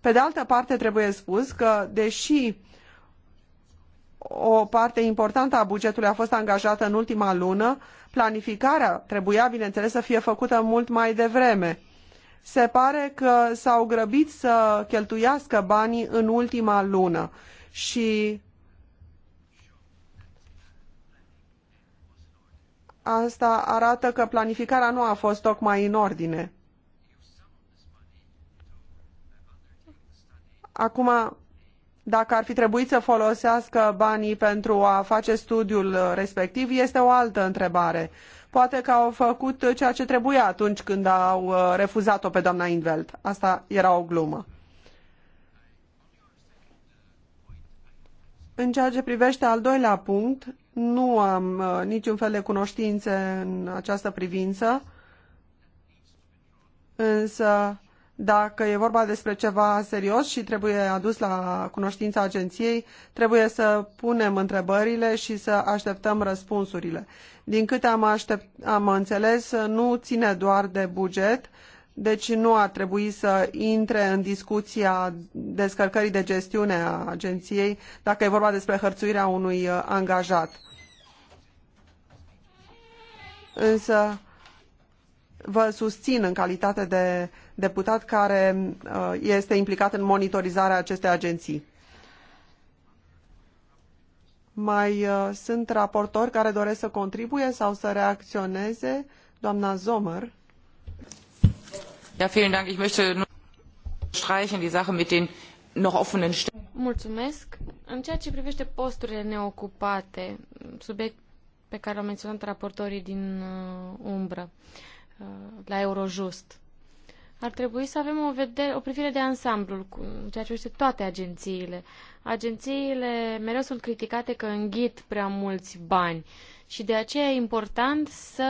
Speaker 3: Pe de altă parte, trebuie spus că, deși o parte importantă a bugetului a fost angajată în ultima lună, Planificarea trebuia, bineînțeles, să fie făcută mult mai devreme. Se pare că s-au grăbit să cheltuiască banii în ultima lună și asta arată că planificarea nu a fost tocmai în ordine. Acum, dacă ar fi trebuit să folosească banii pentru a face studiul respectiv, este o altă întrebare. Poate că au făcut ceea ce trebuia atunci când au uh, refuzat-o pe doamna Invelt. Asta era o glumă. În ceea ce privește al doilea punct, nu am uh, niciun fel de cunoștințe în această privință, însă dacă e vorba despre ceva serios și trebuie adus la cunoștința agenției, trebuie să punem întrebările și să așteptăm răspunsurile. Din câte am, aștept, am înțeles, nu ține doar de buget, deci nu ar trebui să intre în discuția descărcării de gestiune a agenției dacă e vorba despre hărțuirea unui uh, angajat. Însă vă susțin în calitate de deputat care uh, este implicat în monitorizarea acestei agenții. Mai uh, sunt raportori care doresc să contribuie sau să reacționeze? Doamna Zomer. Ja, vielen Dank. Ich möchte nur streichen die Sache mit den noch offenen
Speaker 2: Mulțumesc. În ceea ce privește posturile neocupate, subiect pe care l-au menționat raportorii din uh, umbră uh, la Eurojust ar trebui să avem o, vedere, o privire de ansamblu cu ceea ce este toate agențiile. Agențiile mereu sunt criticate că înghit prea mulți bani și de aceea e important să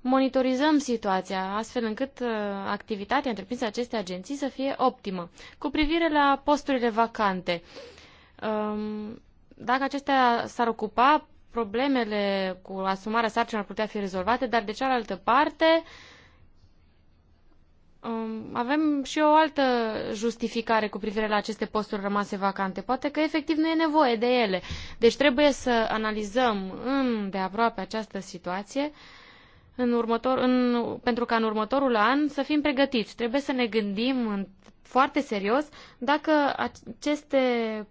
Speaker 2: monitorizăm situația astfel încât uh, activitatea întreprinsă aceste agenții să fie optimă. Cu privire la posturile vacante, um, dacă acestea s-ar ocupa, problemele cu asumarea sarcinilor ar putea fi rezolvate, dar de cealaltă parte, uh, Um, avem și o altă justificare cu privire la aceste posturi rămase vacante. Poate că efectiv nu e nevoie de ele. Deci trebuie să analizăm în, de aproape această situație în următor, în, pentru ca în următorul an să fim pregătiți. Trebuie să ne gândim în, foarte serios dacă aceste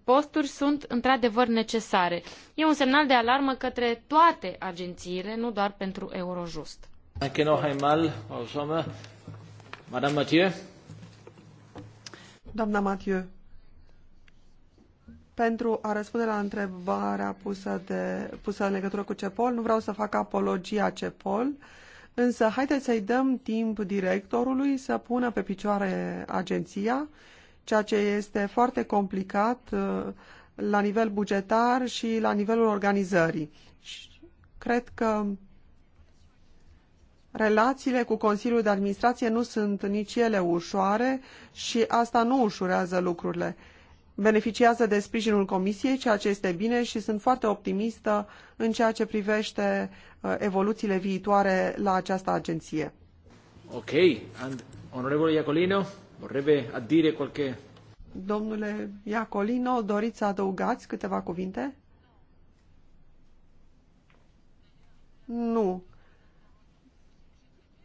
Speaker 2: posturi sunt într-adevăr necesare. E un semnal de alarmă către toate agențiile, nu doar pentru Eurojust.
Speaker 1: Danke noch einmal, Frau Sommer. Madame Mathieu.
Speaker 3: Doamna Mathieu, pentru a răspunde la întrebarea pusă, de, pusă în legătură cu CEPOL, nu vreau să fac apologia CEPOL, însă haideți să-i dăm timp directorului să pună pe picioare agenția, ceea ce este foarte complicat uh, la nivel bugetar și la nivelul organizării. cred că Relațiile cu Consiliul de Administrație nu sunt nici ele ușoare și asta nu ușurează lucrurile. Beneficiază de sprijinul Comisiei, ceea ce este bine și sunt foarte optimistă în ceea ce privește uh, evoluțiile viitoare la această agenție.
Speaker 1: Ok, and onorevole Iacolino, vorrebbe a dire qualche...
Speaker 3: Domnule Iacolino, doriți să adăugați câteva cuvinte? Nu,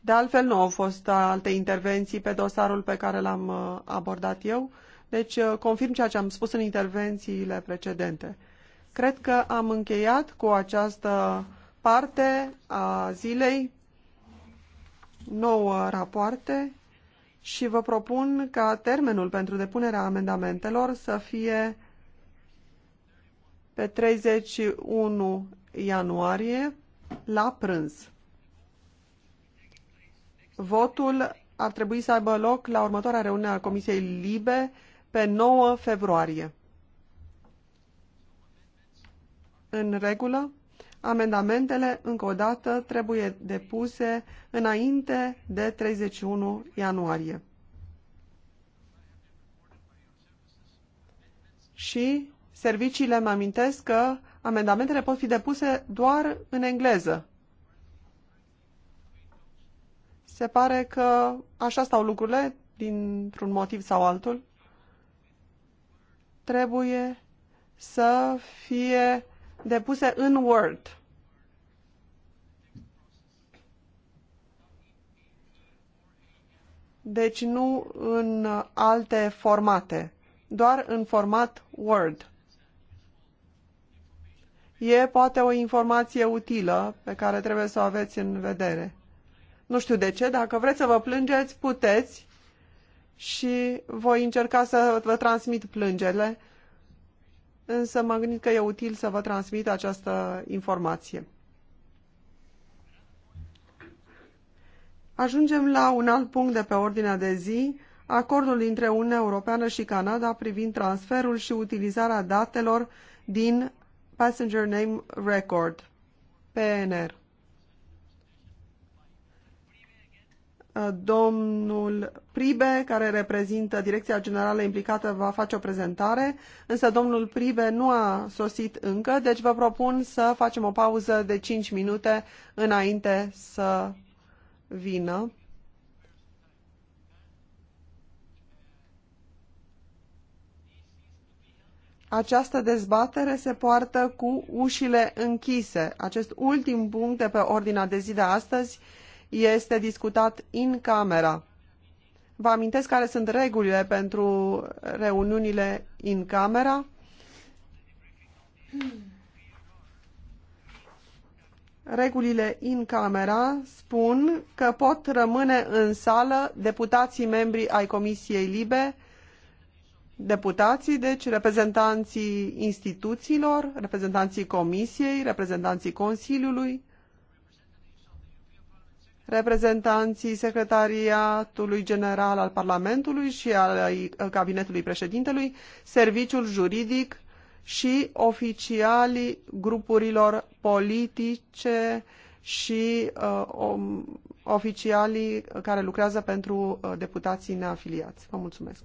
Speaker 3: de altfel, nu au fost alte intervenții pe dosarul pe care l-am uh, abordat eu, deci uh, confirm ceea ce am spus în intervențiile precedente. Cred că am încheiat cu această parte a zilei, nouă rapoarte și vă propun ca termenul pentru depunerea amendamentelor să fie pe 31 ianuarie la prânz. Votul ar trebui să aibă loc la următoarea reuniune a Comisiei Libe pe 9 februarie. În regulă, amendamentele, încă o dată, trebuie depuse înainte de 31 ianuarie. Și serviciile mă amintesc că amendamentele pot fi depuse doar în engleză. Se pare că așa stau lucrurile, dintr-un motiv sau altul. Trebuie să fie depuse în Word. Deci nu în alte formate, doar în format Word. E poate o informație utilă pe care trebuie să o aveți în vedere. Nu știu de ce, dacă vreți să vă plângeți, puteți și voi încerca să vă transmit plângerile, însă mă gândesc că e util să vă transmit această informație. Ajungem la un alt punct de pe ordinea de zi, acordul dintre Uniunea Europeană și Canada privind transferul și utilizarea datelor din Passenger Name Record, PNR. Uh, domnul Pribe, care reprezintă direcția generală implicată, va face o prezentare, însă domnul Pribe nu a sosit încă, deci vă propun să facem o pauză de 5 minute înainte să vină. Această dezbatere se poartă cu ușile închise. Acest ultim punct de pe ordinea de zi de astăzi este discutat în camera. Vă amintesc care sunt regulile pentru reuniunile în camera? Regulile în camera spun că pot rămâne în sală deputații membri ai Comisiei Libe, deputații, deci reprezentanții instituțiilor, reprezentanții Comisiei, reprezentanții Consiliului, reprezentanții Secretariatului General al Parlamentului și al uh, Cabinetului Președintelui, serviciul juridic și oficialii grupurilor politice și uh, oficialii care lucrează pentru uh, deputații neafiliați. Vă mulțumesc!